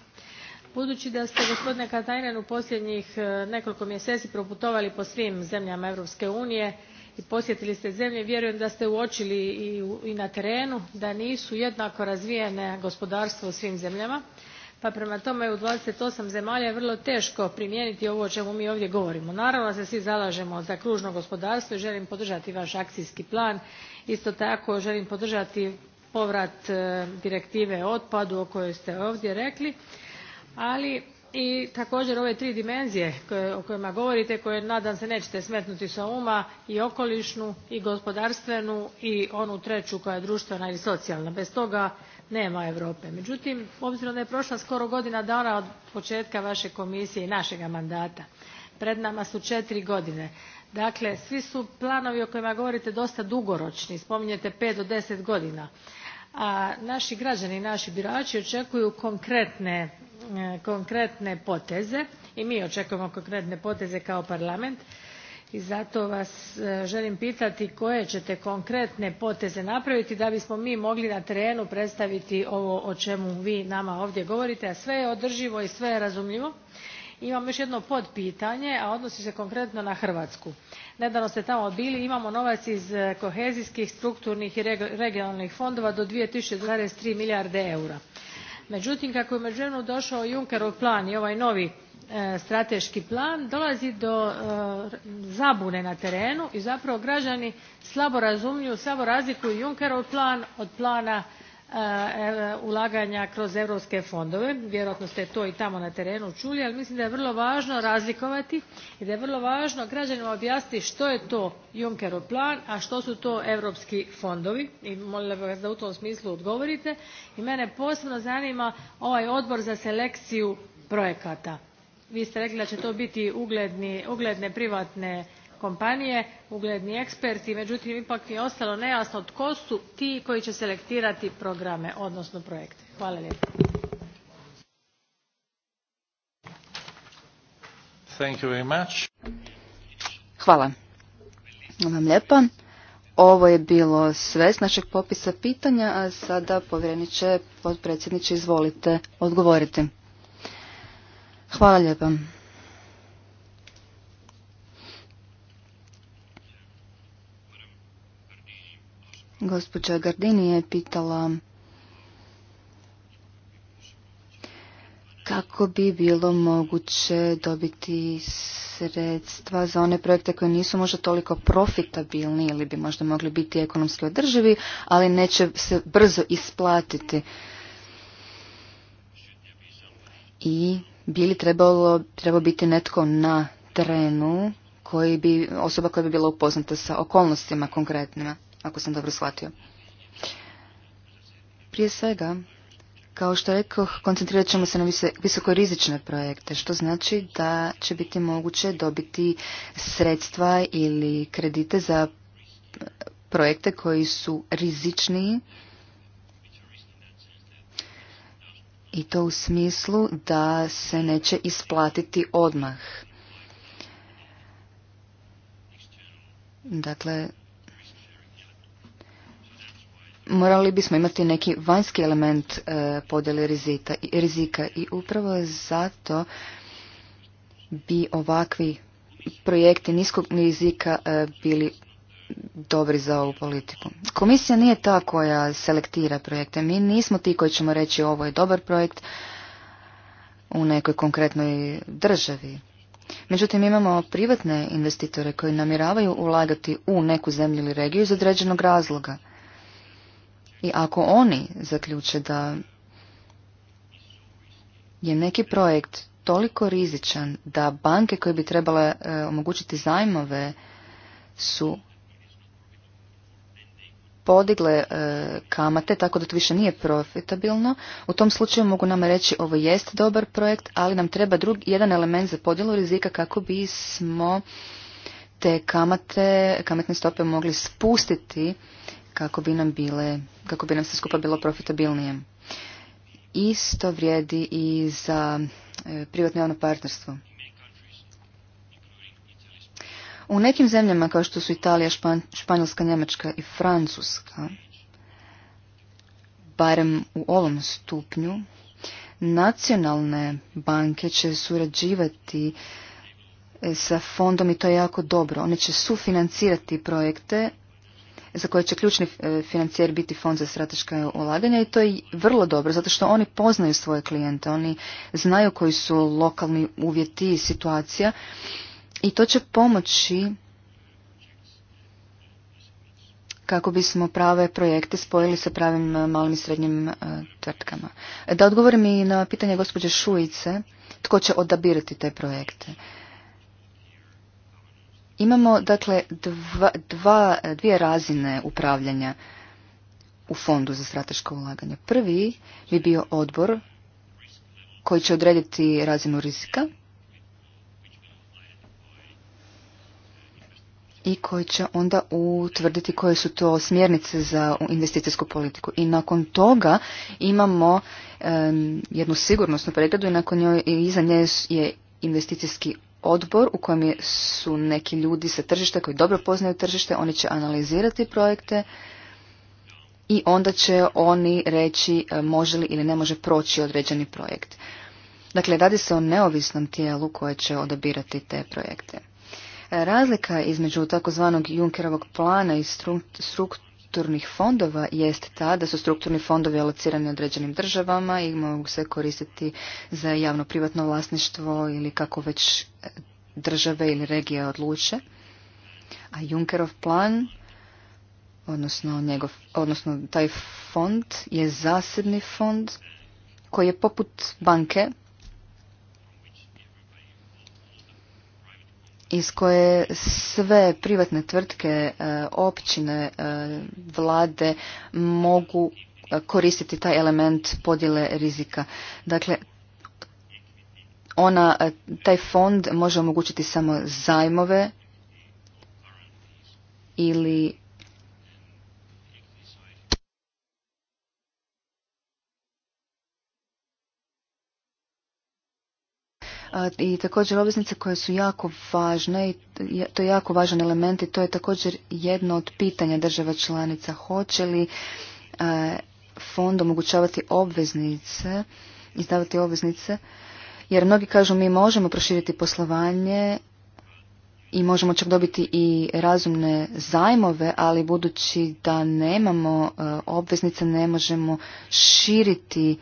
budući da ste gospodine katainen u posljednjih e, nekoliko mjeseci proputovali po svim zemljama europske unije i posjetili ste zemlje vjerujem da ste uočili i na terenu da nisu jednako razvijena gospodarstva u svim zemljama pa prema tome u twenty eight zemalja je vrlo teško primijeniti ovo o čemu mi ovdje govorimo. naravno da se svi zalažemo za kružno gospodarstvo i želim podržati vaš akcijski plan. isto tako želim podržati povrat e, direktive o otpadu o kojoj ste ovdje rekli ali i također ove tri dimenzije o kojima govorite koje nadam se nećete smetnuti sa uma i okolišnu i gospodarstvenu i onu treću koja je društvena ili socijalna bez toga nema europe. međutim obzirom da je prošla skoro godina dana od početka vaše komisije i našega mandata pred nama su četiri godine dakle svi su planovi o kojima govorite dosta dugoročni spominjete pet do deset godina a naši građani naši birači očekuju konkretne E, konkretne poteze i mi očekujemo konkretne poteze kao parlament i zato vas e, želim pitati koje ćete konkretne poteze napraviti da bismo mi mogli na terenu predstaviti ovo o čemu vi nama ovdje govorite a sve je održivo i sve je razumljivo. imam još jedno potpitanje a odnosi se konkretno na hrvatsku. nedavno ste tamo bili imamo novac iz e, kohezijskih strukturnih i regionalnih fondova do. two three milijarde eura međutim kako je u meuvremenu došao junckerov plan i ovaj novi e, strateški plan dolazi do e, zabune na terenu i zapravo građani slabo razumiju slabo razlikuju junckerov plan od plana E, ulaganja kroz europske fondove vjerojatno ste to i tamo na terenu čuli ali mislim da je vrlo važno razlikovati i da je vrlo važno građanima objasniti što je to junckerov plan a što su to europski fondovi i molila bih vas da u tom smislu odgovorite. i mene posebno zanima ovaj odbor za selekciju projekata. vi ste rekli da će to biti ugledne privatne kompanije ugledni eksperti međutim ipak je ostalo nejasno tko su ti koji će selektirati programe odnosno projekte. hvala Ovo je bilo sve s našeg popisa pitanja, a sada povjereniče, potpredsjedniče, izvolite odgovoriti. Hvala lijepa. Gospođa Gardini je pitala kako bi bilo moguće dobiti sredstva za one projekte koje nisu možda toliko profitabilni ili bi možda mogli biti ekonomski održivi, ali neće se brzo isplatiti. I bi li trebalo, trebao biti netko na trenu koji bi, osoba koja bi bila upoznata sa okolnostima konkretnima ako sam dobro shvatio. Prije svega, kao što rekoh, koncentrirat ćemo se na visokorizične projekte, što znači da će biti moguće dobiti sredstva ili kredite za projekte koji su rizičniji i to u smislu da se neće isplatiti odmah. Dakle, morali bismo imati neki vanjski element e, podjele rizika i upravo zato bi ovakvi projekti niskog rizika e, bili dobri za ovu politiku. Komisija nije ta koja selektira projekte. Mi nismo ti koji ćemo reći ovo je dobar projekt u nekoj konkretnoj državi. Međutim, imamo privatne investitore koji namiravaju ulagati u neku zemlju ili regiju iz određenog razloga. I ako oni zaključe da je neki projekt toliko rizičan da banke koje bi trebale e, omogućiti zajmove su podigle e, kamate tako da to više nije profitabilno, u tom slučaju mogu nam reći ovo jest dobar projekt, ali nam treba drug, jedan element za podjelu rizika kako bismo te kamate, kamatne stope mogli spustiti kako bi nam bile, kako bi nam se skupa bilo profitabilnije. Isto vrijedi i za e, privatno javno partnerstvo. U nekim zemljama kao što su Italija, Španjolska, Njemačka i Francuska, barem u ovom stupnju, nacionalne banke će surađivati e, sa fondom i to je jako dobro. One će sufinancirati projekte za koje će ključni e, financijer biti fond za strateška ulaganja i to je vrlo dobro zato što oni poznaju svoje klijente, oni znaju koji su lokalni uvjeti i situacija i to će pomoći kako bismo prave projekte spojili sa pravim e, malim i srednjim e, tvrtkama. Da odgovorim i na pitanje gospođe Šujice, tko će odabirati te projekte. Imamo dakle dva, dvije razine upravljanja u fondu za strateško ulaganje. Prvi bi bio odbor koji će odrediti razinu rizika i koji će onda utvrditi koje su to smjernice za investicijsku politiku. I nakon toga imamo jednu sigurnosnu pregledu i nakon njoj, i iza nje je investicijski odbor u kojem su neki ljudi sa tržišta koji dobro poznaju tržište, oni će analizirati projekte i onda će oni reći e, može li ili ne može proći određeni projekt. Dakle, radi se o neovisnom tijelu koje će odabirati te projekte. E, razlika između takozvanog Junkerovog plana i strukturnih fondova jest ta da su strukturni fondovi alocirani određenim državama i mogu se koristiti za javno-privatno vlasništvo ili kako već e, države ili regije odluče. A Junckerov plan, odnosno, njegov, odnosno taj fond je zasebni fond koji je poput banke iz koje sve privatne tvrtke, e, općine, e, vlade mogu e, koristiti taj element podjele rizika. Dakle, ona, taj fond može omogućiti samo zajmove ili i također obveznice koje su jako važne i to je jako važan element i to je također jedno od pitanja država članica. Hoće li e, fond omogućavati obveznice, izdavati obveznice, jer mnogi kažu mi možemo proširiti poslovanje i možemo čak dobiti i razumne zajmove, ali budući da nemamo e, obveznice, ne možemo širiti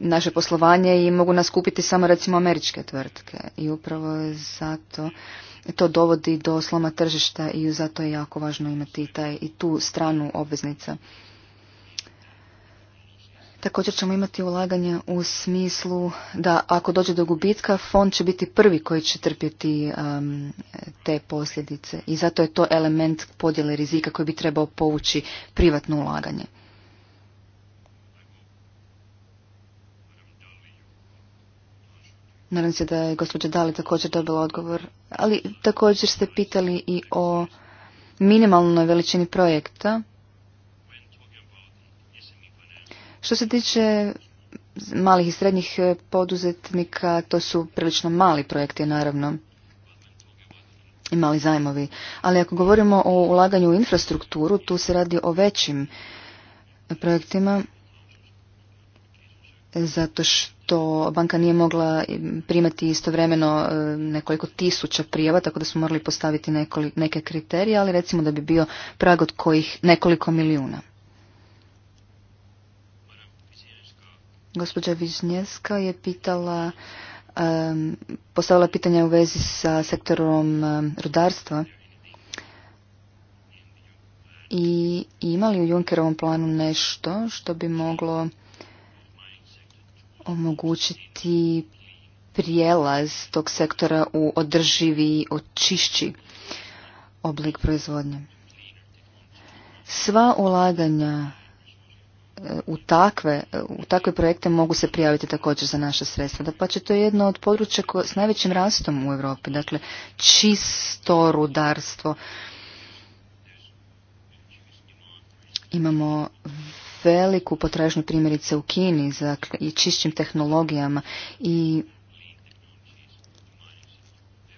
naše poslovanje i mogu nas kupiti samo recimo američke tvrtke i upravo zato to dovodi do sloma tržišta i zato je jako važno imati taj, i tu stranu obveznica. Također ćemo imati ulaganje u smislu da ako dođe do gubitka, fond će biti prvi koji će trpjeti um, te posljedice. I zato je to element podjele rizika koji bi trebao povući privatno ulaganje. Nadam se da je gospođa Dali također dobila odgovor. Ali također ste pitali i o minimalnoj veličini projekta. Što se tiče malih i srednjih poduzetnika, to su prilično mali projekti, naravno, i mali zajmovi. Ali ako govorimo o ulaganju u infrastrukturu, tu se radi o većim projektima, zato što što banka nije mogla primati istovremeno e, nekoliko tisuća prijava, tako da smo morali postaviti neke kriterije, ali recimo da bi bio prag od kojih nekoliko milijuna. Gospođa Vižnjevska je pitala, e, postavila pitanja u vezi sa sektorom e, rudarstva i imali u Junkerovom planu nešto što bi moglo omogućiti prijelaz tog sektora u održivi, očišći oblik proizvodnje. Sva ulaganja e, u takve, e, u takve projekte mogu se prijaviti također za naša sredstva. Da pa će to je jedno od područja s najvećim rastom u Europi, dakle čisto rudarstvo. Imamo veliku potražnju primjerice u Kini za čišćim tehnologijama i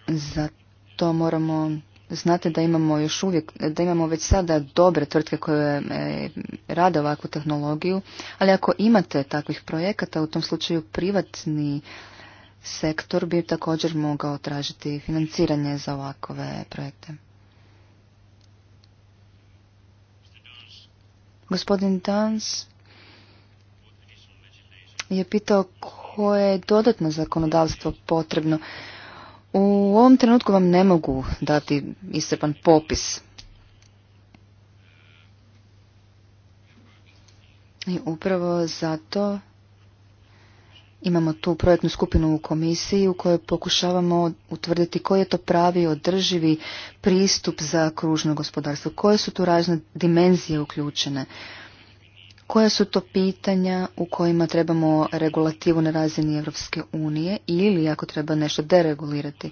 za to moramo znate da imamo još uvijek, da imamo već sada dobre tvrtke koje e, rade ovakvu tehnologiju, ali ako imate takvih projekata, u tom slučaju privatni sektor bi također mogao tražiti financiranje za ovakve projekte. Gospodin Tans je pitao koje je dodatno zakonodavstvo potrebno. U ovom trenutku vam ne mogu dati iscrpan popis. I upravo zato Imamo tu projektnu skupinu u komisiji u kojoj pokušavamo utvrditi koji je to pravi održivi pristup za kružno gospodarstvo, koje su tu razne dimenzije uključene, koja su to pitanja u kojima trebamo regulativu na razini Europske unije ili ako treba nešto deregulirati.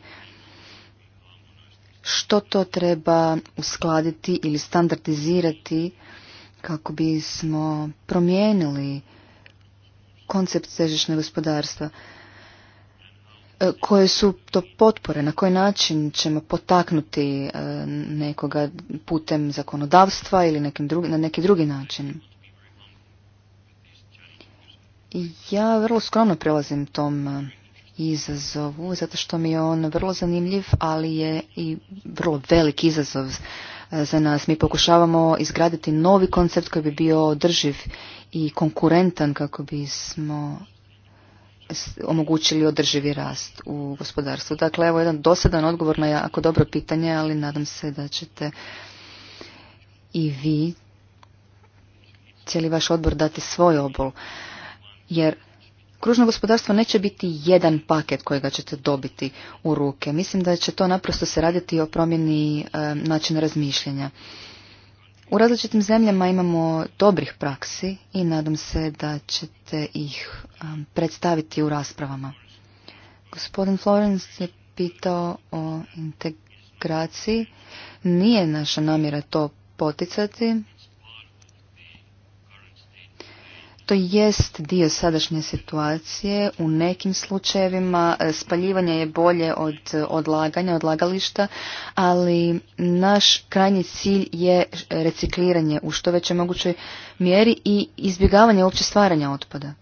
Što to treba uskladiti ili standardizirati kako bismo promijenili koncept tržišnog gospodarstva? E, koje su to potpore? Na koji način ćemo potaknuti e, nekoga putem zakonodavstva ili nekim na neki drugi način? Ja vrlo skromno prelazim tom e, izazovu, zato što mi je on vrlo zanimljiv, ali je i vrlo velik izazov za nas. Mi pokušavamo izgraditi novi koncept koji bi bio održiv i konkurentan kako bismo omogućili održivi rast u gospodarstvu. Dakle, evo jedan dosadan odgovor na jako dobro pitanje, ali nadam se da ćete i vi cijeli vaš odbor dati svoj obol. Jer kružno gospodarstvo neće biti jedan paket kojega ćete dobiti u ruke. Mislim da će to naprosto se raditi o promjeni e, načina razmišljanja. U različitim zemljama imamo dobrih praksi i nadam se da ćete ih e, predstaviti u raspravama. Gospodin Florence je pitao o integraciji. Nije naša namjera to poticati. jest dio sadašnje situacije. U nekim slučajevima e, spaljivanje je bolje od e, odlaganja, odlagališta, ali naš krajnji cilj je e, recikliranje u što većoj mogućoj mjeri i izbjegavanje uopće stvaranja otpada.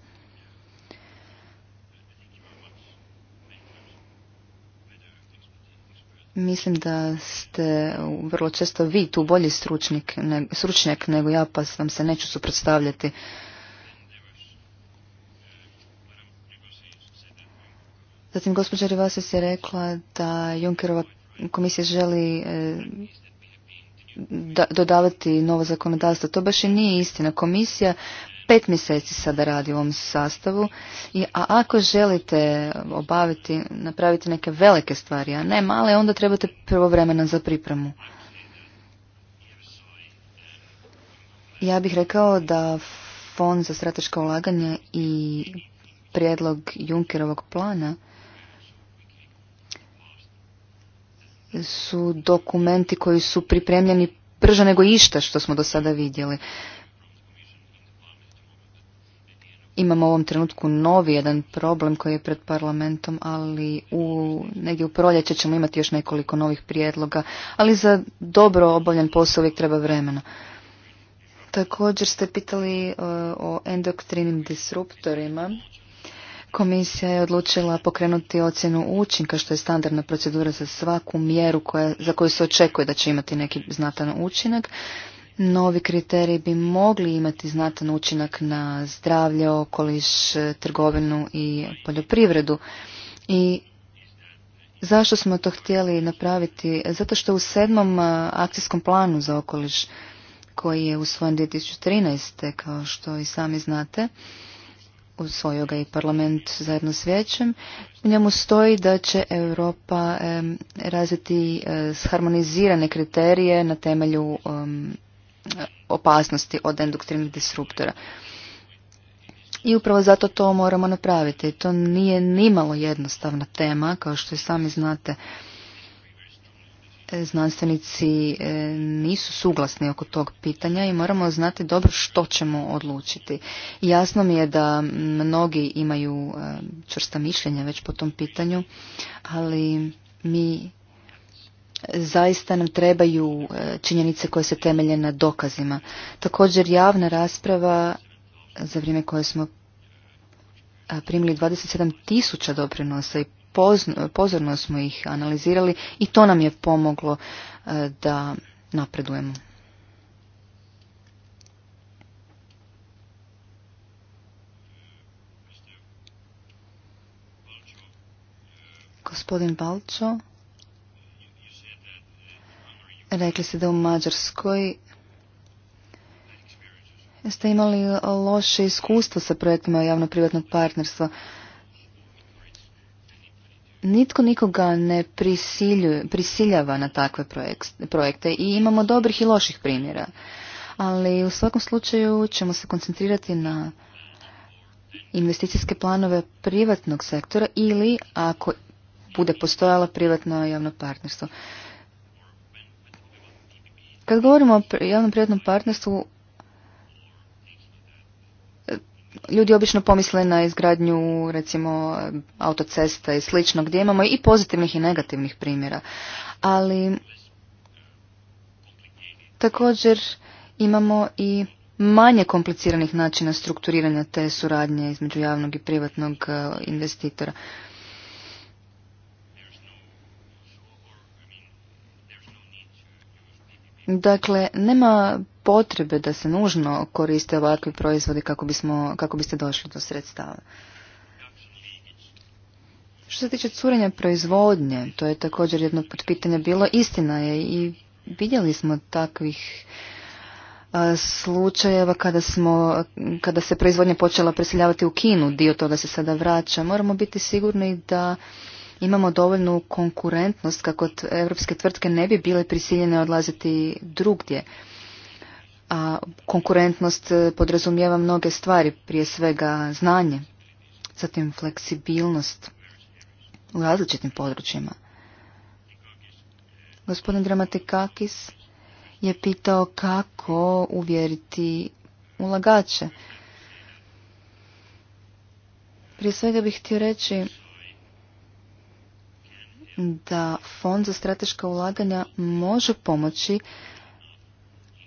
Mislim da ste vrlo često vi tu bolji stručnjak nego ja, pa vam se neću suprotstavljati. Zatim gospođa Rivasis je rekla da Junkerova komisija želi eh, dodavati novo zakonodavstvo. To baš i nije istina. Komisija pet mjeseci sada radi u ovom sastavu, I, a ako želite obaviti, napraviti neke velike stvari, a ne male, onda trebate prvo vremena za pripremu. Ja bih rekao da Fond za strateška ulaganja i prijedlog Junkerovog plana su dokumenti koji su pripremljeni brže nego išta što smo do sada vidjeli. Imamo u ovom trenutku novi jedan problem koji je pred parlamentom, ali u, negdje u proljeće ćemo imati još nekoliko novih prijedloga, ali za dobro obavljen posao uvijek treba vremena. Također ste pitali e, o endoktrinim disruptorima Komisija je odlučila pokrenuti ocjenu učinka, što je standardna procedura za svaku mjeru koja, za koju se očekuje da će imati neki znatan učinak. Novi kriteriji bi mogli imati znatan učinak na zdravlje, okoliš, trgovinu i poljoprivredu. I zašto smo to htjeli napraviti? Zato što u sedmom akcijskom planu za okoliš koji je usvojen 2013. kao što i sami znate, usvojio ga i parlament zajedno s vijećem. U njemu stoji da će Europa razviti e, harmonizirane kriterije na temelju opasnosti od endoktrinih disruptora. I upravo zato to moramo napraviti. To nije nimalo jednostavna tema, kao što i sami znate znanstvenici e, nisu suglasni oko tog pitanja i moramo znati dobro što ćemo odlučiti. Jasno mi je da mnogi imaju e, čvrsta mišljenja već po tom pitanju, ali mi zaista nam trebaju e, činjenice koje se temelje na dokazima. Također javna rasprava za vrijeme koje smo primili 27 tisuća doprinosa i pozorno smo ih analizirali i to nam je pomoglo e, da napredujemo. Gospodin Balčo, rekli ste da u Mađarskoj ste imali loše iskustvo sa projektima javno-privatnog partnerstva. Nitko nikoga ne prisiljava na takve projekte i imamo dobrih i loših primjera. Ali u svakom slučaju ćemo se koncentrirati na investicijske planove privatnog sektora ili ako bude postojalo privatno javno partnerstvo. Kad govorimo o javnom privatnom partnerstvu, ljudi obično pomisle na izgradnju recimo autocesta i slično gdje imamo i pozitivnih i negativnih primjera. Ali također imamo i manje kompliciranih načina strukturiranja te suradnje između javnog i privatnog e, investitora. Dakle, nema potrebe da se nužno koriste ovakvi proizvodi kako, bismo, kako biste došli do sredstava. Što se tiče curenja proizvodnje, to je također jedno od pitanja bilo. Istina je i vidjeli smo takvih slučajeva kada, smo, kada se proizvodnja počela preseljavati u Kinu, dio toga se sada vraća. Moramo biti sigurni da imamo dovoljnu konkurentnost kako evropske tvrtke ne bi bile prisiljene odlaziti drugdje. A konkurentnost e, podrazumijeva mnoge stvari, prije svega znanje, zatim fleksibilnost u različitim područjima. Gospodin Dramatikakis je pitao kako uvjeriti ulagače. Prije svega bih htio reći da fond za strateška ulaganja može pomoći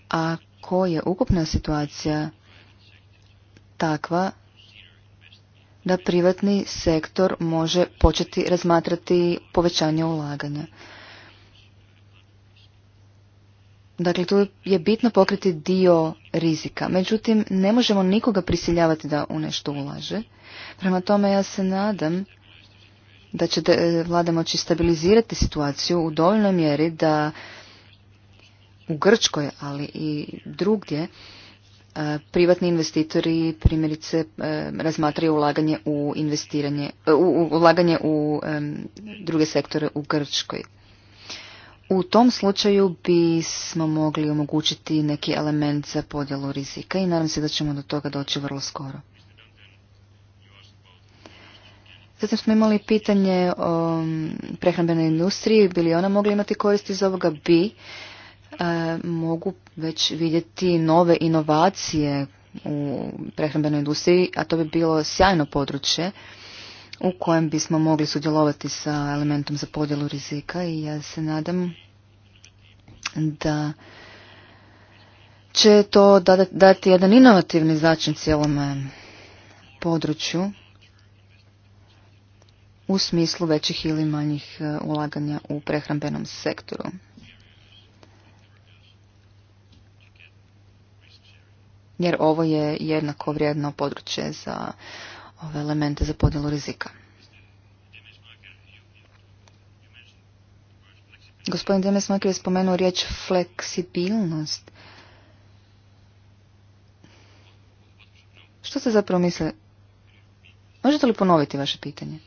ako ako je ukupna situacija takva da privatni sektor može početi razmatrati povećanje ulaganja. Dakle, tu je bitno pokriti dio rizika. Međutim, ne možemo nikoga prisiljavati da u nešto ulaže. Prema tome, ja se nadam da će e, vlada moći stabilizirati situaciju u dovoljnoj mjeri da u Grčkoj, ali i drugdje, e, privatni investitori primjerice e, razmatraju ulaganje u investiranje, e, ulaganje u druge sektore u Grčkoj. U tom slučaju bismo mogli omogućiti neki element za podjelu rizika i nadam se da ćemo do toga doći vrlo skoro. Zatim smo imali pitanje o prehrambenoj industriji, bi li ona mogla imati koristi iz ovoga? Bi. E, mogu već vidjeti nove inovacije u prehrambenoj industriji, a to bi bilo sjajno područje u kojem bismo mogli sudjelovati sa elementom za podjelu rizika i ja se nadam da će to dati jedan inovativni začin cijelom području u smislu većih ili manjih e, ulaganja u prehrambenom sektoru. jer ovo je jednako vrijedno područje za ove elemente za podjelu rizika. Gospodin Demesmaker je spomenuo riječ fleksibilnost. Što ste zapravo misle? Možete li ponoviti vaše pitanje?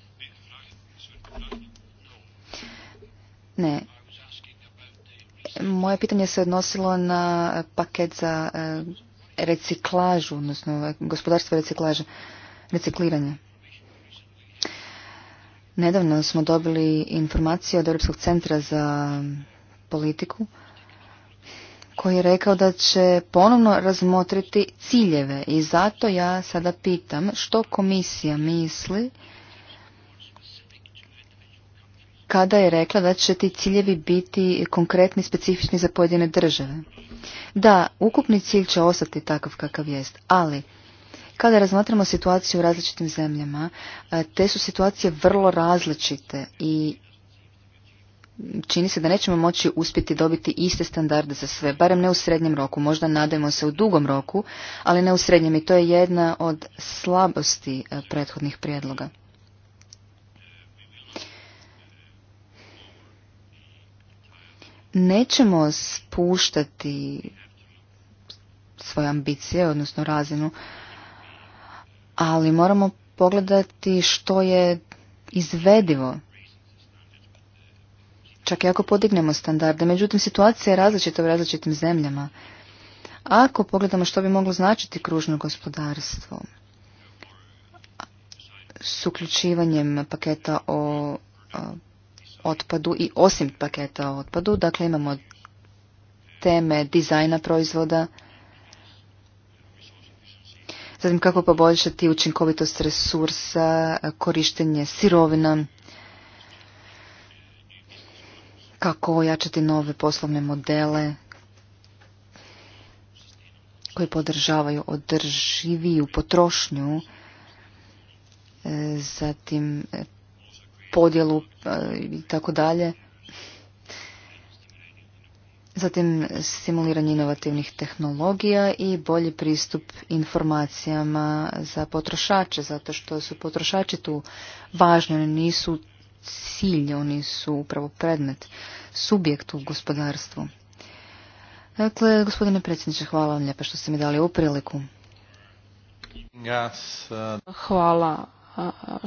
Ne. Moje pitanje se odnosilo na paket za eh, reciklažu, odnosno ovaj, gospodarstvo reciklaže, recikliranja. Nedavno smo dobili informaciju od Europskog centra za politiku koji je rekao da će ponovno razmotriti ciljeve i zato ja sada pitam što komisija misli kada je rekla da će ti ciljevi biti konkretni specifični za pojedine države. Da, ukupni cilj će ostati takav kakav jest, ali kada razmatramo situaciju u različitim zemljama, e, te su situacije vrlo različite i čini se da nećemo moći uspjeti dobiti iste standarde za sve, barem ne u srednjem roku, možda nadajmo se u dugom roku, ali ne u srednjem i to je jedna od slabosti e, prethodnih prijedloga. nećemo spuštati svoje ambicije, odnosno razinu, ali moramo pogledati što je izvedivo. Čak i ako podignemo standarde, međutim situacija je različita u različitim zemljama. Ako pogledamo što bi moglo značiti kružno gospodarstvo s uključivanjem paketa o otpadu i osim paketa o otpadu. Dakle, imamo teme dizajna proizvoda, zatim kako poboljšati učinkovitost resursa, korištenje sirovina, kako ojačati nove poslovne modele koji podržavaju održiviju potrošnju, zatim podjelu pa, i tako dalje. Zatim simuliranje inovativnih tehnologija i bolji pristup informacijama za potrošače, zato što su potrošači tu važni, oni nisu cilj, oni su upravo predmet, subjekt u gospodarstvu. Dakle, gospodine predsjedniče, hvala vam lijepa što ste mi dali u priliku. Uh, hvala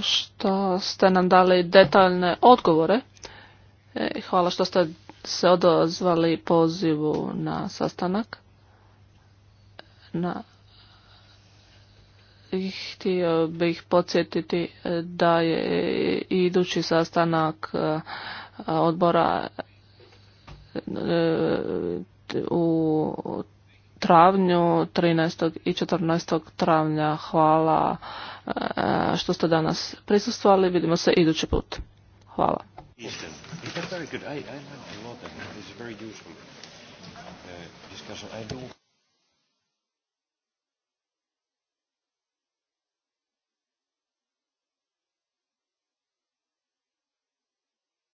što ste nam dali detaljne odgovore. E, hvala što ste se odozvali pozivu na sastanak. Htio bih podsjetiti da je idući sastanak e, odbora e, u travnju 13. i 14. travnja. Hvala eh, što ste danas prisustvali. Vidimo se idući put. Hvala.